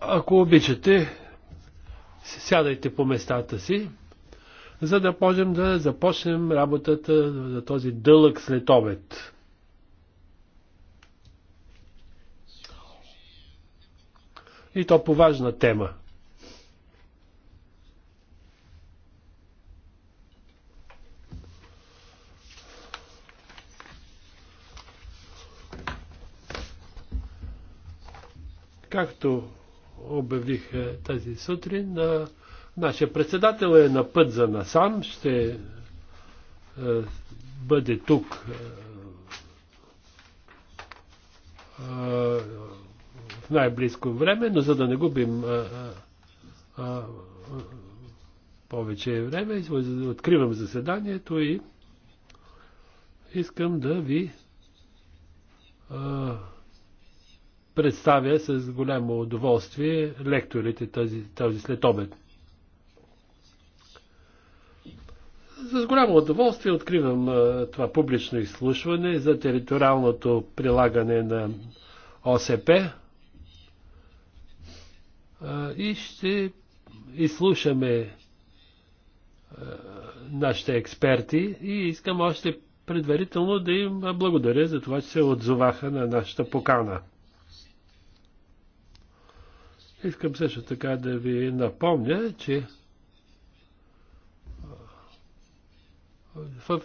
Ако обичате, сядайте по местата си, за да можем да започнем работата за този дълъг след обед. И то по важна тема – Както обявих е, тази сутрин, е, нашия председател е на път за насам, ще е, бъде тук в най-близко време, но за да не губим повече време, откривам заседанието и искам да ви представя с голямо удоволствие лекторите тази, тази след обед. С голямо удоволствие откривам това публично изслушване за териториалното прилагане на ОСП и ще изслушаме нашите експерти и искам още предварително да им благодаря за това, че се отзоваха на нашата покана. Искам също така да ви напомня, че в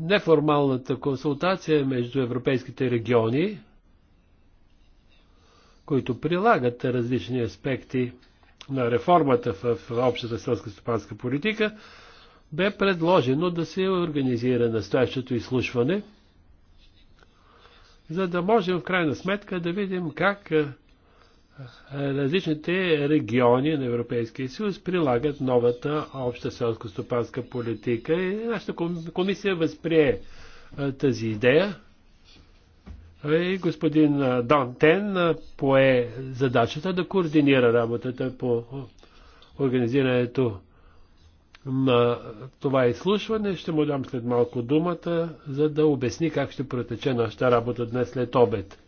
неформалната консултация между европейските региони, които прилагат различни аспекти на реформата в общата селска стопанска политика, бе предложено да се организира настоящото изслушване, за да можем в крайна сметка да видим как е, различните региони на Европейския съюз прилагат новата обща селско-стопанска политика и нашата комисия възприе е, тази идея. Е, и господин Дантен пое задачата да координира работата по организирането на това изслушване. Ще му дам след малко думата, за да обясни как ще протече нашата работа днес след обед.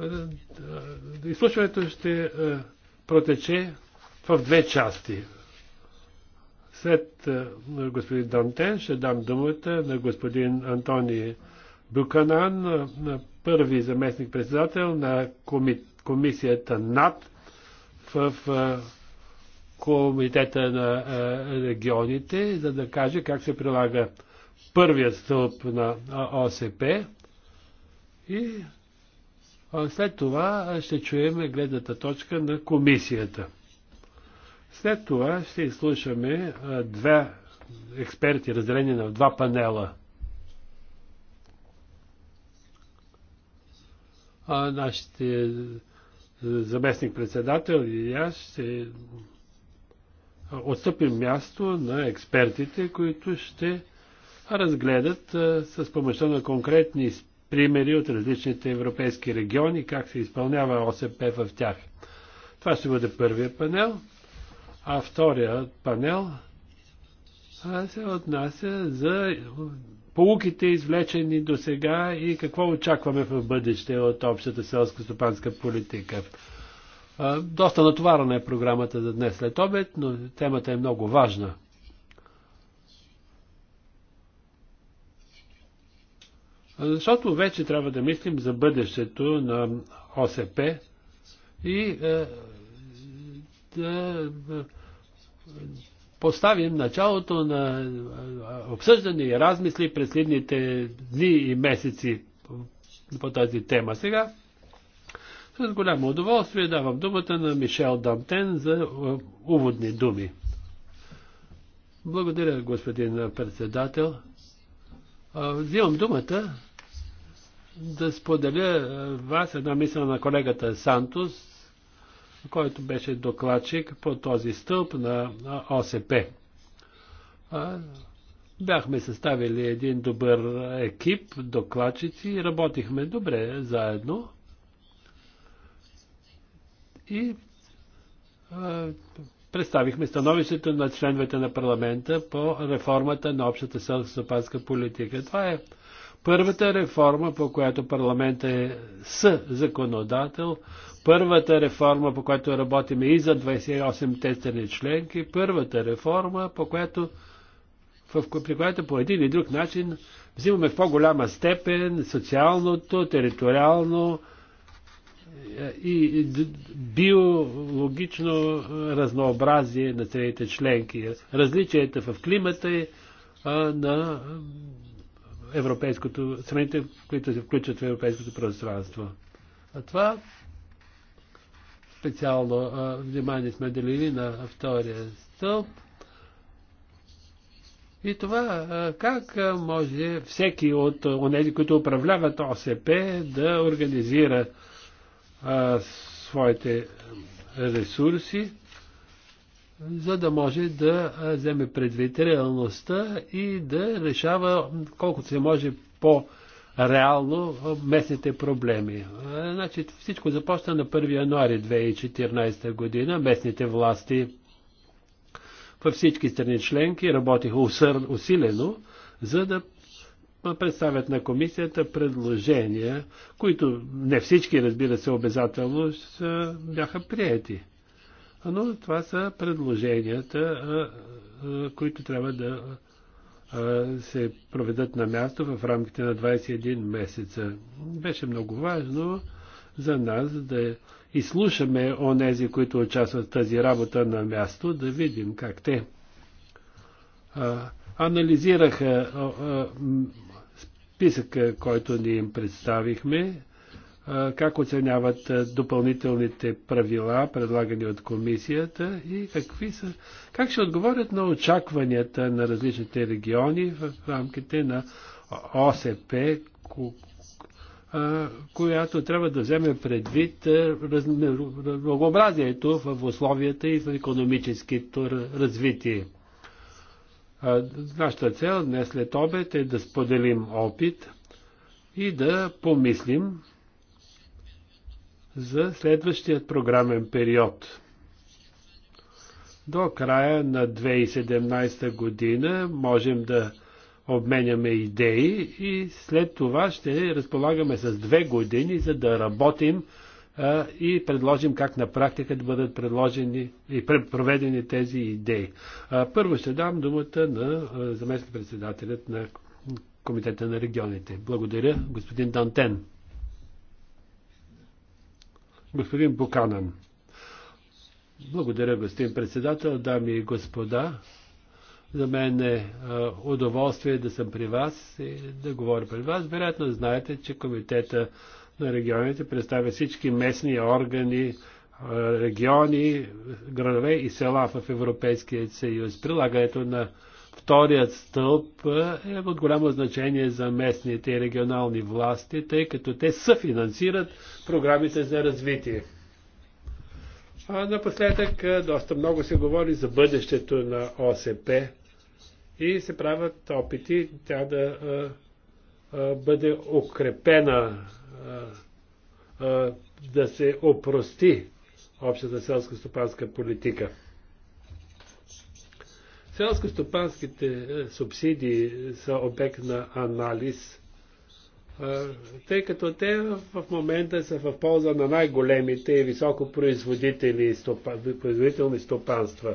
Е, изслушването ще е, протече в две части. След е, господин Дантен ще дам думата на господин Антони Бюканан, първи заместник-председател на комисията НАД в Комитета на регионите, за да каже как се прилага първият стълб на ОСП и след това ще чуем гледната точка на комисията. След това ще изслушаме две експерти, разделени на два панела. А нашите заместник-председател и аз ще отстъпим място на експертите, които ще разгледат с помощта на конкретни примери от различните европейски региони, как се изпълнява ОСП в тях. Това ще бъде първия панел, а втория панел се отнася за полуките, извлечени до сега и какво очакваме в бъдеще от общата селско-стопанска политика. Доста натоварена е програмата за днес след обед, но темата е много важна. Защото вече трябва да мислим за бъдещето на ОСП и е, да поставим началото на е, обсъждане и размисли през следните дни и месеци по тази тема. Сега с голямо удоволствие давам думата на Мишел Дантен за е, уводни думи. Благодаря, господин председател. Взимам думата, да споделя е, вас една мисъл на колегата Сантос, който беше докладчик по този стълб на ОСП. Бяхме съставили един добър екип, докладчици, работихме добре заедно. И а, е, представихме становището на членовете на парламента по реформата на общата селско политика. Това е Първата реформа, по която парламентът е с законодател, първата реформа, по която работиме и за 28 тестени членки, първата реформа, по която, в, при която по един или друг начин взимаме в по-голяма степен социалното, териториално е, и биологично разнообразие на целите членки, различията в климата е, на европейското, страните, които се включат в европейското пространство. А това специално а, внимание сме делили на втория стълб. И това а, как може всеки от онези, които управляват ОСП, да организира а, своите ресурси за да може да вземе предвид реалността и да решава колкото се може по- реално местните проблеми. Значи, всичко започна на 1 януари 2014 година. Местните власти във всички страни членки работиха усилено, за да представят на комисията предложения, които не всички, разбира се, обязателно бяха приети но това са предложенията, които трябва да се проведат на място в рамките на 21 месеца. Беше много важно за нас да изслушаме онези, които участват в тази работа на място, да видим как те анализираха списъка, който ни им представихме как оценяват допълнителните правила, предлагани от комисията и какви са, как ще отговорят на очакванията на различните региони в рамките на ОСП, която трябва да вземе предвид многообразието в условията и в економическото развитие. Нашата цел днес след обед е да споделим опит и да помислим за следващият програмен период. До края на 2017 година можем да обменяме идеи и след това ще разполагаме с две години, за да работим а, и предложим как на практика да бъдат предложени и проведени тези идеи. А, първо ще дам думата на заместник-председателят на Комитета на регионите. Благодаря, господин Дантен. Господин Буканан. Благодаря, господин председател, дами и господа. За мен е удоволствие да съм при вас и да говоря при вас. Вероятно знаете, че Комитета на регионите представя всички местни органи, региони, градове и села в Европейския съюз. Прилагането на Вторият стълб е от голямо значение за местните и регионални власти, тъй като те съфинансират програмите за развитие. А напоследък доста много се говори за бъдещето на ОСП и се правят опити тя да бъде укрепена, да се опрости общата селско-стопанска политика. Селско-стопанските е, субсидии са обект на анализ, е, тъй като те в момента са в полза на най-големите и високопроизводители стопа, производителни стопанства.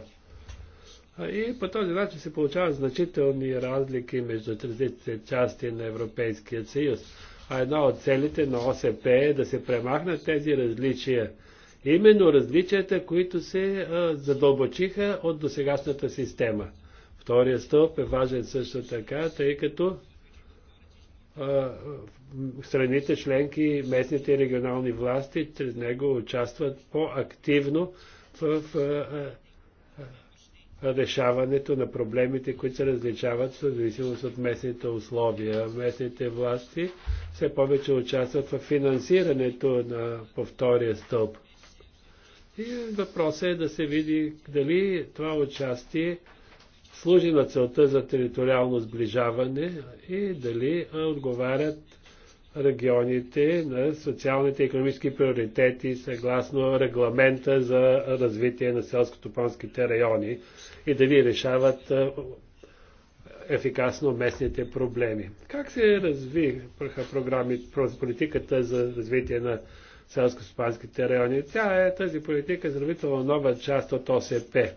Е, и по този начин се получават значителни разлики между различните части на Европейския съюз. А една от целите на ОСП е да се премахнат тези различия – Именно различията, които се задълбачиха от досегашната система. Втория стълб е важен също така, тъй като страните членки, местните и регионални власти чрез него участват по-активно в решаването на проблемите, които се различават в зависимост от местните условия. Местните власти все повече участват в финансирането на повтория стълб. И въпросът е да се види дали това участие служи на целта за териториално сближаване и дали отговарят регионите на социалните и економически приоритети съгласно регламента за развитие на селско-топанските райони и дали решават ефикасно местните проблеми. Как се развиха програми, политиката за развитие на селско-спанските райони. Тя е тази политика сравнително нова част от ОСП. Е,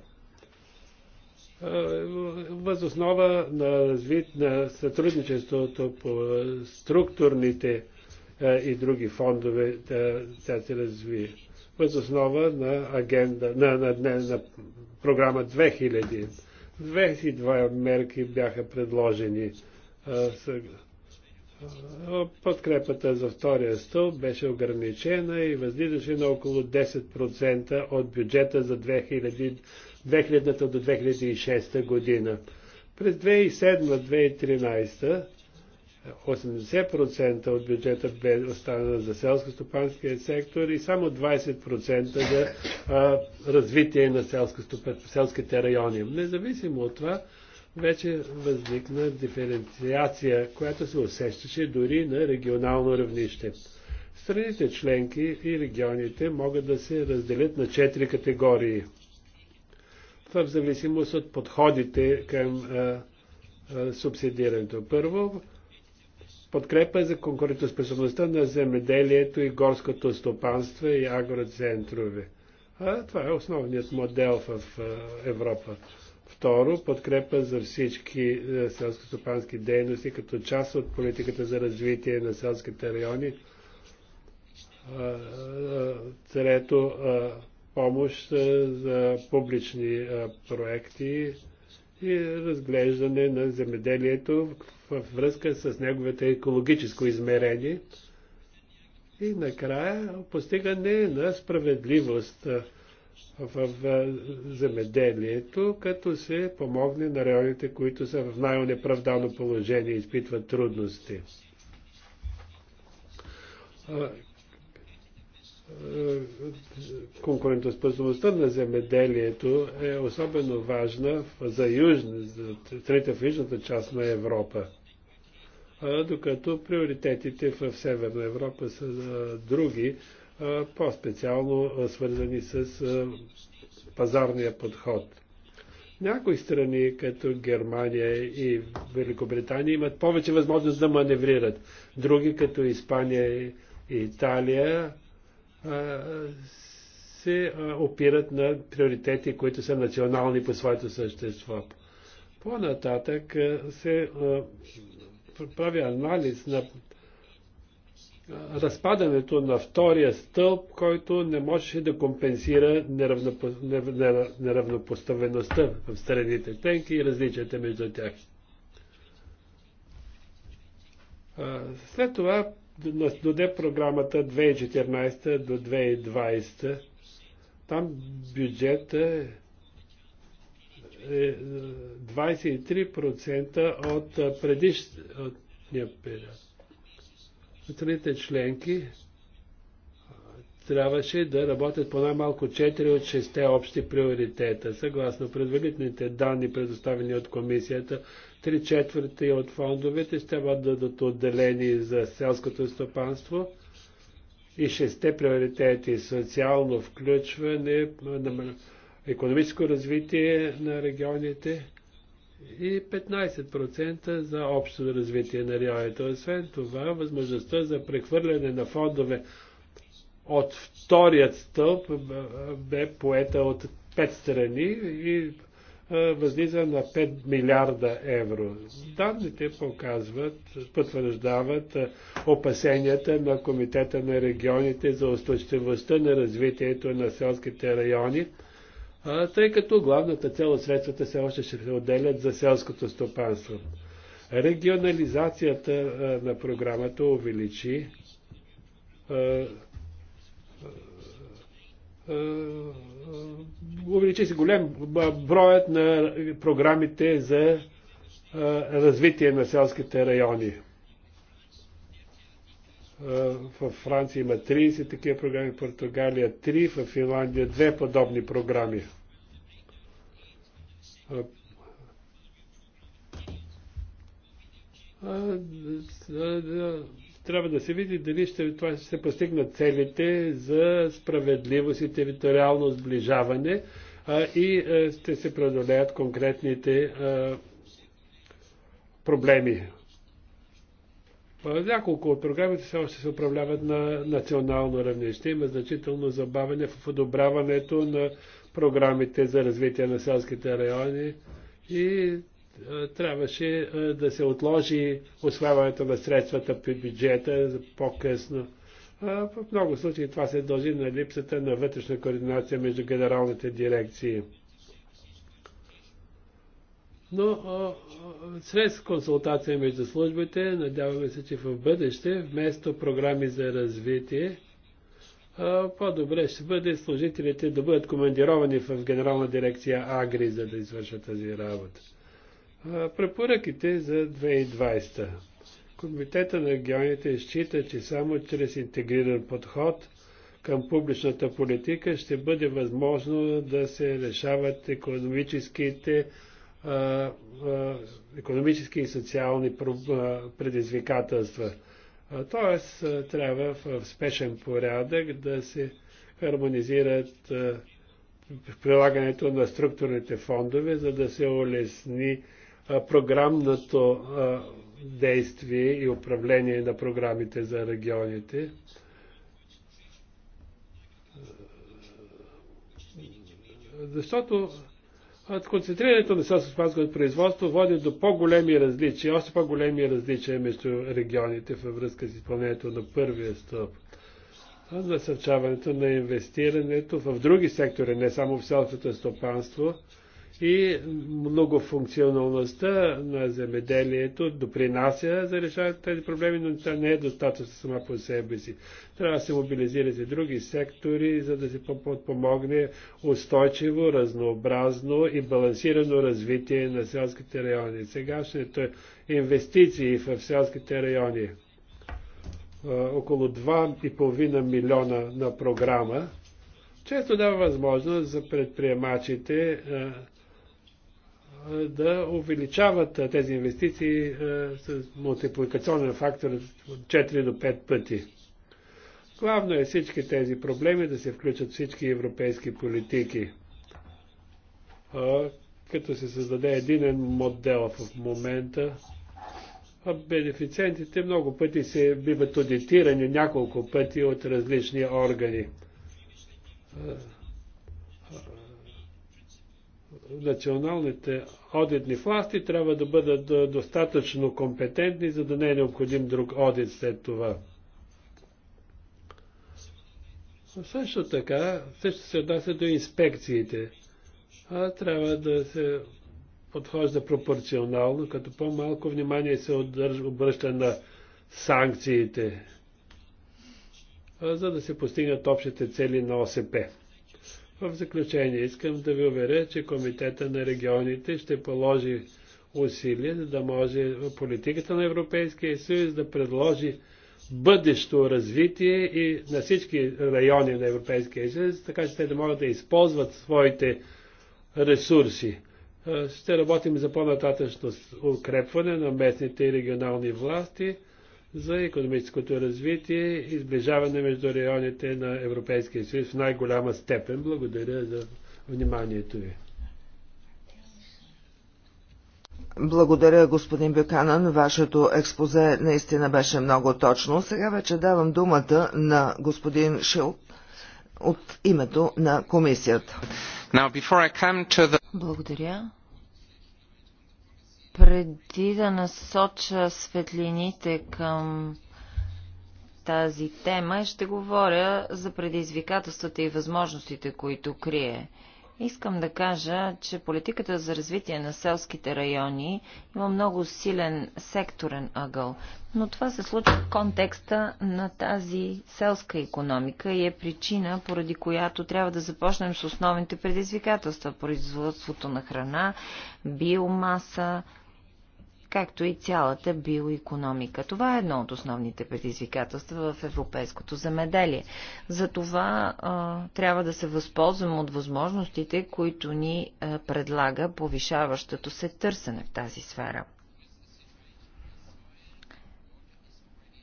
възоснова на, развит, на сътрудничеството по структурните е, и други фондове тя се развие. Възоснова на, агенда, на, на, на, на програма 2000. 22 мерки бяха предложени е, подкрепата за втория стълб беше ограничена и възлизаше на около 10% от бюджета за 2000, 2000 до 2006 година. През 2007-2013 80% от бюджета бе останала за селско-стопанския сектор и само 20% за развитие на селските райони. Независимо от това, вече възникна диференциация, която се усещаше дори на регионално равнище. Страните членки и регионите могат да се разделят на четири категории в зависимост от подходите към а, а, субсидирането. Първо, подкрепа за конкурентоспособността на земеделието и горското стопанство и агроцентрове. А, това е основният модел в а, Европа. Второ, подкрепа за всички е, селско-стопански дейности като част от политиката за развитие на селските райони. Е, е, трето, помощ за публични проекти и разглеждане на земеделието във връзка с неговите екологическо измерение. И накрая постигане на справедливост в земеделието, като се помогне на районите, които са в най неправдано положение и изпитват трудности. Конкурентоспособността на земеделието е особено важна за, южна, за страните в южната част на Европа, докато приоритетите в Северна Европа са други по-специално свързани с пазарния подход. Някои страни, като Германия и Великобритания, имат повече възможност да маневрират. Други, като Испания и Италия, се опират на приоритети, които са национални по своето същество. По-нататък се прави анализ на разпадането на втория стълб, който не можеше да компенсира неравнопо... неравнопоставеността в страните тенки и различията между тях. След това доде програмата 2014 до 2020. Там бюджета е 23% е, от предишния период страните членки трябваше да работят по най-малко 4 от 6 общи приоритета. Съгласно предварителните данни, предоставени от комисията, 3 четвърти от фондовете ще бъдат отделени за селското стопанство и 6 приоритети – социално включване, економическо развитие на регионите, и 15% за общо развитие на районите. Освен това, възможността за прехвърляне на фондове от вторият стълб бе поета от 5 страни и възлиза на 5 милиарда евро. Данните показват, потвърждават опасенията на Комитета на регионите за устойчивостта на развитието на селските райони – тъй като главната цел от средствата се още ще се отделят за селското стопанство. Регионализацията на програмата увеличи увеличи се голям броят на програмите за развитие на селските райони. В Франция има 30 такива програми, в Португалия 3, в Финландия 2 подобни програми. Трябва да се види дали ще, това ще се постигнат целите за справедливост и териториално сближаване и ще се преодолеят конкретните проблеми е, няколко от програмите все още се управляват на национално равнище. Има значително забавене в одобряването на програмите за развитие на селските райони и е, трябваше е, да се отложи освояването на средствата при бюджета по-късно. В много случаи това се дължи на липсата на вътрешна координация между генералните дирекции. Но чрез консултация между службите, надяваме се, че в бъдеще, вместо програми за развитие, по-добре ще бъде служителите да бъдат командировани в Генерална дирекция Агри, за да извършат тази работа. Препоръките за 2020. Комитета на регионите счита, че само чрез интегриран подход към публичната политика ще бъде възможно да се решават економическите, економически и социални предизвикателства. Тоест, трябва в спешен порядък да се хармонизират прилагането на структурните фондове, за да се улесни програмното действие и управление на програмите за регионите. Защото Концентрирането на селско-стопанското производство води до по-големи различия, още по-големи различия между регионите във връзка с изпълнението на първия стълб. Насърчаването на инвестирането в други сектори, не само в селското стопанство, и многофункционалността на земеделието допринася за решаването на тези проблеми, но тя не е достатъчно сама по себе си. Трябва да се мобилизират и други сектори, за да се подпомогне устойчиво, разнообразно и балансирано развитие на селските райони. Сегашните е инвестиции в селските райони около 2,5 милиона на програма, често дава възможност за предприемачите да увеличават тези инвестиции с мултипликационен фактор от 4 до 5 пъти. Главно е всички тези проблеми да се включат всички европейски политики, като се създаде единен модел в момента. А бенефициентите много пъти се биват аудитирани няколко пъти от различни органи националните одитни власти трябва да бъдат достатъчно компетентни, за да не е необходим друг одит след това. Също така, също се отнася до инспекциите. А, трябва да се подхожда пропорционално, като по-малко внимание се обръща на санкциите, за да се постигнат общите цели на ОСП. В заключение искам да ви уверя, че Комитета на регионите ще положи усилия, за да може политиката на Европейския съюз да предложи бъдещо развитие и на всички райони на Европейския съюз, така че те да могат да използват своите ресурси. Ще работим за по-нататъчно укрепване на местните и регионални власти за економическото развитие и сближаване между районите на Европейския съюз в най-голяма степен. Благодаря за вниманието ви. Благодаря, господин Бюканан. Вашето експозе наистина беше много точно. Сега вече давам думата на господин Шил от името на комисията. Now, the... Благодаря. Преди да насоча светлините към тази тема, ще говоря за предизвикателствата и възможностите, които крие. Искам да кажа, че политиката за развитие на селските райони има много силен секторен ъгъл, но това се случва в контекста на тази селска економика и е причина, поради която трябва да започнем с основните предизвикателства – производството на храна, биомаса, както и цялата биоекономика. Това е едно от основните предизвикателства в европейското замеделие. Затова а, трябва да се възползвам от възможностите, които ни а, предлага повишаващото се търсене в тази сфера.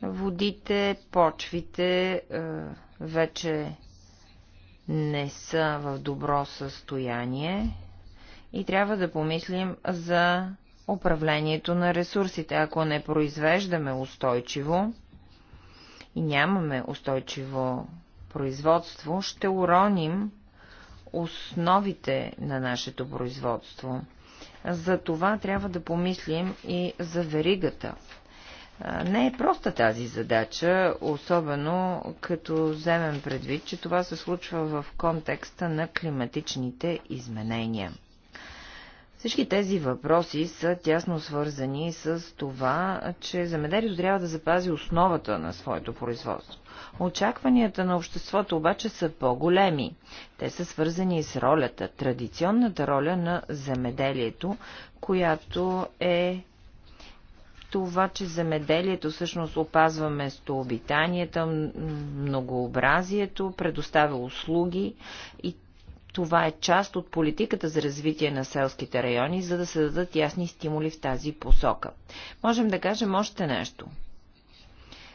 Водите, почвите а, вече не са в добро състояние и трябва да помислим за управлението на ресурсите. Ако не произвеждаме устойчиво и нямаме устойчиво производство, ще уроним основите на нашето производство. За това трябва да помислим и за веригата. Не е проста тази задача, особено като вземем предвид, че това се случва в контекста на климатичните изменения. Всички тези въпроси са тясно свързани с това, че земеделието трябва да запази основата на своето производство. Очакванията на обществото обаче са по-големи. Те са свързани с ролята, традиционната роля на земеделието, която е това, че земеделието всъщност опазва местообитанията, многообразието, предоставя услуги и това е част от политиката за развитие на селските райони, за да се дадат ясни стимули в тази посока. Можем да кажем още нещо.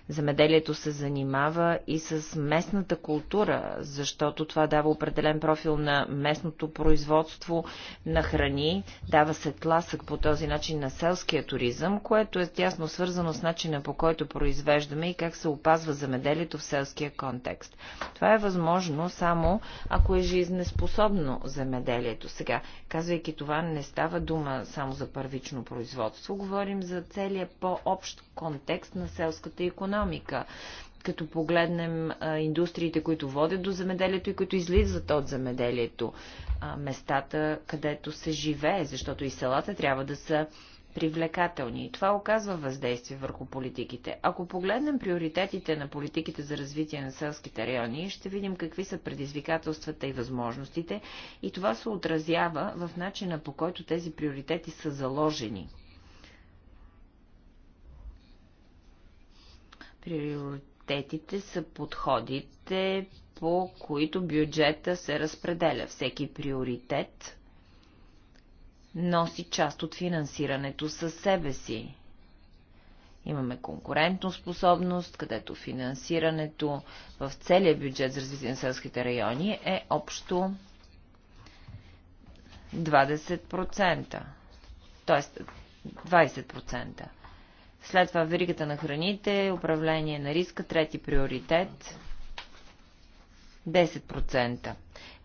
Замеделието се занимава и с местната култура, защото това дава определен профил на местното производство на храни, дава се тласък по този начин на селския туризъм, което е тясно свързано с начина по който произвеждаме и как се опазва замеделието в селския контекст. Това е възможно само ако е жизнеспособно замеделието. Сега, казвайки това, не става дума само за първично производство, говорим за целият по-общ контекст на селската економика економика. Като погледнем а, индустриите, които водят до земеделието и които излизат от земеделието, а, местата, където се живее, защото и селата трябва да са привлекателни. И това оказва въздействие върху политиките. Ако погледнем приоритетите на политиките за развитие на селските райони, ще видим какви са предизвикателствата и възможностите и това се отразява в начина по който тези приоритети са заложени. Приоритетите са подходите, по които бюджета се разпределя. Всеки приоритет носи част от финансирането със себе си. Имаме конкурентно способност, където финансирането в целия бюджет за развитие на селските райони е общо 20%. Тоест 20%. След това веригата на храните, управление на риска, трети приоритет 10%.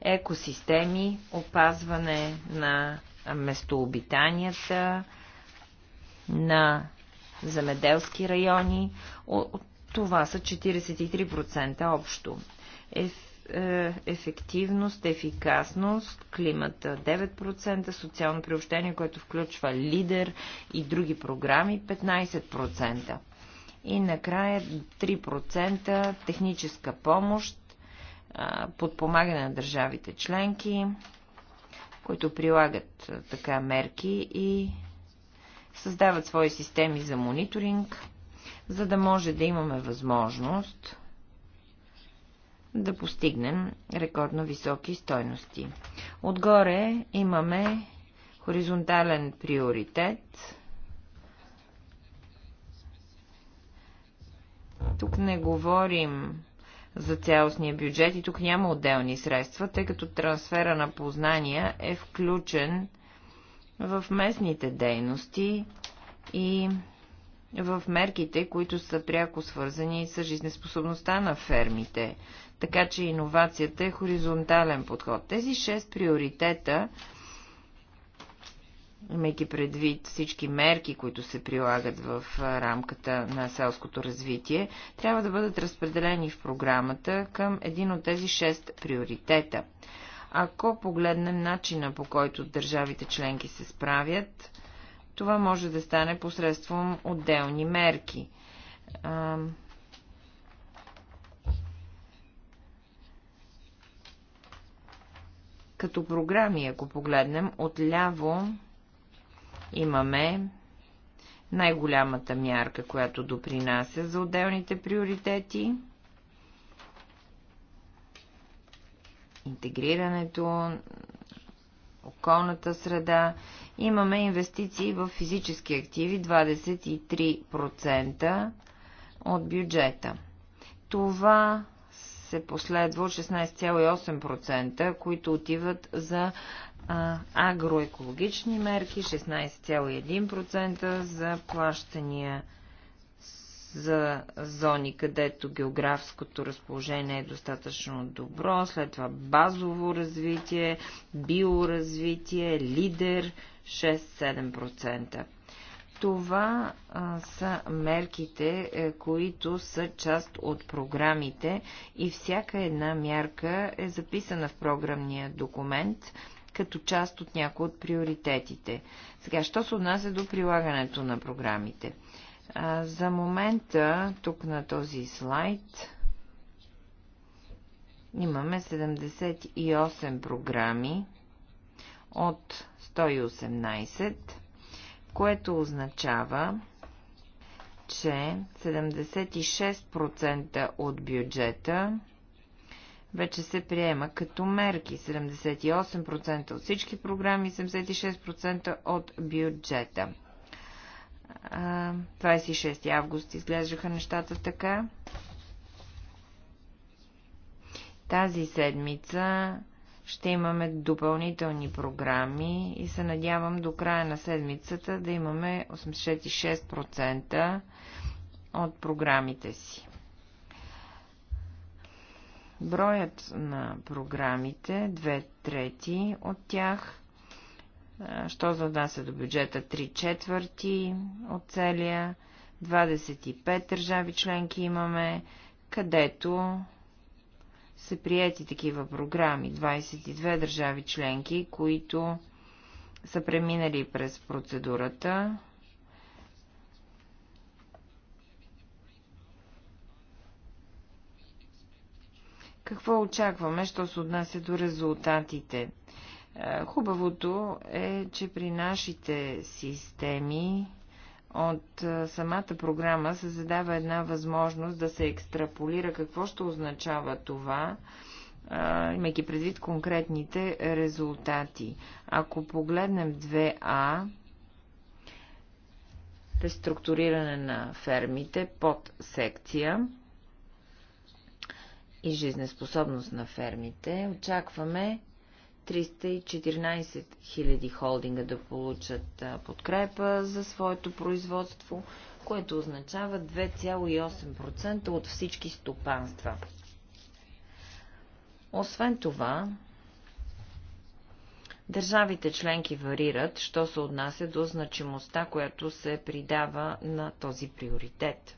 Екосистеми, опазване на местообитанията, на земеделски райони. Това са 43% общо. Е, ефективност, ефикасност, климата 9%, социално приобщение, което включва лидер и други програми 15%. И накрая 3% техническа помощ, е, подпомагане на държавите членки, които прилагат е, така мерки и създават свои системи за мониторинг, за да може да имаме възможност да постигнем рекордно високи стойности. Отгоре имаме хоризонтален приоритет. Тук не говорим за цялостния бюджет и тук няма отделни средства, тъй като трансфера на познания е включен в местните дейности и в мерките, които са пряко свързани с жизнеспособността на фермите. Така че иновацията е хоризонтален подход. Тези шест приоритета, имайки предвид всички мерки, които се прилагат в рамката на селското развитие, трябва да бъдат разпределени в програмата към един от тези шест приоритета. Ако погледнем начина по който държавите членки се справят, това може да стане посредством отделни мерки. Като програми, ако погледнем, отляво имаме най-голямата мярка, която допринася за отделните приоритети. Интегрирането, околната среда. Имаме инвестиции в физически активи 23% от бюджета. Това се последва от 16,8%, които отиват за агроекологични мерки, 16,1% за плащания за зони, където географското разположение е достатъчно добро, след това базово развитие, биоразвитие, лидер 6-7%. Това а, са мерките, е, които са част от програмите и всяка една мярка е записана в програмния документ като част от някои от приоритетите. Сега, що се отнася до прилагането на програмите? А, за момента, тук на този слайд, имаме 78 програми от 118 което означава, че 76% от бюджета вече се приема като мерки. 78% от всички програми, 76% от бюджета. 26 август изглеждаха нещата така. Тази седмица ще имаме допълнителни програми и се надявам до края на седмицата да имаме 86% от програмите си. Броят на програмите, две трети от тях, що за е до бюджета, три четвърти от целия, 25 държави членки имаме, където са прияти такива програми. 22 държави членки, които са преминали през процедурата. Какво очакваме, що се отнася до резултатите? Е, хубавото е, че при нашите системи от самата програма се задава една възможност да се екстраполира какво ще означава това, имайки предвид конкретните резултати. Ако погледнем 2А, реструктуриране на фермите под секция и жизнеспособност на фермите, очакваме 314 000 холдинга да получат подкрепа за своето производство, което означава 2,8% от всички стопанства. Освен това, държавите членки варират, що се отнася до значимостта, която се придава на този приоритет.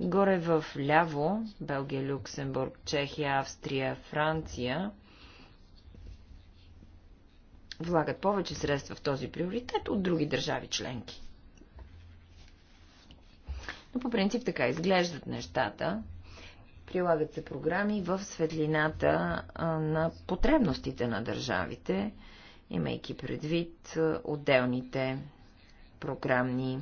Горе в ляво, Белгия, Люксембург, Чехия, Австрия, Франция – влагат повече средства в този приоритет от други държави членки. Но по принцип така изглеждат нещата. Прилагат се програми в светлината на потребностите на държавите, имайки предвид отделните програмни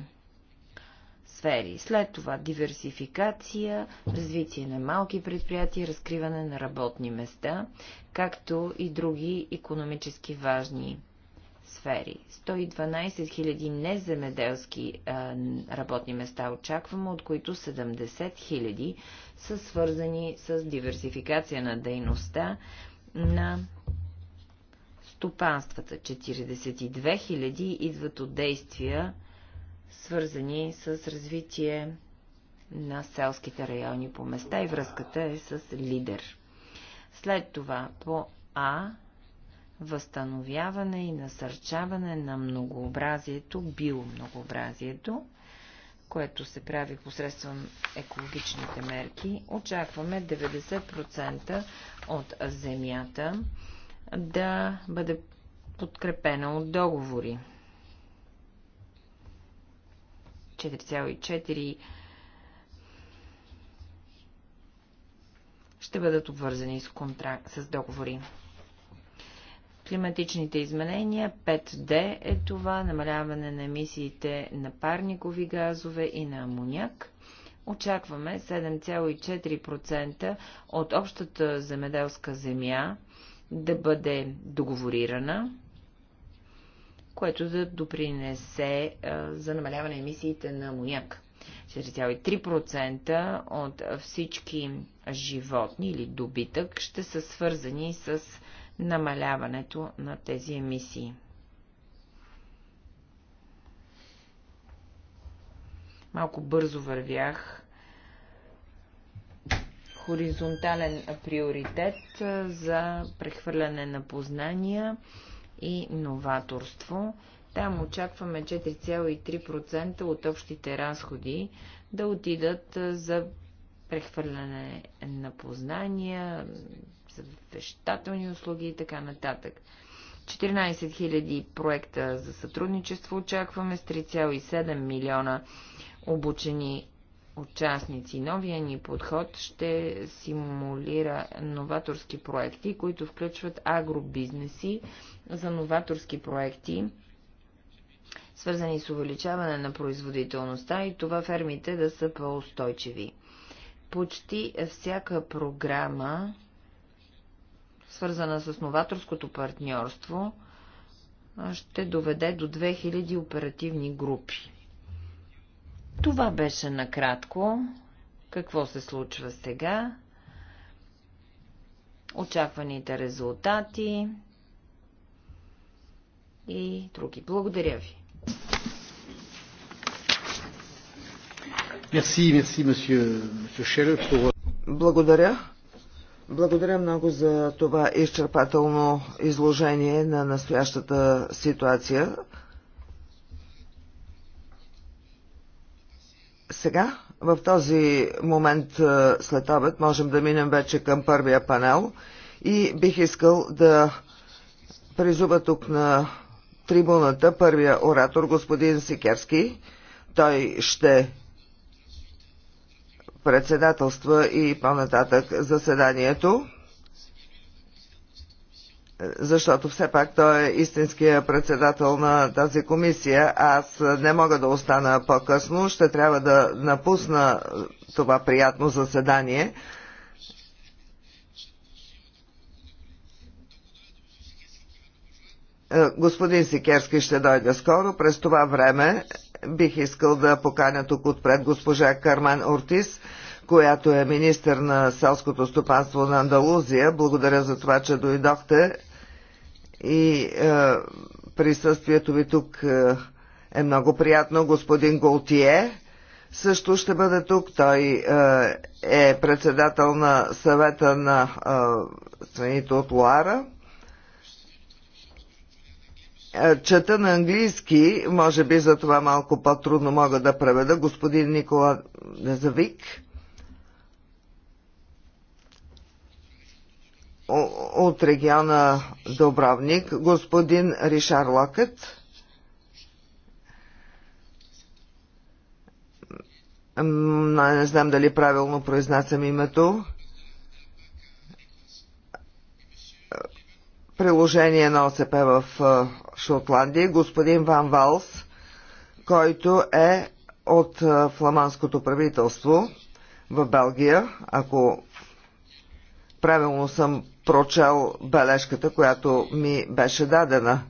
сфери. След това диверсификация, развитие на малки предприятия, разкриване на работни места, както и други економически важни сфери. 112 000 неземеделски а, работни места очакваме, от които 70 000 са свързани с диверсификация на дейността на стопанствата. 42 000 идват от действия свързани с развитие на селските райони по места и връзката е с лидер. След това по А възстановяване и насърчаване на многообразието, биомногообразието, което се прави посредством екологичните мерки. Очакваме 90% от земята да бъде подкрепена от договори. 4,4 ще бъдат обвързани с, контракт, с договори. Климатичните изменения 5D е това намаляване на емисиите на парникови газове и на амоняк. Очакваме 7,4% от общата земеделска земя да бъде договорирана което да допринесе е, за намаляване емисиите на амоняк. 4,3% от всички животни или добитък ще са свързани с намаляването на тези емисии. Малко бързо вървях. Хоризонтален приоритет е, за прехвърляне на познания и новаторство. Там очакваме 4,3% от общите разходи да отидат за прехвърляне на познания, за вещателни услуги и така нататък. 14 000 проекта за сътрудничество очакваме с 3,7 милиона обучени участници. Новия ни подход ще симулира новаторски проекти, които включват агробизнеси за новаторски проекти, свързани с увеличаване на производителността и това фермите да са по-устойчиви. Почти всяка програма, свързана с новаторското партньорство, ще доведе до 2000 оперативни групи. Това беше накратко. Какво се случва сега? Очакваните резултати и други. Благодаря ви. Merci, merci, monsieur, monsieur pour... Благодаря. Благодаря много за това изчерпателно изложение на настоящата ситуация. Сега, в този момент е, след обед, можем да минем вече към първия панел и бих искал да призува тук на трибуната първия оратор, господин Сикерски. Той ще председателства и по-нататък заседанието защото все пак той е истинския председател на тази комисия. Аз не мога да остана по-късно, ще трябва да напусна това приятно заседание. Е, господин Сикерски ще дойде скоро. През това време бих искал да поканя тук отпред госпожа Карман Ортис, която е министър на селското стопанство на Андалузия. Благодаря за това, че дойдохте и е, присъствието ви тук е, е много приятно. Господин Голтие също ще бъде тук. Той е, е председател на съвета на е, страните от Луара. Чета на английски, може би за това малко по-трудно мога да преведа, господин Никола Незавик. от региона Добровник, господин Ришар Локът. Не знам дали правилно произнасям името. Приложение на ОСП в Шотландия. Господин Ван Валс, който е от фламандското правителство в Белгия, ако правилно съм прочел бележката, която ми беше дадена.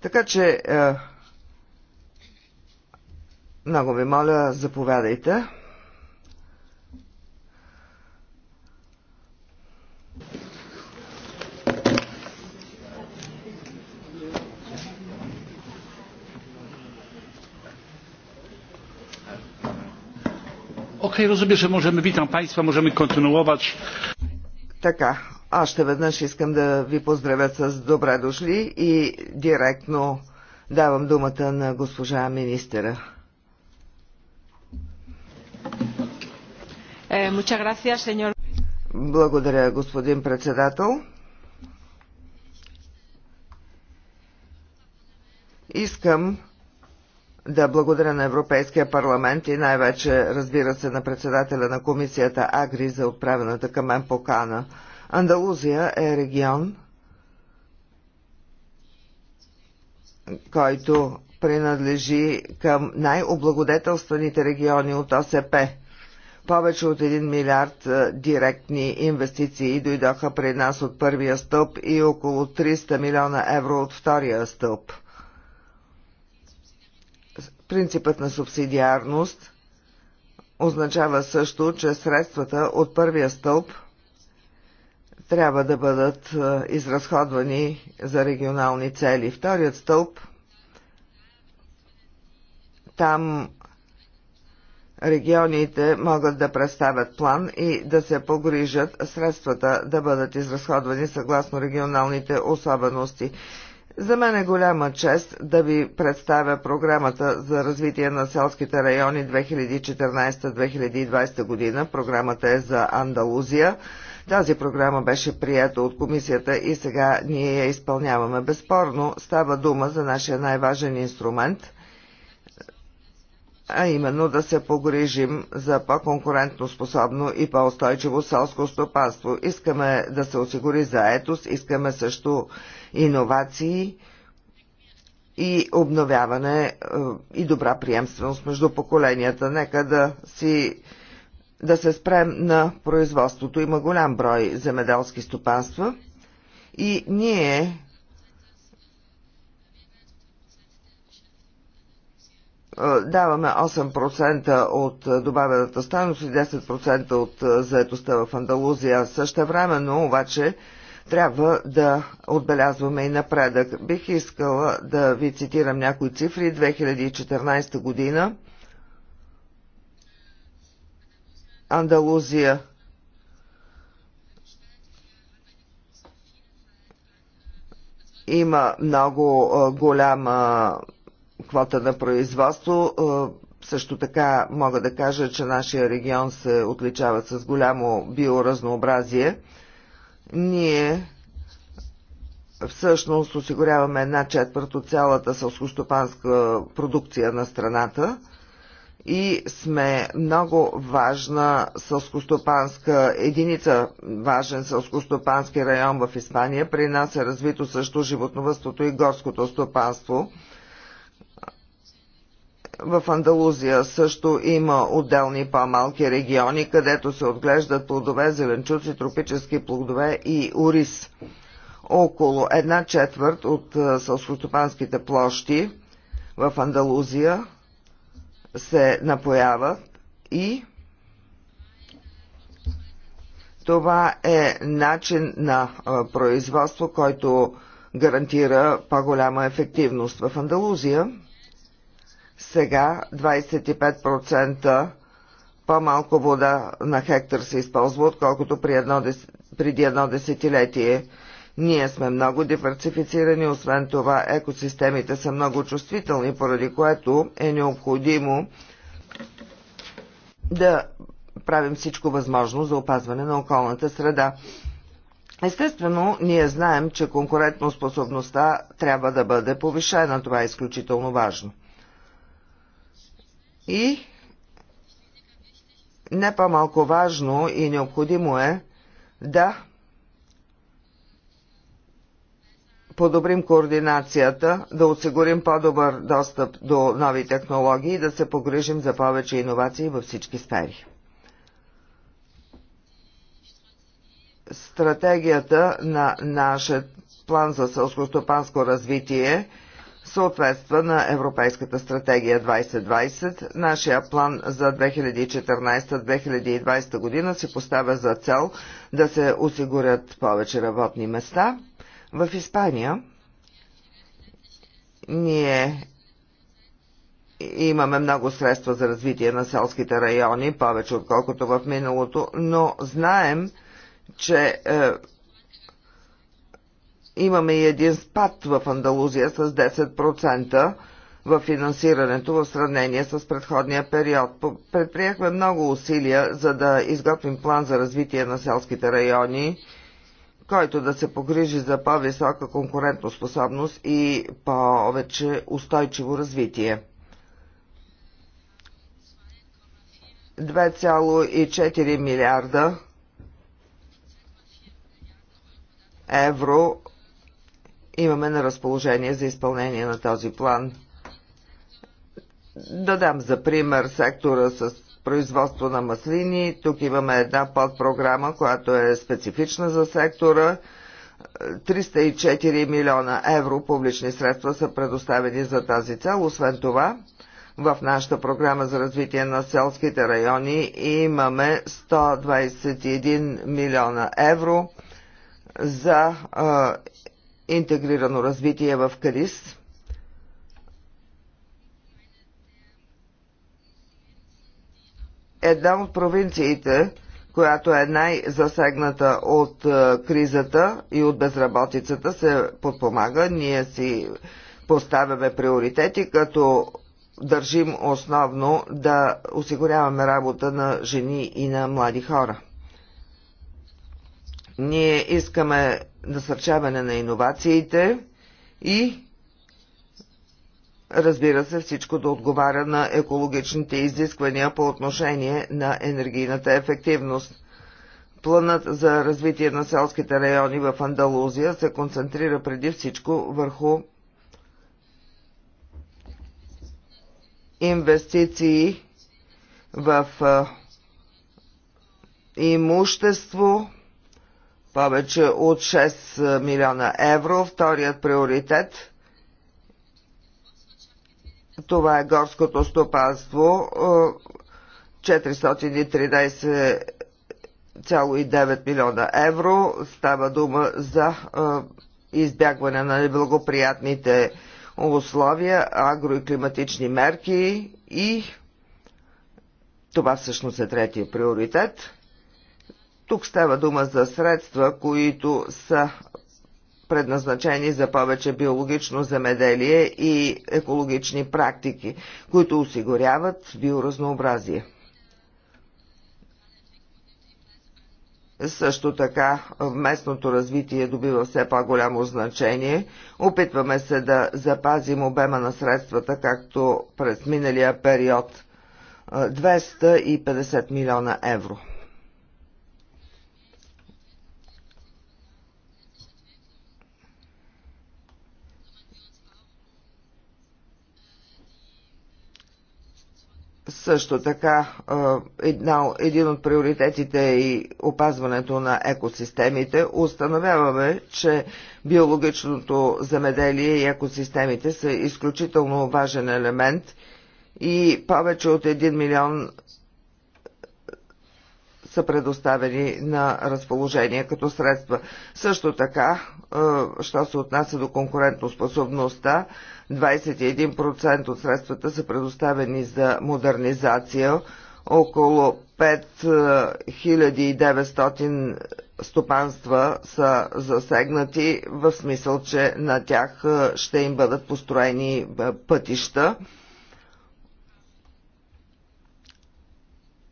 Така че, е, много ви моля, заповядайте. Okej, okay, rozumiem, że możemy, witam Państwa, możemy kontynuować. Taka, още веднъж искам да ви поздравя с добре дошли и директно давам думата на госпожа министера. Е, благодаря, господин председател. Искам да благодаря на Европейския парламент и най-вече, разбира се, на председателя на комисията Агри за отправената към мен покана. Андалузия е регион, който принадлежи към най-облагодетелстваните региони от ОСП. Повече от 1 милиард е, директни инвестиции дойдоха при нас от първия стълб и около 300 милиона евро от втория стълб. Принципът на субсидиарност означава също, че средствата от първия стълб – трябва да бъдат е, изразходвани за регионални цели. Вторият стълб там регионите могат да представят план и да се погрижат средствата да бъдат изразходвани съгласно регионалните особености. За мен е голяма чест да ви представя програмата за развитие на селските райони 2014-2020 година. Програмата е за Андалузия. Тази програма беше прията от комисията и сега ние я изпълняваме. Безспорно става дума за нашия най-важен инструмент, а именно да се погрижим за по-конкурентно способно и по-устойчиво селско стопанство. Искаме да се осигури заетост, искаме също иновации и обновяване е, и добра приемственост между поколенията. Нека да си да се спрем на производството. Има голям брой земеделски стопанства и ние даваме 8% от добавената стойност и 10% от заетостта в Андалузия. Също времено обаче трябва да отбелязваме и напредък. Бих искала да ви цитирам някои цифри. 2014 година Андалузия. Има много голяма квота на производство. Също така мога да кажа, че нашия регион се отличава с голямо биоразнообразие. Ние всъщност осигуряваме една четвърт от цялата сълскостопанска продукция на страната и сме много важна сълскостопанска единица, важен сълскостопански район в Испания. При нас е развито също животновътството и горското стопанство. В Андалузия също има отделни по-малки региони, където се отглеждат плодове, зеленчуци, тропически плодове и ориз. Около една четвърт от сълскостопанските площи в Андалузия се напояват и това е начин на производство, който гарантира по-голяма ефективност. В Андалузия сега 25% по-малко вода на хектар се използва, отколкото преди едно десетилетие. Ние сме много диверсифицирани, освен това екосистемите са много чувствителни, поради което е необходимо да правим всичко възможно за опазване на околната среда. Естествено, ние знаем, че конкурентоспособността трябва да бъде повишена. Това е изключително важно. И не по-малко важно и необходимо е да подобрим координацията, да осигурим по-добър достъп до нови технологии и да се погрижим за повече иновации във всички сфери. Стратегията на нашия план за селскостопанско развитие съответства на Европейската стратегия 2020. Нашия план за 2014-2020 година си поставя за цел да се осигурят повече работни места – в Испания ние имаме много средства за развитие на селските райони, повече отколкото в миналото, но знаем, че е, имаме и един спад в Андалузия с 10% в финансирането в сравнение с предходния период. Предприехме много усилия за да изготвим план за развитие на селските райони който да се погрижи за по-висока конкурентоспособност и повече устойчиво развитие. 2,4 милиарда евро имаме на разположение за изпълнение на този план. Да дам за пример сектора с производство на маслини. Тук имаме една подпрограма, която е специфична за сектора. 304 милиона евро публични средства са предоставени за тази цел. Освен това, в нашата програма за развитие на селските райони имаме 121 милиона евро за а, интегрирано развитие в Карис. една от провинциите, която е най-засегната от е, кризата и от безработицата, се подпомага. Ние си поставяме приоритети, като държим основно да осигуряваме работа на жени и на млади хора. Ние искаме насърчаване на иновациите и разбира се, всичко да отговаря на екологичните изисквания по отношение на енергийната ефективност. Планът за развитие на селските райони в Андалузия се концентрира преди всичко върху инвестиции в имущество, повече от 6 милиона евро. Вторият приоритет – това е горското стопанство. 413,9 е, милиона евро. Става дума за е, избягване на неблагоприятните условия, агро и климатични мерки и това всъщност е третия приоритет. Тук става дума за средства, които са предназначени за повече биологично земеделие и екологични практики, които осигуряват биоразнообразие. Също така местното развитие добива все по-голямо значение. Опитваме се да запазим обема на средствата, както през миналия период 250 милиона евро. Също така, една, един от приоритетите е и опазването на екосистемите. Установяваме, че биологичното земеделие и екосистемите са изключително важен елемент и повече от 1 милион са предоставени на разположение като средства. Също така, е, що се отнася до конкурентоспособността, 21% от средствата са предоставени за модернизация, около 5900 стопанства са засегнати, в смисъл, че на тях е, ще им бъдат построени е, пътища.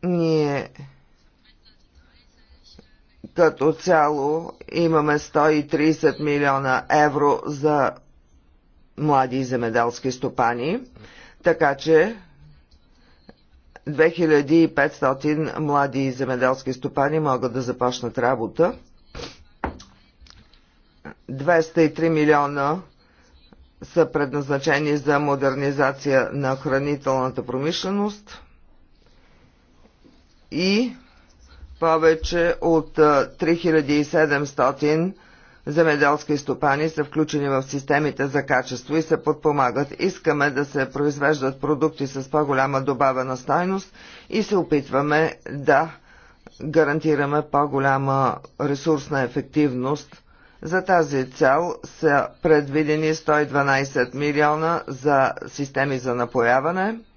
Ние като цяло имаме 130 милиона евро за млади земеделски стопани, така че 2500 млади земеделски стопани могат да започнат работа. 203 милиона са предназначени за модернизация на хранителната промишленост и повече от 3700 земеделски стопани са включени в системите за качество и се подпомагат. Искаме да се произвеждат продукти с по-голяма добавена стойност и се опитваме да гарантираме по-голяма ресурсна ефективност. За тази цел са предвидени 112 милиона за системи за напояване –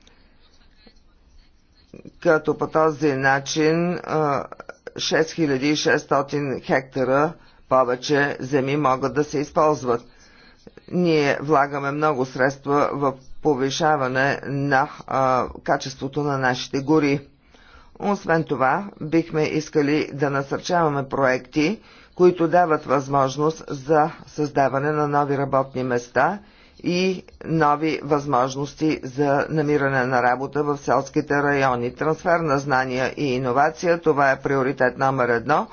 като по този начин 6600 хектара повече земи могат да се използват. Ние влагаме много средства в повишаване на качеството на нашите гори. Освен това, бихме искали да насърчаваме проекти, които дават възможност за създаване на нови работни места – и нови възможности за намиране на работа в селските райони. Трансфер на знания и иновация, това е приоритет номер едно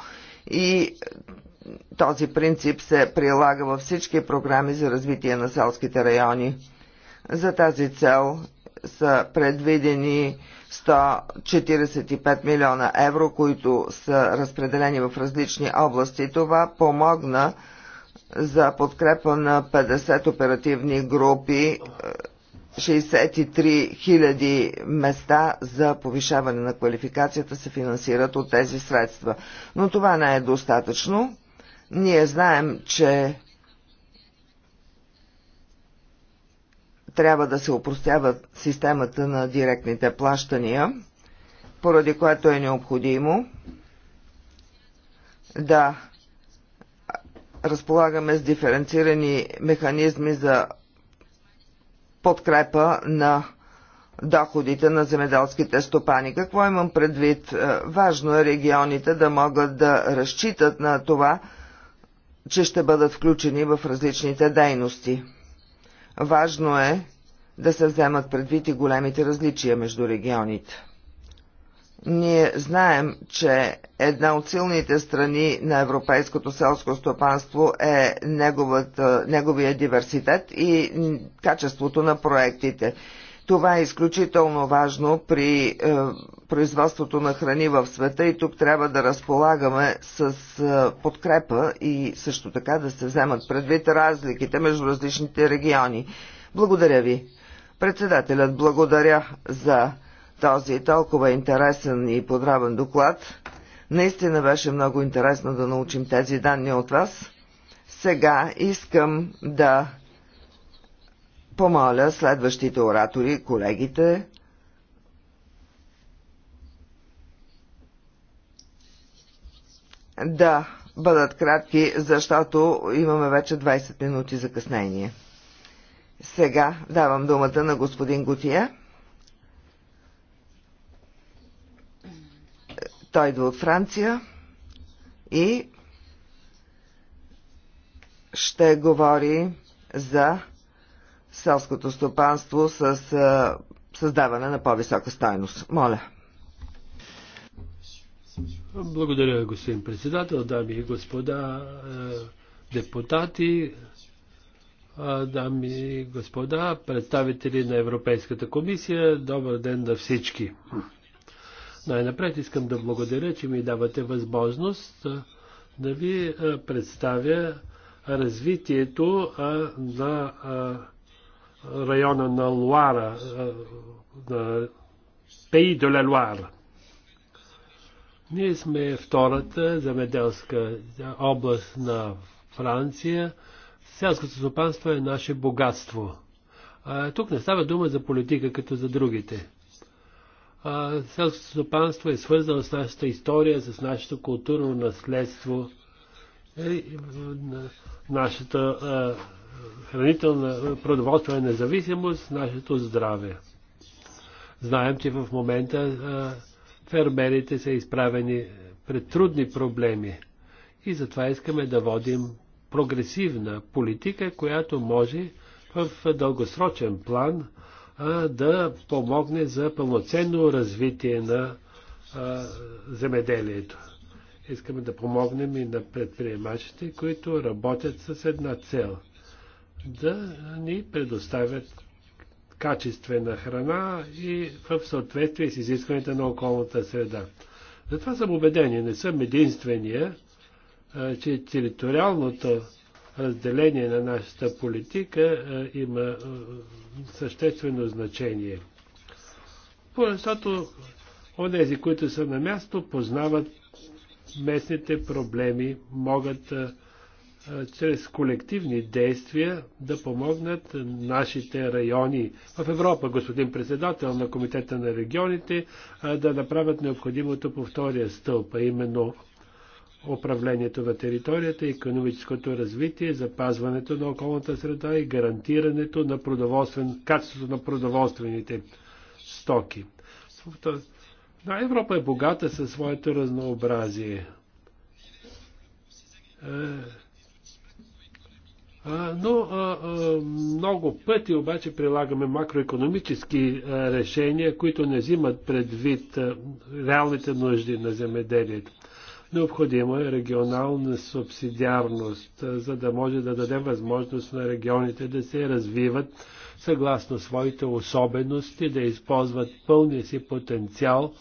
и този принцип се прилага във всички програми за развитие на селските райони. За тази цел са предвидени 145 милиона евро, които са разпределени в различни области. Това помогна за подкрепа на 50 оперативни групи, 63 е, 000 места за повишаване на квалификацията се финансират от тези средства. Но това не е достатъчно. Ние знаем, че трябва да се упростява системата на директните плащания, поради което е необходимо да разполагаме с диференцирани механизми за подкрепа на доходите на земеделските стопани. Какво имам предвид? Е, важно е регионите да могат да разчитат на това, че ще бъдат включени в различните дейности. Важно е да се вземат предвид и големите различия между регионите. Ние знаем, че една от силните страни на европейското селско стопанство е неговия диверситет и качеството на проектите. Това е изключително важно при е, производството на храни в света и тук трябва да разполагаме с е, подкрепа и също така да се вземат предвид разликите между различните региони. Благодаря ви. Председателят благодаря за този толкова интересен и подробен доклад. Наистина беше много интересно да научим тези данни от вас. Сега искам да помоля следващите оратори, колегите, да бъдат кратки, защото имаме вече 20 минути закъснение. Сега давам думата на господин Гутия. Той идва от Франция и ще говори за селското стопанство с създаване на по-висока стойност. Моля. Благодаря, господин председател, дами и господа е, депутати, е, дами и господа, представители на Европейската комисия. Добър ден на всички. Най-напред искам да благодаря, че ми давате възможност да ви представя развитието на района на Луара, на Пей де Луара. Ние сме втората земеделска област на Франция. Селското стопанство е наше богатство. тук не става дума за политика като за другите селското стопанство е свързано с нашата история, с нашето културно наследство, е, нашата хранителна продоволствена независимост, нашето здраве. Знаем, че в момента фермерите са изправени пред трудни проблеми и затова искаме да водим прогресивна политика, която може в дългосрочен план да помогне за пълноценно развитие на земеделието. Искаме да помогнем и на предприемачите, които работят с една цел да ни предоставят качествена храна и в съответствие с изискванията на околната среда. Затова съм убеден, не съм единствения, че териториалното разделение на нашата политика има съществено значение. Защото онези, които са на място, познават местните проблеми, могат чрез колективни действия да помогнат нашите райони в Европа, господин председател на Комитета на регионите, да направят необходимото по втория стълб, а именно управлението на територията, економическото развитие, запазването на околната среда и гарантирането на продоволствен, качеството на продоволствените стоки. Но Европа е богата със своето разнообразие. Е, но много пъти обаче прилагаме макроекономически е, решения, които не взимат предвид е, реалните нужди на земеделието. Необходима е регионална субсидиарност, за да може да даде възможност на регионите да се развиват съгласно своите особености, да използват пълния си потенциал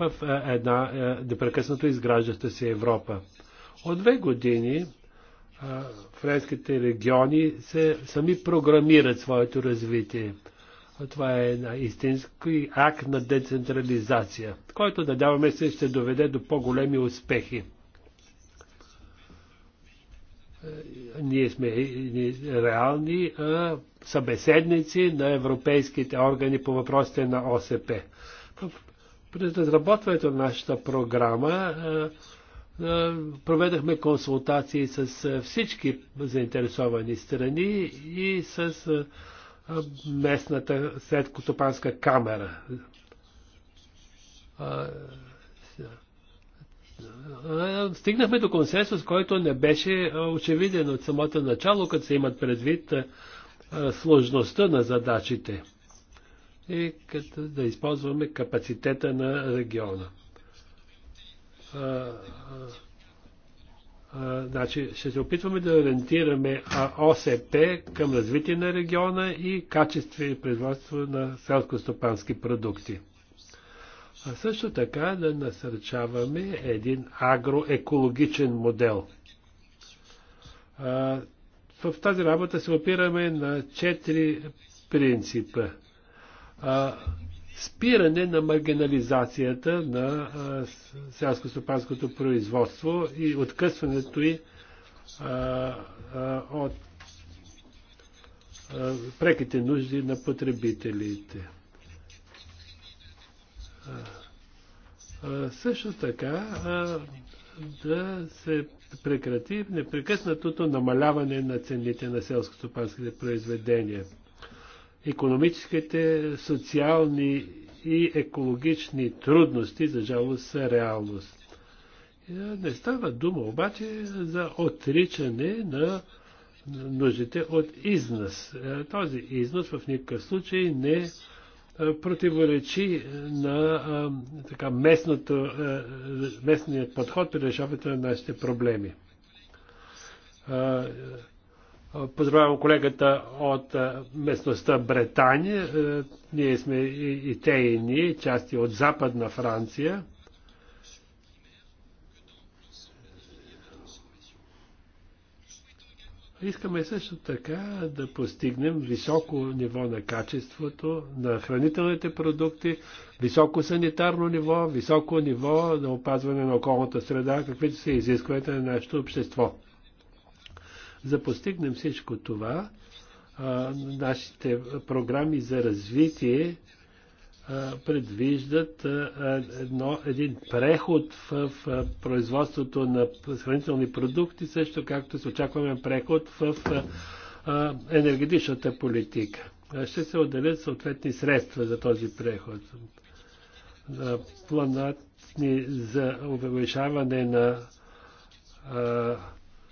в една непрекъснато изграждаща се Европа. От две години френските региони се сами програмират своето развитие. Това е на истински акт на децентрализация, който, надяваме се, ще доведе до по-големи успехи. Ние сме реални събеседници на европейските органи по въпросите на ОСП. През разработването на нашата програма проведахме консултации с всички заинтересовани страни и с местната селско камера. Стигнахме до консенсус, който не беше очевиден от самото начало, като се имат предвид сложността на задачите и като да използваме капацитета на региона значи ще се опитваме да ориентираме ОСП към развитие на региона и качество и производство на селско-стопански продукти. А също така да насърчаваме един агроекологичен модел. А, в тази работа се опираме на четири принципа. А, спиране на маргинализацията на селско-стопанското производство и откъсването й от преките нужди на потребителите. Също така да се прекрати непрекъснатото намаляване на цените на селско-стопанските произведения економическите, социални и екологични трудности, за жалост, са реалност. Е, не става дума обаче за отричане на нуждите от износ. Е, този износ в никакъв случай не е, противоречи на така, местното, местният подход при решаването на нашите проблеми. Поздравявам колегата от местността Бретания. Е, ние сме и те и ние, части от западна Франция. Искаме също така да постигнем високо ниво на качеството на хранителните продукти, високо санитарно ниво, високо ниво на опазване на околната среда, каквито са изискванията на нашето общество. За постигнем всичко това, нашите програми за развитие предвиждат едно, един преход в, производството на хранителни продукти, също както се очакваме преход в енергетичната политика. Ще се отделят съответни средства за този преход. Планът ни за увеличаване на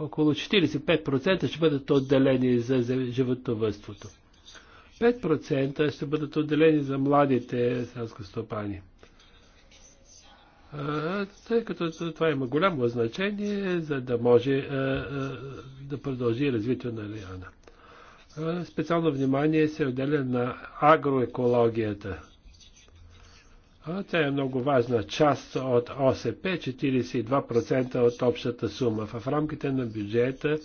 около 45% ще бъдат отделени за животновътството. 5% ще бъдат отделени за младите селскостопани. Тъй като това има голямо значение, за да може да продължи развитието на района. Специално внимание се отделя на агроекологията тя е много важна част от ОСП, 42% от общата сума. В рамките на бюджета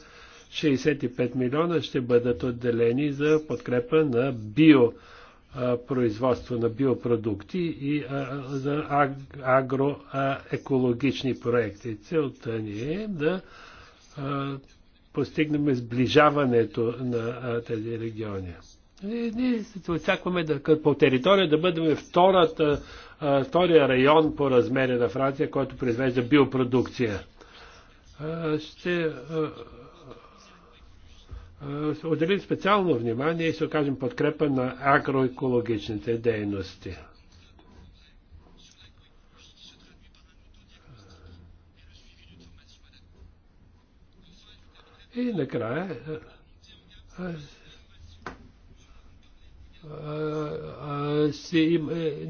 65 милиона ще бъдат отделени за подкрепа на биопроизводство на биопродукти и за агроекологични проекти. Целта ни е да постигнем сближаването на тези региони. Ние се очакваме да, по територия да бъдем втората, втория район по размери на Франция, който произвежда биопродукция. Ще отделим специално внимание и ще окажем подкрепа на агроекологичните дейности. И накрая си, е,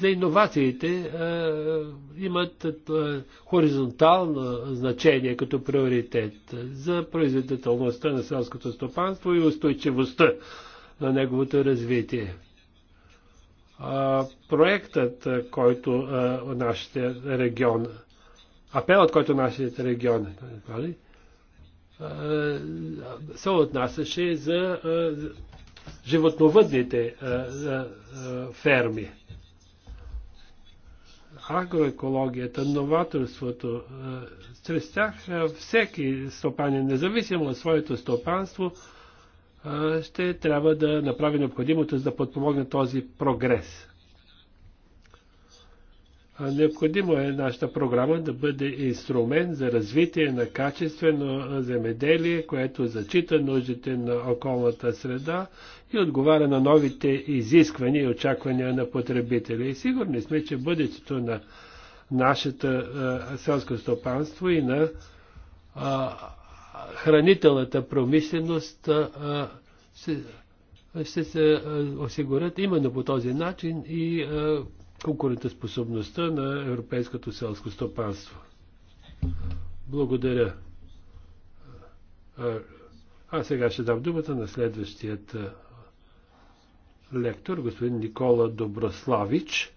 за иновациите е, имат е, хоризонтално значение като приоритет за производителността на селското стопанство и устойчивостта на неговото развитие. Проектът, който нашия регион, апелът, който нашите регион нали, се отнасяше за животновъдните а, а, ферми. Агроекологията, новаторството, а, чрез тях всеки стопанин, независимо от своето стопанство, ще трябва да направи необходимото за да подпомогне този прогрес. Необходимо е нашата програма да бъде инструмент за развитие на качествено земеделие, което зачита нуждите на околната среда и отговаря на новите изисквания и очаквания на потребители. И сигурни сме, че бъдещето на нашето селско стопанство и на а, хранителната промишленост а, ще, ще се осигурят именно по този начин и а, конкурентоспособността на европейското селско стопанство. Благодаря. А сега ще дам думата на следващият лектор, господин Никола Доброславич,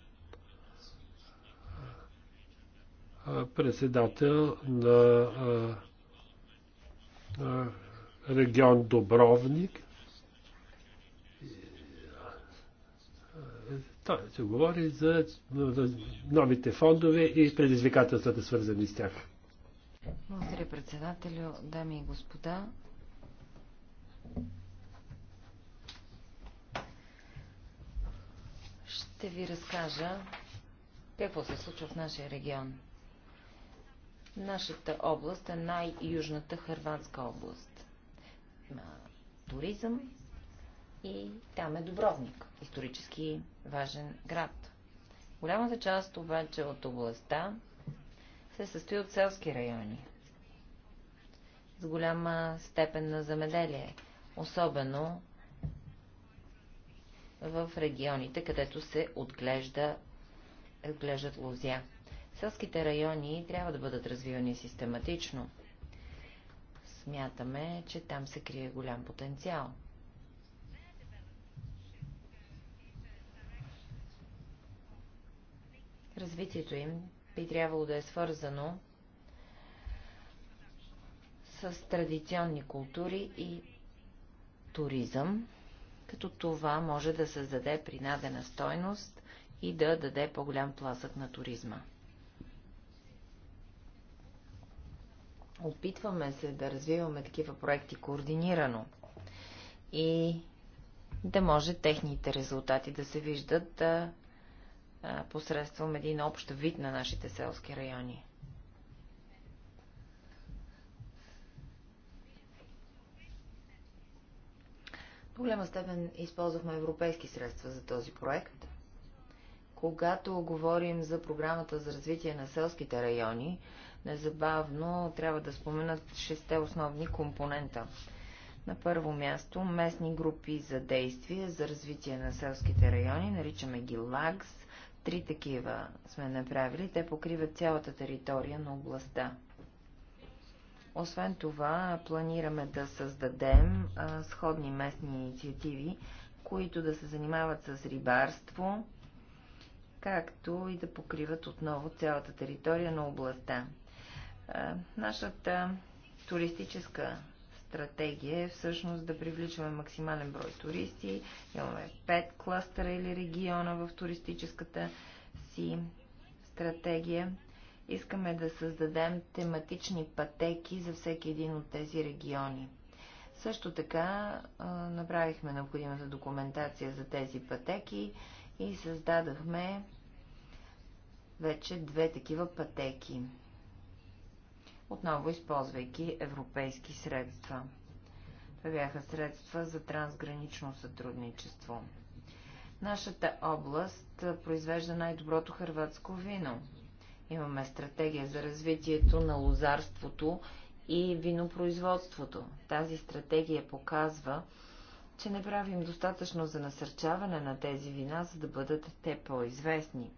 председател на регион Добровник Той се говори за новите фондове и предизвикателствата, свързани с тях. Благодаря, председателю, дами и господа. Ще ви разкажа какво се случва в нашия регион. Нашата област е най-южната Харватска област. Има туризъм и там е Добровник, исторически важен град. Голямата част обаче от областта се състои от селски райони с голяма степен на замеделие, особено в регионите, където се отглежда, отглеждат лузя. Селските райони трябва да бъдат развивани систематично. Смятаме, че там се крие голям потенциал. Развитието им би трябвало да е свързано с традиционни култури и туризъм, като това може да създаде принадена стойност и да даде по-голям пласък на туризма. Опитваме се да развиваме такива проекти координирано и да може техните резултати да се виждат да посредством един общ вид на нашите селски райони. По голяма степен използвахме европейски средства за този проект. Когато говорим за програмата за развитие на селските райони, незабавно трябва да споменат шесте основни компонента. На първо място местни групи за действие за развитие на селските райони, наричаме ги ЛАГС, Три такива сме направили. Те покриват цялата територия на областта. Освен това, планираме да създадем а, сходни местни инициативи, които да се занимават с рибарство, както и да покриват отново цялата територия на областта. А, нашата туристическа стратегия е всъщност да привличаме максимален брой туристи. Имаме пет кластера или региона в туристическата си стратегия. Искаме да създадем тематични пътеки за всеки един от тези региони. Също така направихме необходимата документация за тези пътеки и създадахме вече две такива пътеки отново използвайки европейски средства. Това бяха средства за трансгранично сътрудничество. Нашата област произвежда най-доброто хърватско вино. Имаме стратегия за развитието на лозарството и винопроизводството. Тази стратегия показва, че не правим достатъчно за насърчаване на тези вина, за да бъдат те по-известни.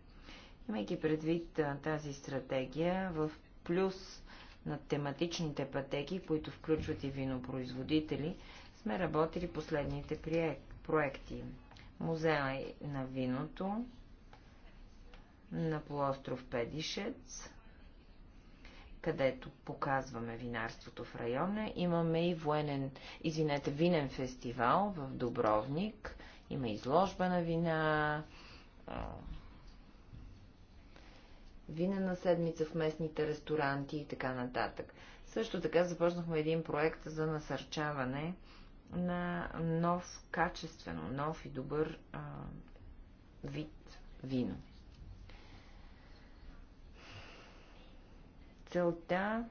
Имайки предвид тази стратегия, в плюс на тематичните пътеки, които включват и винопроизводители, сме работили последните проекти. Музея на виното на полуостров Педишец, където показваме винарството в района. Имаме и военен, извинете, винен фестивал в Добровник. Има изложба на вина, винена седмица в местните ресторанти и така нататък. Също така започнахме един проект за насърчаване на нов, качествено, нов и добър а, вид вино. Целта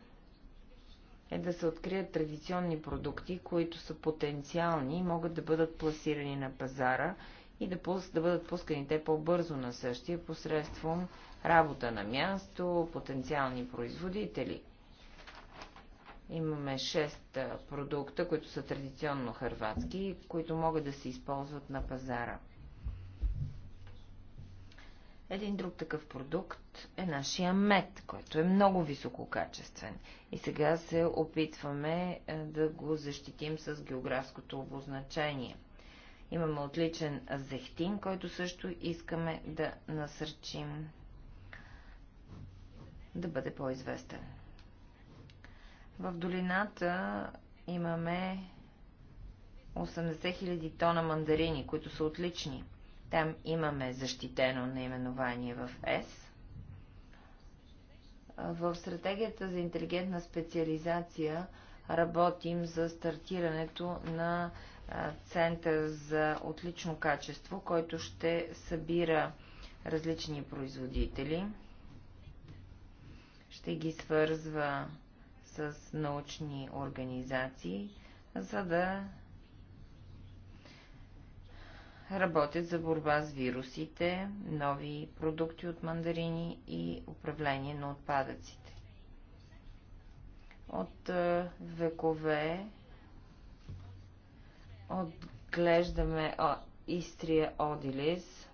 е да се открият традиционни продукти, които са потенциални и могат да бъдат пласирани на пазара и да, пус, да бъдат пускани те по-бързо на същия посредством работа на място, потенциални производители. Имаме 6 продукта, които са традиционно хърватски, които могат да се използват на пазара. Един друг такъв продукт е нашия мед, който е много висококачествен. И сега се опитваме да го защитим с географското обозначение. Имаме отличен зехтин, който също искаме да насърчим да бъде по-известен. В долината имаме 80 000 тона мандарини, които са отлични. Там имаме защитено наименование в ЕС. В стратегията за интелигентна специализация работим за стартирането на център за отлично качество, който ще събира различни производители ще ги свързва с научни организации, за да работят за борба с вирусите, нови продукти от мандарини и управление на отпадъците. От е, векове отглеждаме Истрия Одилис,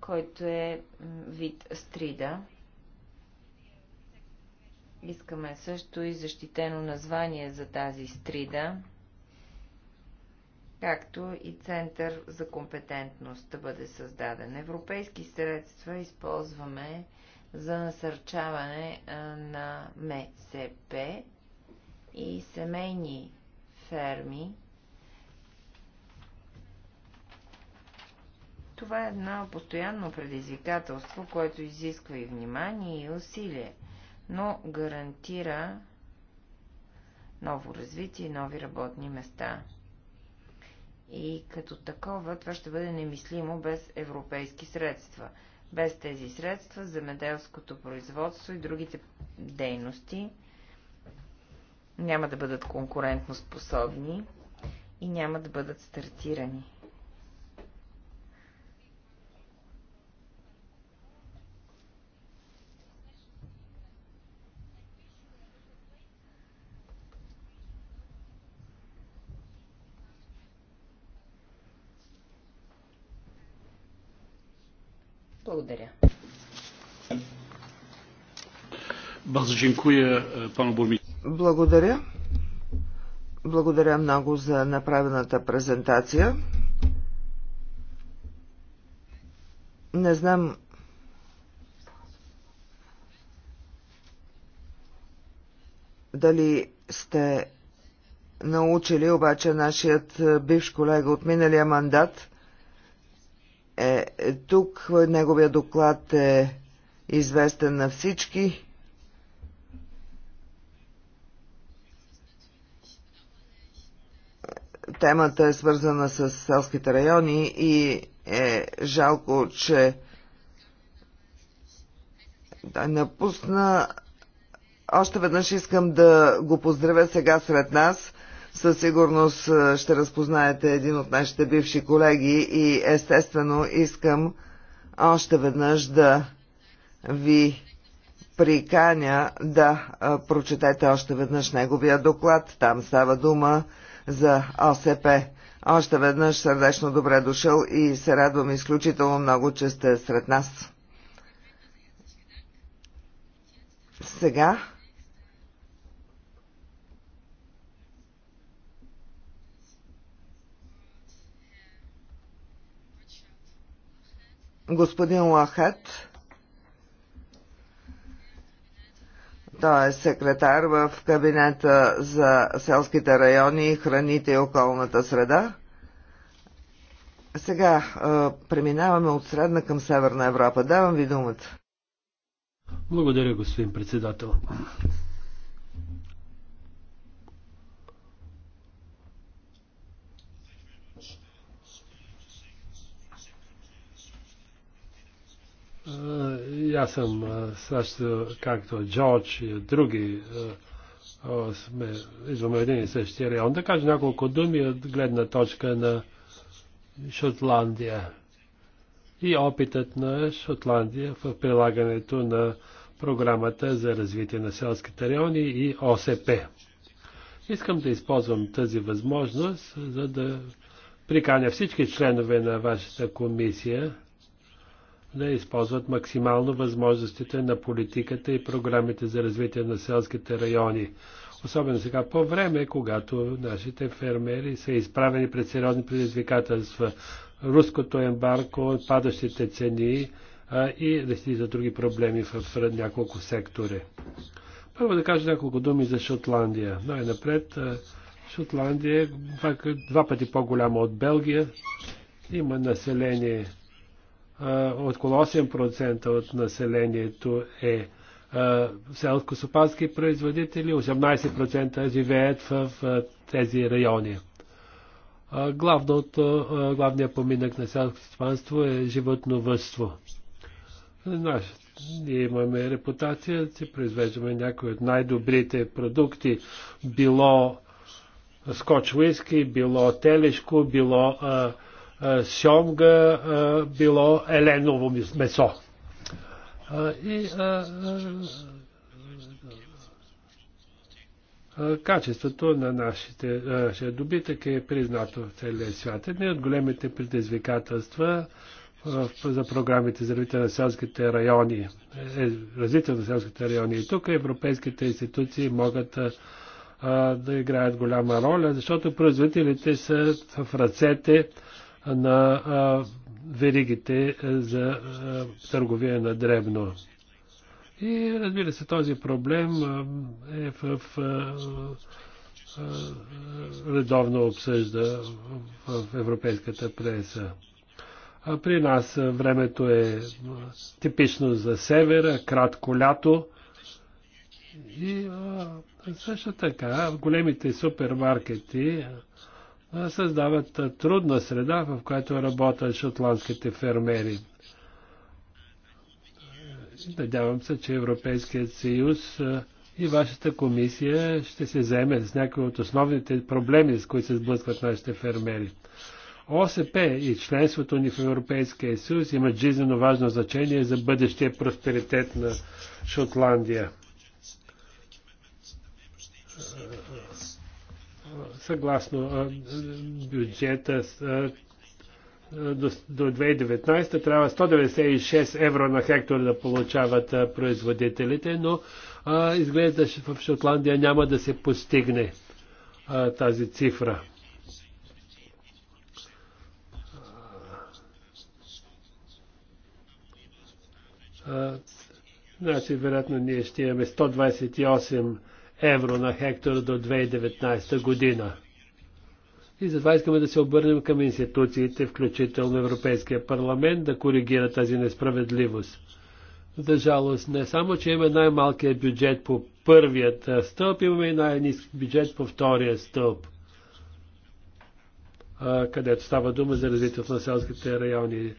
който е вид стрида, Искаме също и защитено название за тази стрида, както и център за компетентност да бъде създаден. Европейски средства използваме за насърчаване на МСП и семейни ферми. Това е едно постоянно предизвикателство, което изисква и внимание и усилие – но гарантира ново развитие и нови работни места. И като такова, това ще бъде немислимо без европейски средства. Без тези средства, земеделското производство и другите дейности няма да бъдат конкурентно способни и няма да бъдат стартирани. Благодаря. E, Благодаря. Благодаря много за направената презентация. Не знам дали сте научили, обаче нашият е, бивш колега от миналия мандат е, е тук. Неговия доклад е известен на всички. Темата е свързана с селските райони и е жалко, че да напусна. Още веднъж искам да го поздравя сега сред нас със сигурност ще разпознаете един от нашите бивши колеги и естествено искам още веднъж да ви приканя да прочетете още веднъж неговия доклад. Там става дума за ОСП. Още веднъж сърдечно добре дошъл и се радвам изключително много, че сте сред нас. Сега господин Лахет. Той е секретар в кабинета за селските райони, храните и околната среда. Сега е, преминаваме от Средна към Северна Европа. Давам ви думата. Благодаря, господин председател. И е, аз съм е, също, както Джордж и други, е, сме, идваме един и същия район. Да кажа няколко думи от гледна точка на Шотландия и опитът на Шотландия в прилагането на програмата за развитие на селските райони и ОСП. Искам да използвам тази възможност, за да приканя всички членове на вашата комисия да използват максимално възможностите на политиката и програмите за развитие на селските райони. Особено сега по време, когато нашите фермери са изправени пред сериозни предизвикателства. Руското ембарко, падащите цени а, и за други проблеми в, в няколко сектори. Първо да кажа няколко думи за Шотландия. Най-напред Шотландия е два, два пъти по-голяма от Белгия. Има население около 8% от населението е селско-супански производители, 18% живеят в тези райони. Главното, главният поминък на селско стопанство е животновътство. ние имаме репутация, че произвеждаме някои от най-добрите продукти, било скоч виски, било телешко, било а, сьомга било еленово месо. И качеството на нашите, нашия добитък е признато в целия свят. Едни от големите предизвикателства за програмите за развитие на селските райони, е, развитие на селските райони. И тук европейските институции могат да играят голяма роля, защото производителите са в ръцете на веригите за търговия на дребно. И разбира се, този проблем е в редовно обсъжда в европейската преса. А при нас времето е типично за севера, кратко лято. И а, също така големите супермаркети създават трудна среда, в която работят шотландските фермери. Надявам се, че Европейският съюз и вашата комисия ще се заеме с някои от основните проблеми, с които се сблъскват нашите фермери. ОСП и членството ни в Европейския съюз имат жизненно важно значение за бъдещия просперитет на Шотландия. съгласно бюджета до 2019 трябва 196 евро на хектор да получават производителите, но изглежда, че в Шотландия няма да се постигне тази цифра. Значи, вероятно, ние ще имаме 128 евро на хектар до 2019 година. И затова искаме да се обърнем към институциите, включително Европейския парламент, да коригира тази несправедливост. За жалост, не само, че имаме най-малкият бюджет по първият стълб, имаме и най-низък бюджет по втория стълб, където става дума за развитието на селските райони.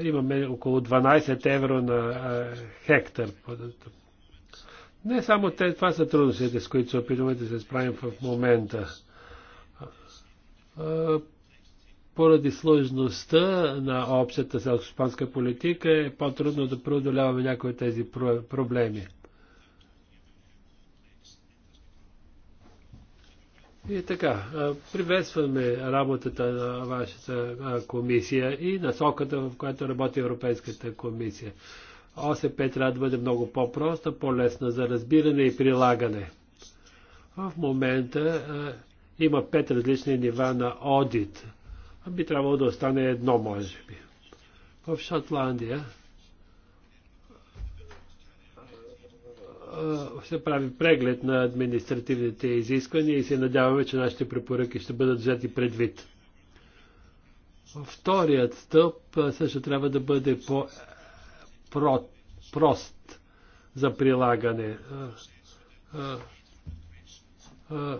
Имаме около 12 евро на хектар не само те, това са трудностите, с които се опитваме да се справим в момента. Поради сложността на общата селскостопанска политика е по-трудно да преодоляваме някои от тези проблеми. И така, приветстваме работата на вашата комисия и насоката, в която работи Европейската комисия. ОСП трябва да бъде много по-проста, по-лесна за разбиране и прилагане. В момента а, има пет различни нива на одит. А би трябвало да остане едно, може би. В Шотландия се прави преглед на административните изисквания и се надяваме, че нашите препоръки ще бъдат взети предвид. Вторият стълб също трябва да бъде по про, прост за прилагане. Е, е, е,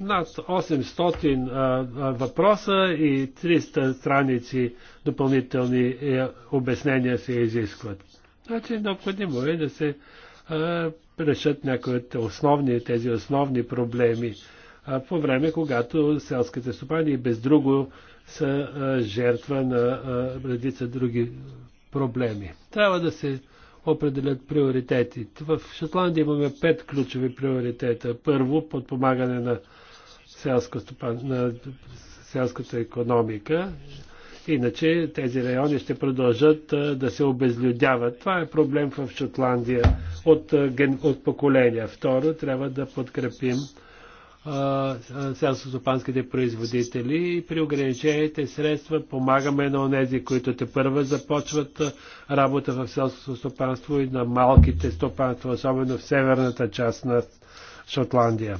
над 800 въпроса и 300 страници допълнителни обяснения се изискват. Значи необходимо е да се решат някои от основни, тези основни проблеми по време, когато селските стопани и без друго са жертва на редица други проблеми. Трябва да се определят приоритети. В Шотландия имаме пет ключови приоритета. Първо, подпомагане на, селско ступан, на селската економика. Иначе тези райони ще продължат да се обезлюдяват. Това е проблем в Шотландия от, от поколения. Второ, трябва да подкрепим селско-стопанските производители и при ограничените средства помагаме на онези, които те първа започват работа в селското стопанство и на малките стопанства, особено в северната част на Шотландия.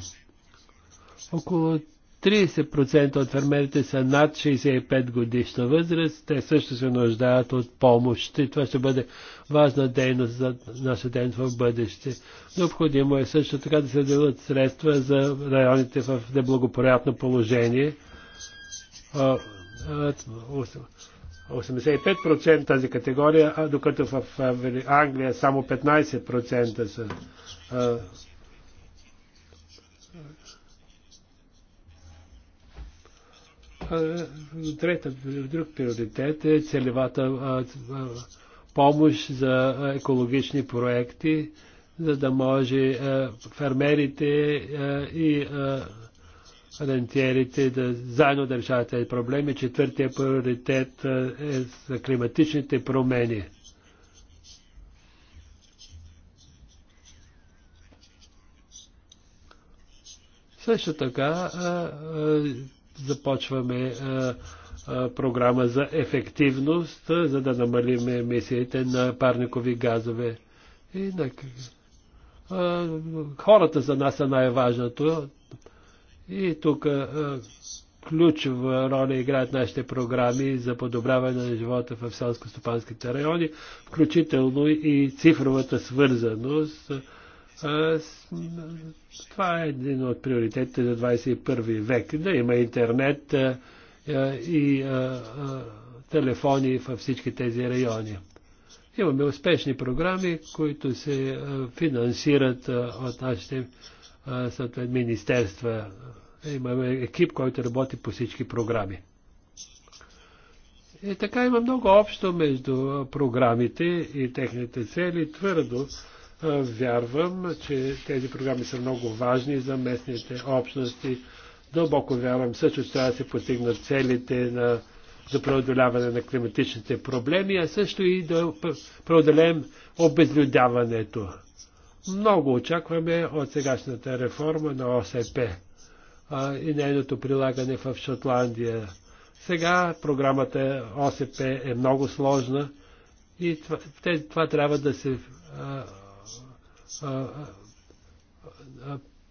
Около 30% от фермерите са над 65 годишна възраст. Те също се нуждаят от помощ. И това ще бъде важна дейност за наша дейност в бъдеще. Необходимо е също така да се делят средства за районите в неблагоприятно положение. 85% тази категория, а докато в Англия само 15% са Трета, друг приоритет е целевата помощ за екологични проекти, за да може фермерите и рентиерите да заедно да решават тези проблеми. Четвъртия приоритет е за климатичните промени. Също така започваме е, е, програма за ефективност, е, за да намалим емисиите на парникови газове. И на, хората за нас са най-важното. И тук ключова роля играят нашите програми за подобряване на живота в селско-стопанските райони, включително и цифровата свързаност. Това е един от приоритетите за 21 век. Да има интернет и телефони във всички тези райони. Имаме успешни програми, които се финансират от нашите съответ, министерства. Имаме екип, който работи по всички програми. И така има много общо между програмите и техните цели. Твърдо Вярвам, че тези програми са много важни за местните общности. Дълбоко вярвам също, че трябва да се постигнат целите на, за преодоляване на климатичните проблеми, а също и да преодолеем обезлюдяването. Много очакваме от сегашната реформа на ОСП а, и нейното прилагане в Шотландия. Сега програмата ОСП е много сложна и това, това трябва да се а,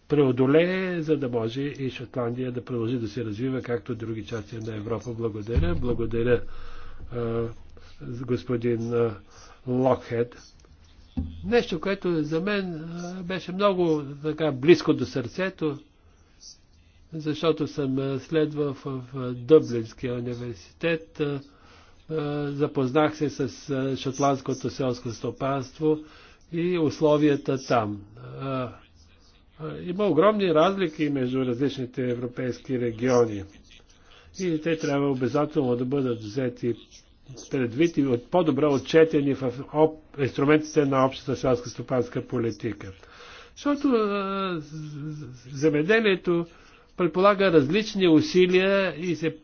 преодолее, за да може и Шотландия да продължи да се развива, както други части на Европа. Благодаря. Благодаря господин Локхед. Нещо, което за мен беше много така близко до сърцето, защото съм следвал в Дъблинския университет. Запознах се с шотландското селско стопанство и условията там. Има огромни разлики между различните европейски региони и те трябва обязателно да бъдат взети предвид и по-добре отчетени в инструментите на общата селско-стопанска политика. Защото земеделието предполага различни усилия и се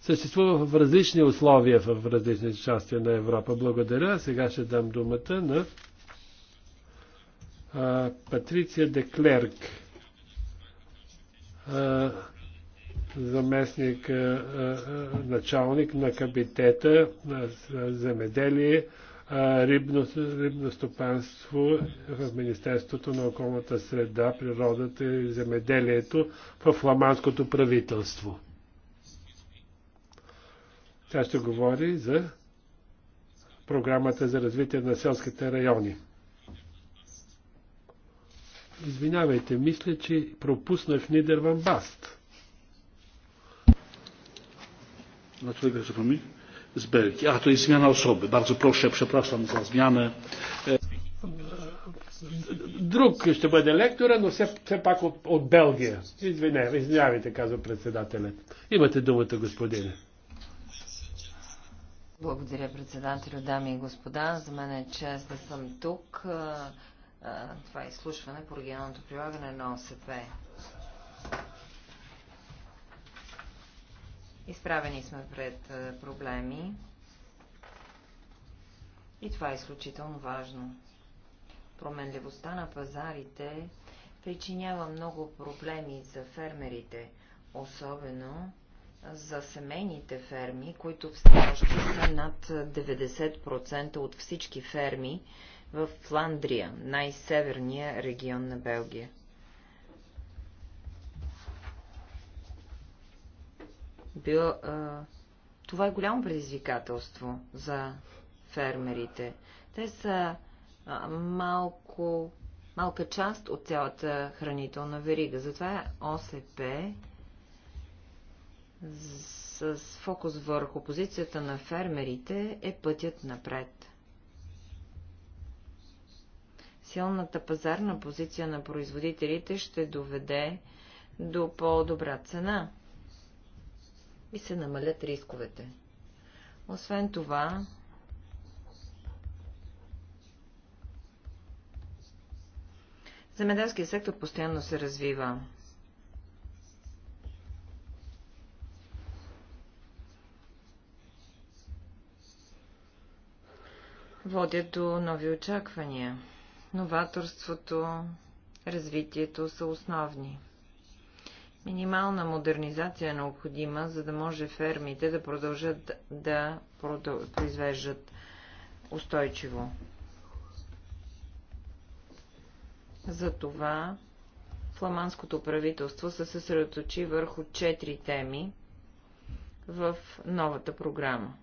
съществува в различни условия в различни части на Европа. Благодаря. Сега ще дам думата на Патриция Деклерк, заместник началник на кабинета на земеделие, рибно, рибно стопанство в Министерството на околната среда, природата и земеделието в фламандското правителство. Тя ще говори за програмата за развитие на селските райони. Извинявайте, мисля, че пропуснах Нидерван Баст. Na którego zapomnij? Z Belgii. A, to jest zmiana osoby. Bardzo proszę, przepraszam za zmianę. Друг ще бъде лектора, но все, все пак от, от Белгия. Извинявайте, извинявайте, казва председателят. Имате думата, господине. Благодаря, председателю, дами и господа. За мен е чест да съм тук това е изслушване по регионалното прилагане на ОСП. Изправени сме пред проблеми и това е изключително важно. Променливостта на пазарите причинява много проблеми за фермерите, особено за семейните ферми, които все още са над 90% от всички ферми в Фландрия, най-северния регион на Белгия. Бил, а, това е голямо предизвикателство за фермерите. Те са а, малко, малка част от цялата хранителна верига. Затова е ОСП с, с фокус върху позицията на фермерите е пътят напред. Силната пазарна позиция на производителите ще доведе до по-добра цена и се намалят рисковете. Освен това, земеделският сектор постоянно се развива. водят до нови очаквания новаторството, развитието са основни. Минимална модернизация е необходима, за да може фермите да продължат да произвеждат устойчиво. Затова фламандското правителство се съсредоточи върху четири теми в новата програма.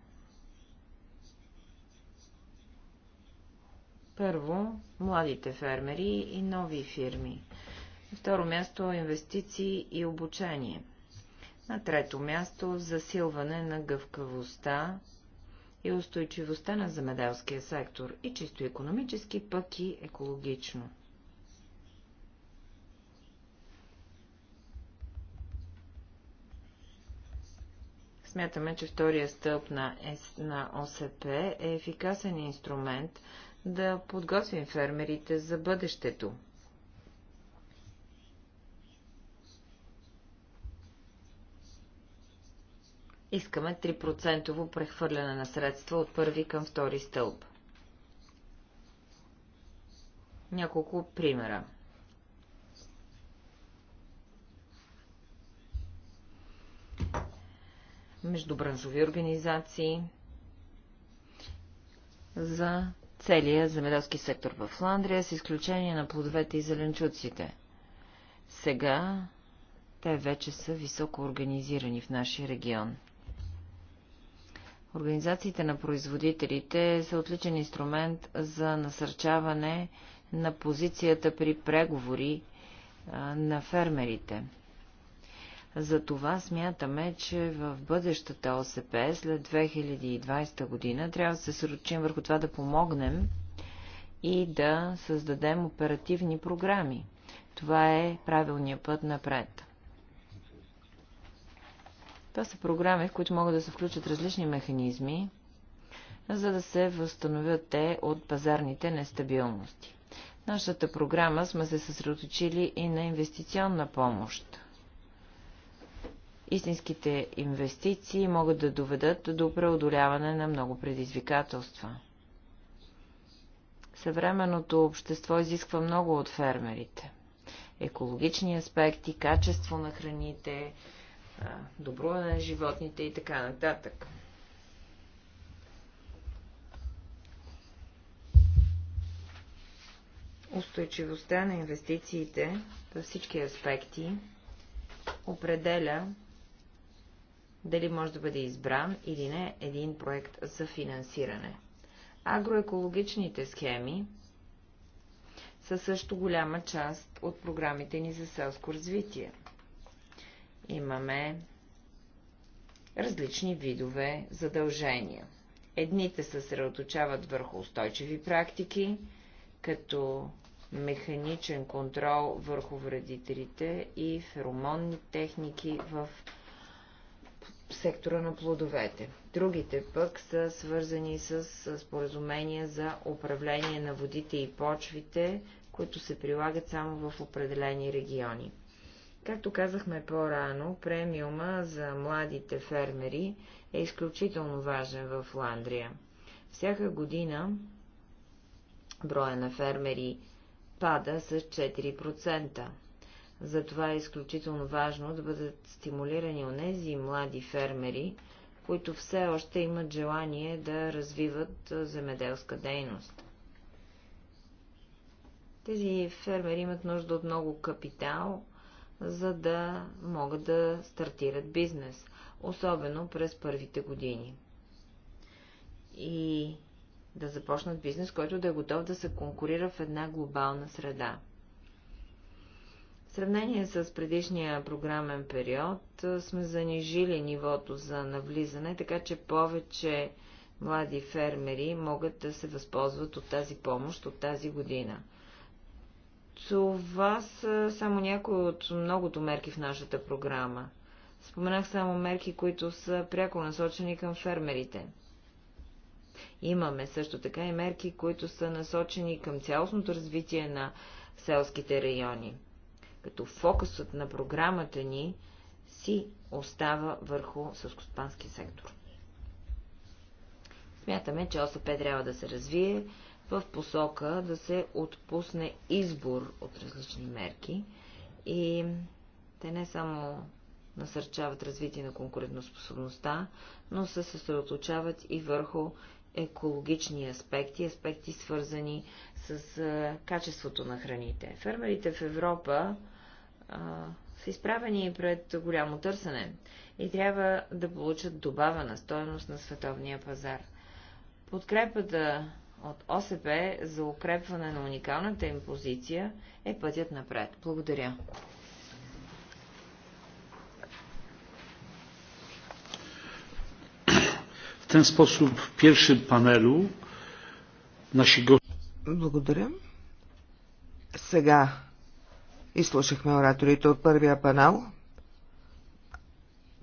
Първо, младите фермери и нови фирми. На второ място, инвестиции и обучение. На трето място, засилване на гъвкавостта и устойчивостта на земеделския сектор, и чисто економически, пък и екологично. Смятаме, че втория стълб на, на ОСП е ефикасен инструмент да подготвим фермерите за бъдещето. Искаме 3% прехвърляне на средства от първи към втори стълб. Няколко примера. Междубранжови организации за целия земеделски сектор в Фландрия, с изключение на плодовете и зеленчуците. Сега те вече са високо организирани в нашия регион. Организациите на производителите са отличен инструмент за насърчаване на позицията при преговори на фермерите. Затова смятаме, че в бъдещата ОСП след 2020 година трябва да се сръчим върху това да помогнем и да създадем оперативни програми. Това е правилният път напред. Това са програми, в които могат да се включат различни механизми, за да се възстановят те от пазарните нестабилности. Нашата програма сме се съсредоточили и на инвестиционна помощ. Истинските инвестиции могат да доведат до преодоляване на много предизвикателства. Съвременното общество изисква много от фермерите. Екологични аспекти, качество на храните, добруване на животните и така нататък. Устойчивостта на инвестициите във всички аспекти определя дали може да бъде избран или не един проект за финансиране. Агроекологичните схеми са също голяма част от програмите ни за селско развитие. Имаме различни видове задължения. Едните се съсредоточават върху устойчиви практики, като механичен контрол върху вредителите и феромонни техники в сектора на плодовете. Другите пък са свързани с споразумения за управление на водите и почвите, които се прилагат само в определени региони. Както казахме по-рано, премиума за младите фермери е изключително важен в Ландрия. Всяка година броя на фермери пада с 4%. Затова е изключително важно да бъдат стимулирани онези млади фермери, които все още имат желание да развиват земеделска дейност. Тези фермери имат нужда от много капитал, за да могат да стартират бизнес, особено през първите години. И да започнат бизнес, който да е готов да се конкурира в една глобална среда сравнение с предишния програмен период сме занижили нивото за навлизане, така че повече млади фермери могат да се възползват от тази помощ от тази година. Това са само някои от многото мерки в нашата програма. Споменах само мерки, които са пряко насочени към фермерите. Имаме също така и мерки, които са насочени към цялостното развитие на селските райони като фокусът на програмата ни си остава върху съскоспански сектор. Смятаме, че ОСП трябва да се развие в посока да се отпусне избор от различни мерки и те не само насърчават развитие на конкурентоспособността, но се съсредоточават и върху екологични аспекти, аспекти свързани с а, качеството на храните. Фермерите в Европа а, са изправени пред голямо търсене и трябва да получат добавена стоеност на световния пазар. Подкрепата от ОСП за укрепване на уникалната им позиция е пътят напред. Благодаря. ten sposób w pierwszym panelu nasi goście. Благодаря. Сега изслушахме ораторите от първия панел.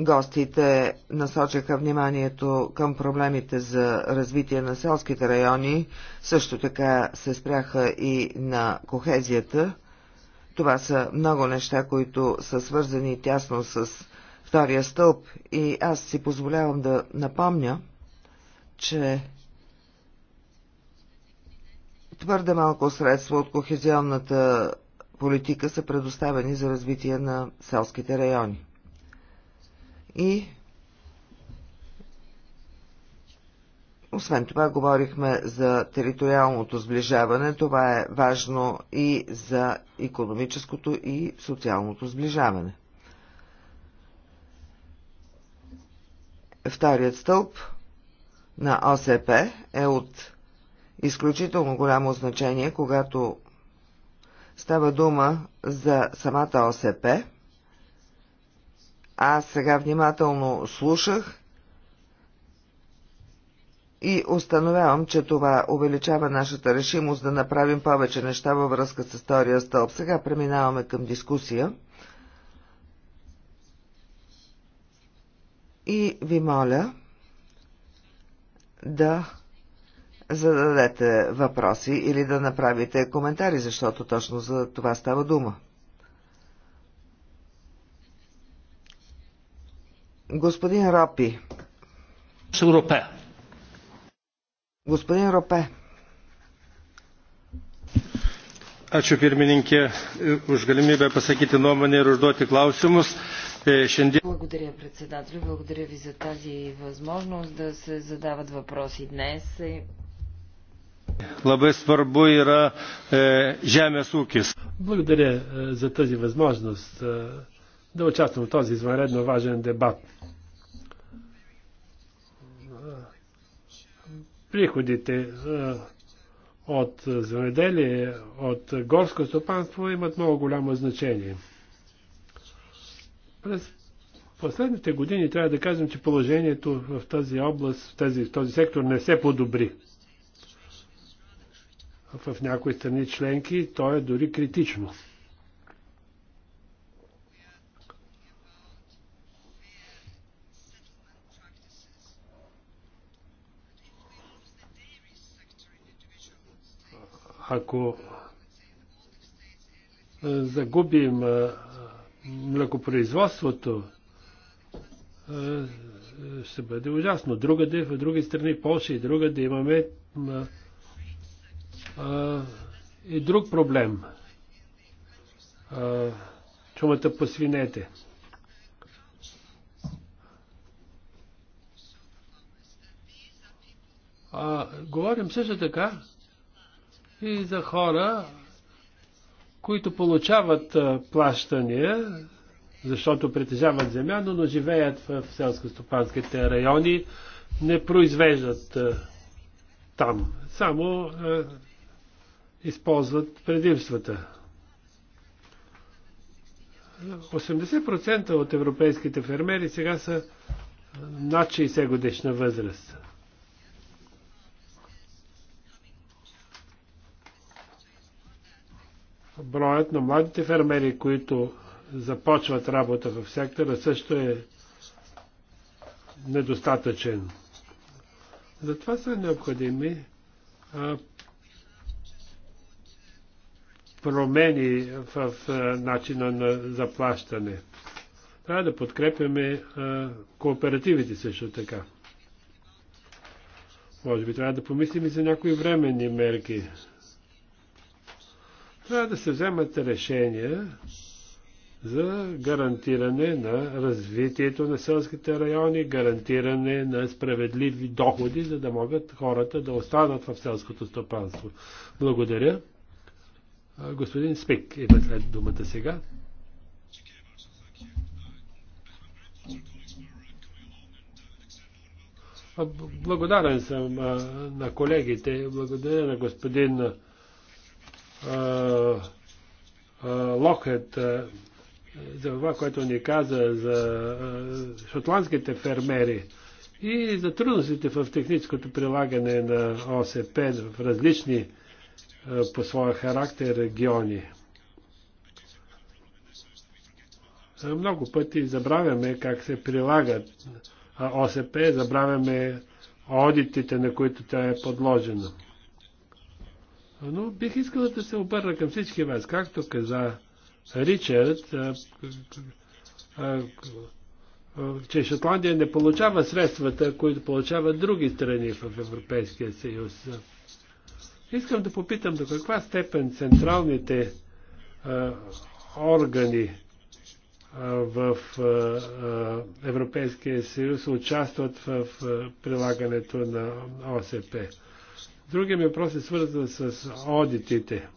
Гостите насочиха вниманието към проблемите за развитие на селските райони, също така се спряха и на кохезията. Това са много неща, които са свързани тясно с втория стълб и аз си позволявам да напомня, че твърде малко средства от кохезионната политика са предоставени за развитие на селските райони. И Освен това, говорихме за териториалното сближаване. Това е важно и за економическото и социалното сближаване. Вторият стълб – на ОСП е от изключително голямо значение, когато става дума за самата ОСП. Аз сега внимателно слушах и установявам, че това увеличава нашата решимост да направим повече неща във връзка с втория стълб. Сега преминаваме към дискусия. И ви моля да зададете въпроси или да направите коментари, защото точно за това става дума. Господин Ропи. Господин Ропе. Ačiū pirmininkė už galimybę pasakyti nuomonę ir užduoti klausimus. E, šiandien... Благодаря председателю, благодаря ви за тази възможност да се задават въпроси днес. Е, Labai svarbu yra e, žemės ūkis. Благодаря е, за тази възможност е, да участвам в този извънредно важен дебат. Приходите от земеделие, от горско стопанство имат много голямо значение. През последните години трябва да кажем, че положението в тази област, в тази, в този сектор не се подобри. В някои страни членки то е дори критично. ако загубим млекопроизводството, ще бъде ужасно. Другаде, в други страни, Польша и другаде имаме а, а, и друг проблем. А, чумата по свинете. А, говорим също така и за хора, които получават плащания, защото притежават земя, но живеят в селско-стопанските райони, не произвеждат там. Само използват предимствата. 80% от европейските фермери сега са над 60 годишна възраст. Броят на младите фермери, които започват работа в сектора, също е недостатъчен. Затова са необходими а, промени в в начина на заплащане. Трябва да подкрепяме а, кооперативите също така. Може би трябва да помислим и за някои временни мерки трябва да се вземат решения за гарантиране на развитието на селските райони, гарантиране на справедливи доходи, за да могат хората да останат в селското стопанство. Благодаря. Господин Спик има след думата сега. Благодарен съм на колегите, благодаря на господин Локът, за това, което ни каза за шотландските фермери и за трудностите в техническото прилагане на ОСП в различни по своя характер региони. Много пъти забравяме как се прилагат ОСП, забравяме одитите, на които тя е подложена. Но бих искал да се обърна към всички вас. Както каза Ричард, че Шотландия не получава средствата, които получават други страни в Европейския съюз. Искам да попитам до каква степен централните органи в Европейския съюз участват в прилагането на ОСП. Другият ми въпрос е свързан с аудитите. Е,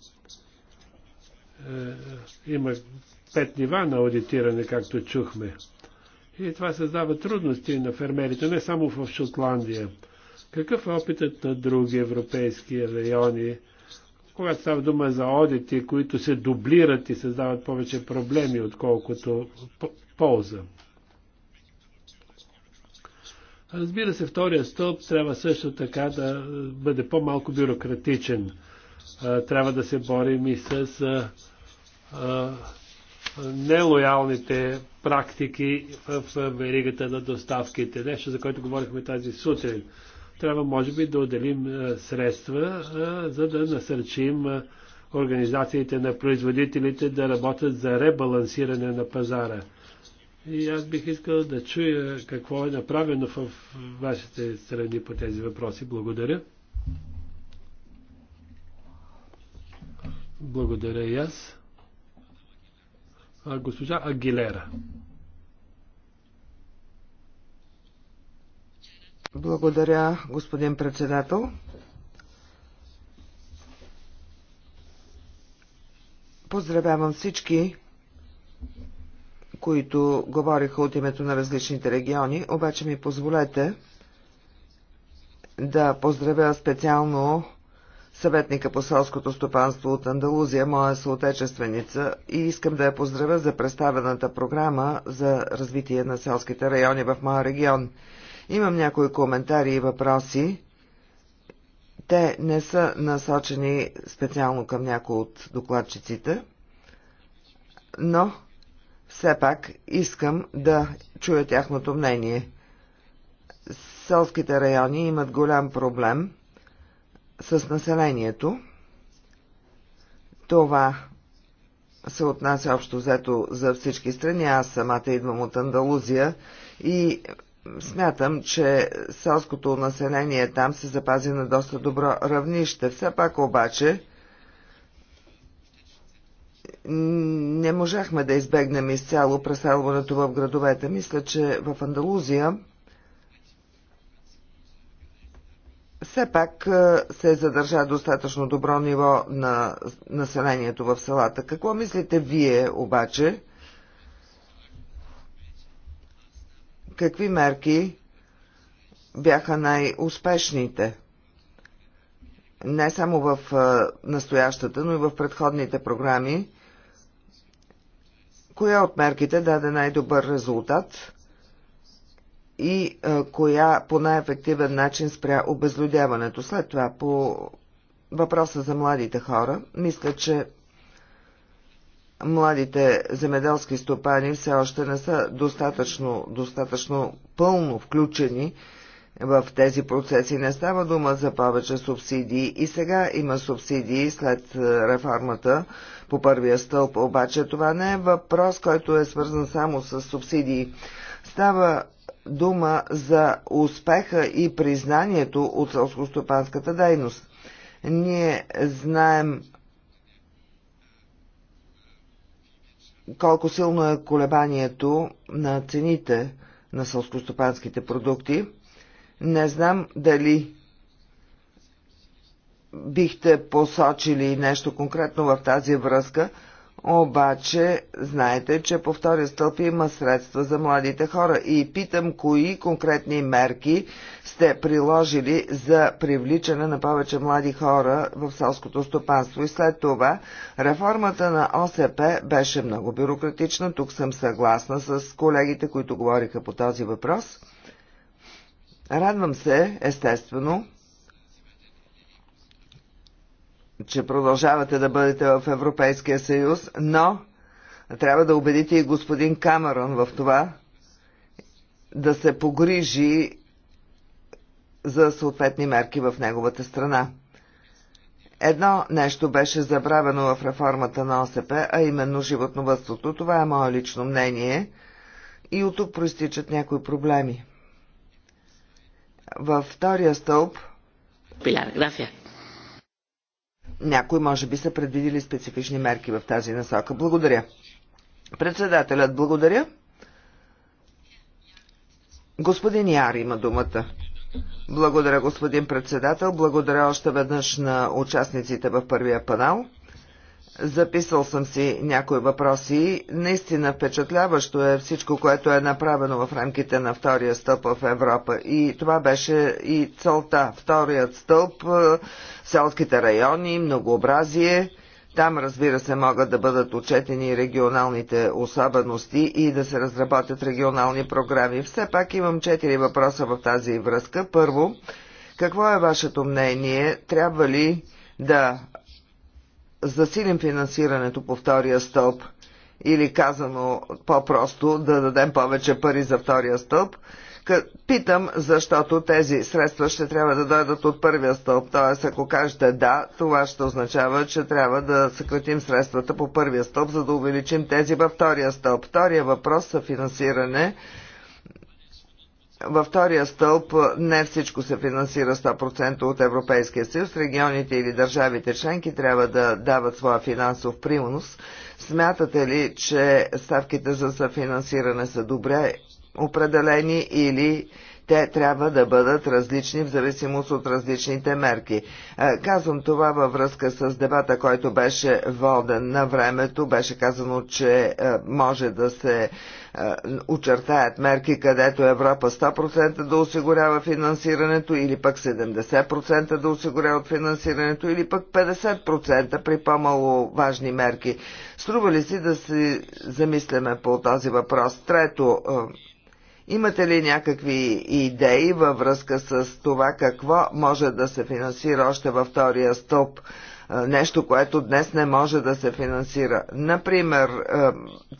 има пет нива на аудитиране, както чухме. И това създава трудности на фермерите, не само в Шотландия. Какъв е опитът на други европейски райони, когато става дума за одити, които се дублират и създават повече проблеми, отколкото полза? Разбира се, втория стълб трябва също така да бъде по-малко бюрократичен. Трябва да се борим и с нелоялните практики в веригата на доставките. Нещо, за което говорихме тази сутрин. Трябва, може би, да отделим средства, за да насърчим организациите на производителите да работят за ребалансиране на пазара и аз бих искал да чуя какво е направено в вашите страни по тези въпроси. Благодаря. Благодаря и аз. А, госпожа Агилера. Благодаря, господин председател. Поздравявам всички които говориха от името на различните региони, обаче ми позволете да поздравя специално съветника по селското стопанство от Андалузия, моя съотечественица, и искам да я поздравя за представената програма за развитие на селските райони в моя регион. Имам някои коментари и въпроси. Те не са насочени специално към някои от докладчиците, но все пак искам да чуя тяхното мнение. Селските райони имат голям проблем с населението. Това се отнася общо взето за всички страни. Аз самата идвам от Андалузия и смятам, че селското население там се запази на доста добро равнище. Все пак обаче не можахме да избегнем изцяло преселването в градовете. Мисля, че в Андалузия все пак е, се задържа достатъчно добро ниво на населението в селата. Какво мислите вие обаче? Какви мерки бяха най-успешните? Не само в е, настоящата, но и в предходните програми коя от мерките даде най-добър резултат и коя по най-ефективен начин спря обезлюдяването. След това по въпроса за младите хора, мисля, че младите земеделски стопани все още не са достатъчно, достатъчно пълно включени в тези процеси. Не става дума за повече субсидии и сега има субсидии след реформата по първия стълб, обаче това не е въпрос, който е свързан само с субсидии. Става дума за успеха и признанието от селско-стопанската дейност. Ние знаем колко силно е колебанието на цените на сълскостопанските продукти. Не знам дали бихте посочили нещо конкретно в тази връзка, обаче знаете, че по втория стълб има средства за младите хора и питам кои конкретни мерки сте приложили за привличане на повече млади хора в селското стопанство. И след това реформата на ОСП беше много бюрократична. Тук съм съгласна с колегите, които говориха по този въпрос. Радвам се, естествено, че продължавате да бъдете в Европейския съюз, но трябва да убедите и господин Камерон в това да се погрижи за съответни мерки в неговата страна. Едно нещо беше забравено в реформата на ОСП, а именно животновътството. Това е мое лично мнение и от тук проистичат някои проблеми. Във втория стълб Пилар, графия. Някои може би са предвидили специфични мерки в тази насока. Благодаря. Председателят, благодаря. Господин Яр има думата. Благодаря, господин председател. Благодаря още веднъж на участниците в първия панел. Записал съм си някои въпроси. Наистина впечатляващо е всичко, което е направено в рамките на втория стълб в Европа. И това беше и целта. Вторият стълб, е, селските райони, многообразие. Там, разбира се, могат да бъдат отчетени регионалните особености и да се разработят регионални програми. Все пак имам четири въпроса в тази връзка. Първо, какво е вашето мнение? Трябва ли да засилим финансирането по втория стълб или казано по-просто да дадем повече пари за втория стълб. Питам, защото тези средства ще трябва да дойдат от първия стълб. Т.е. ако кажете да, това ще означава, че трябва да съкратим средствата по първия стълб, за да увеличим тези във втория стълб. Втория въпрос за е финансиране във втория стълб не всичко се финансира 100% от Европейския съюз. Регионите или държавите членки трябва да дават своя финансов принос. Смятате ли, че ставките за съфинансиране са добре определени или те трябва да бъдат различни в зависимост от различните мерки. Е, казвам това във връзка с дебата, който беше воден на времето. Беше казано, че е, може да се е, очертаят мерки, където Европа 100% да осигурява финансирането или пък 70% да осигуряват финансирането или пък 50% при по-мало важни мерки. Струва ли си да се замисляме по този въпрос? Трето, Имате ли някакви идеи във връзка с това какво може да се финансира още във втория стълб? Е, нещо, което днес не може да се финансира. Например, е,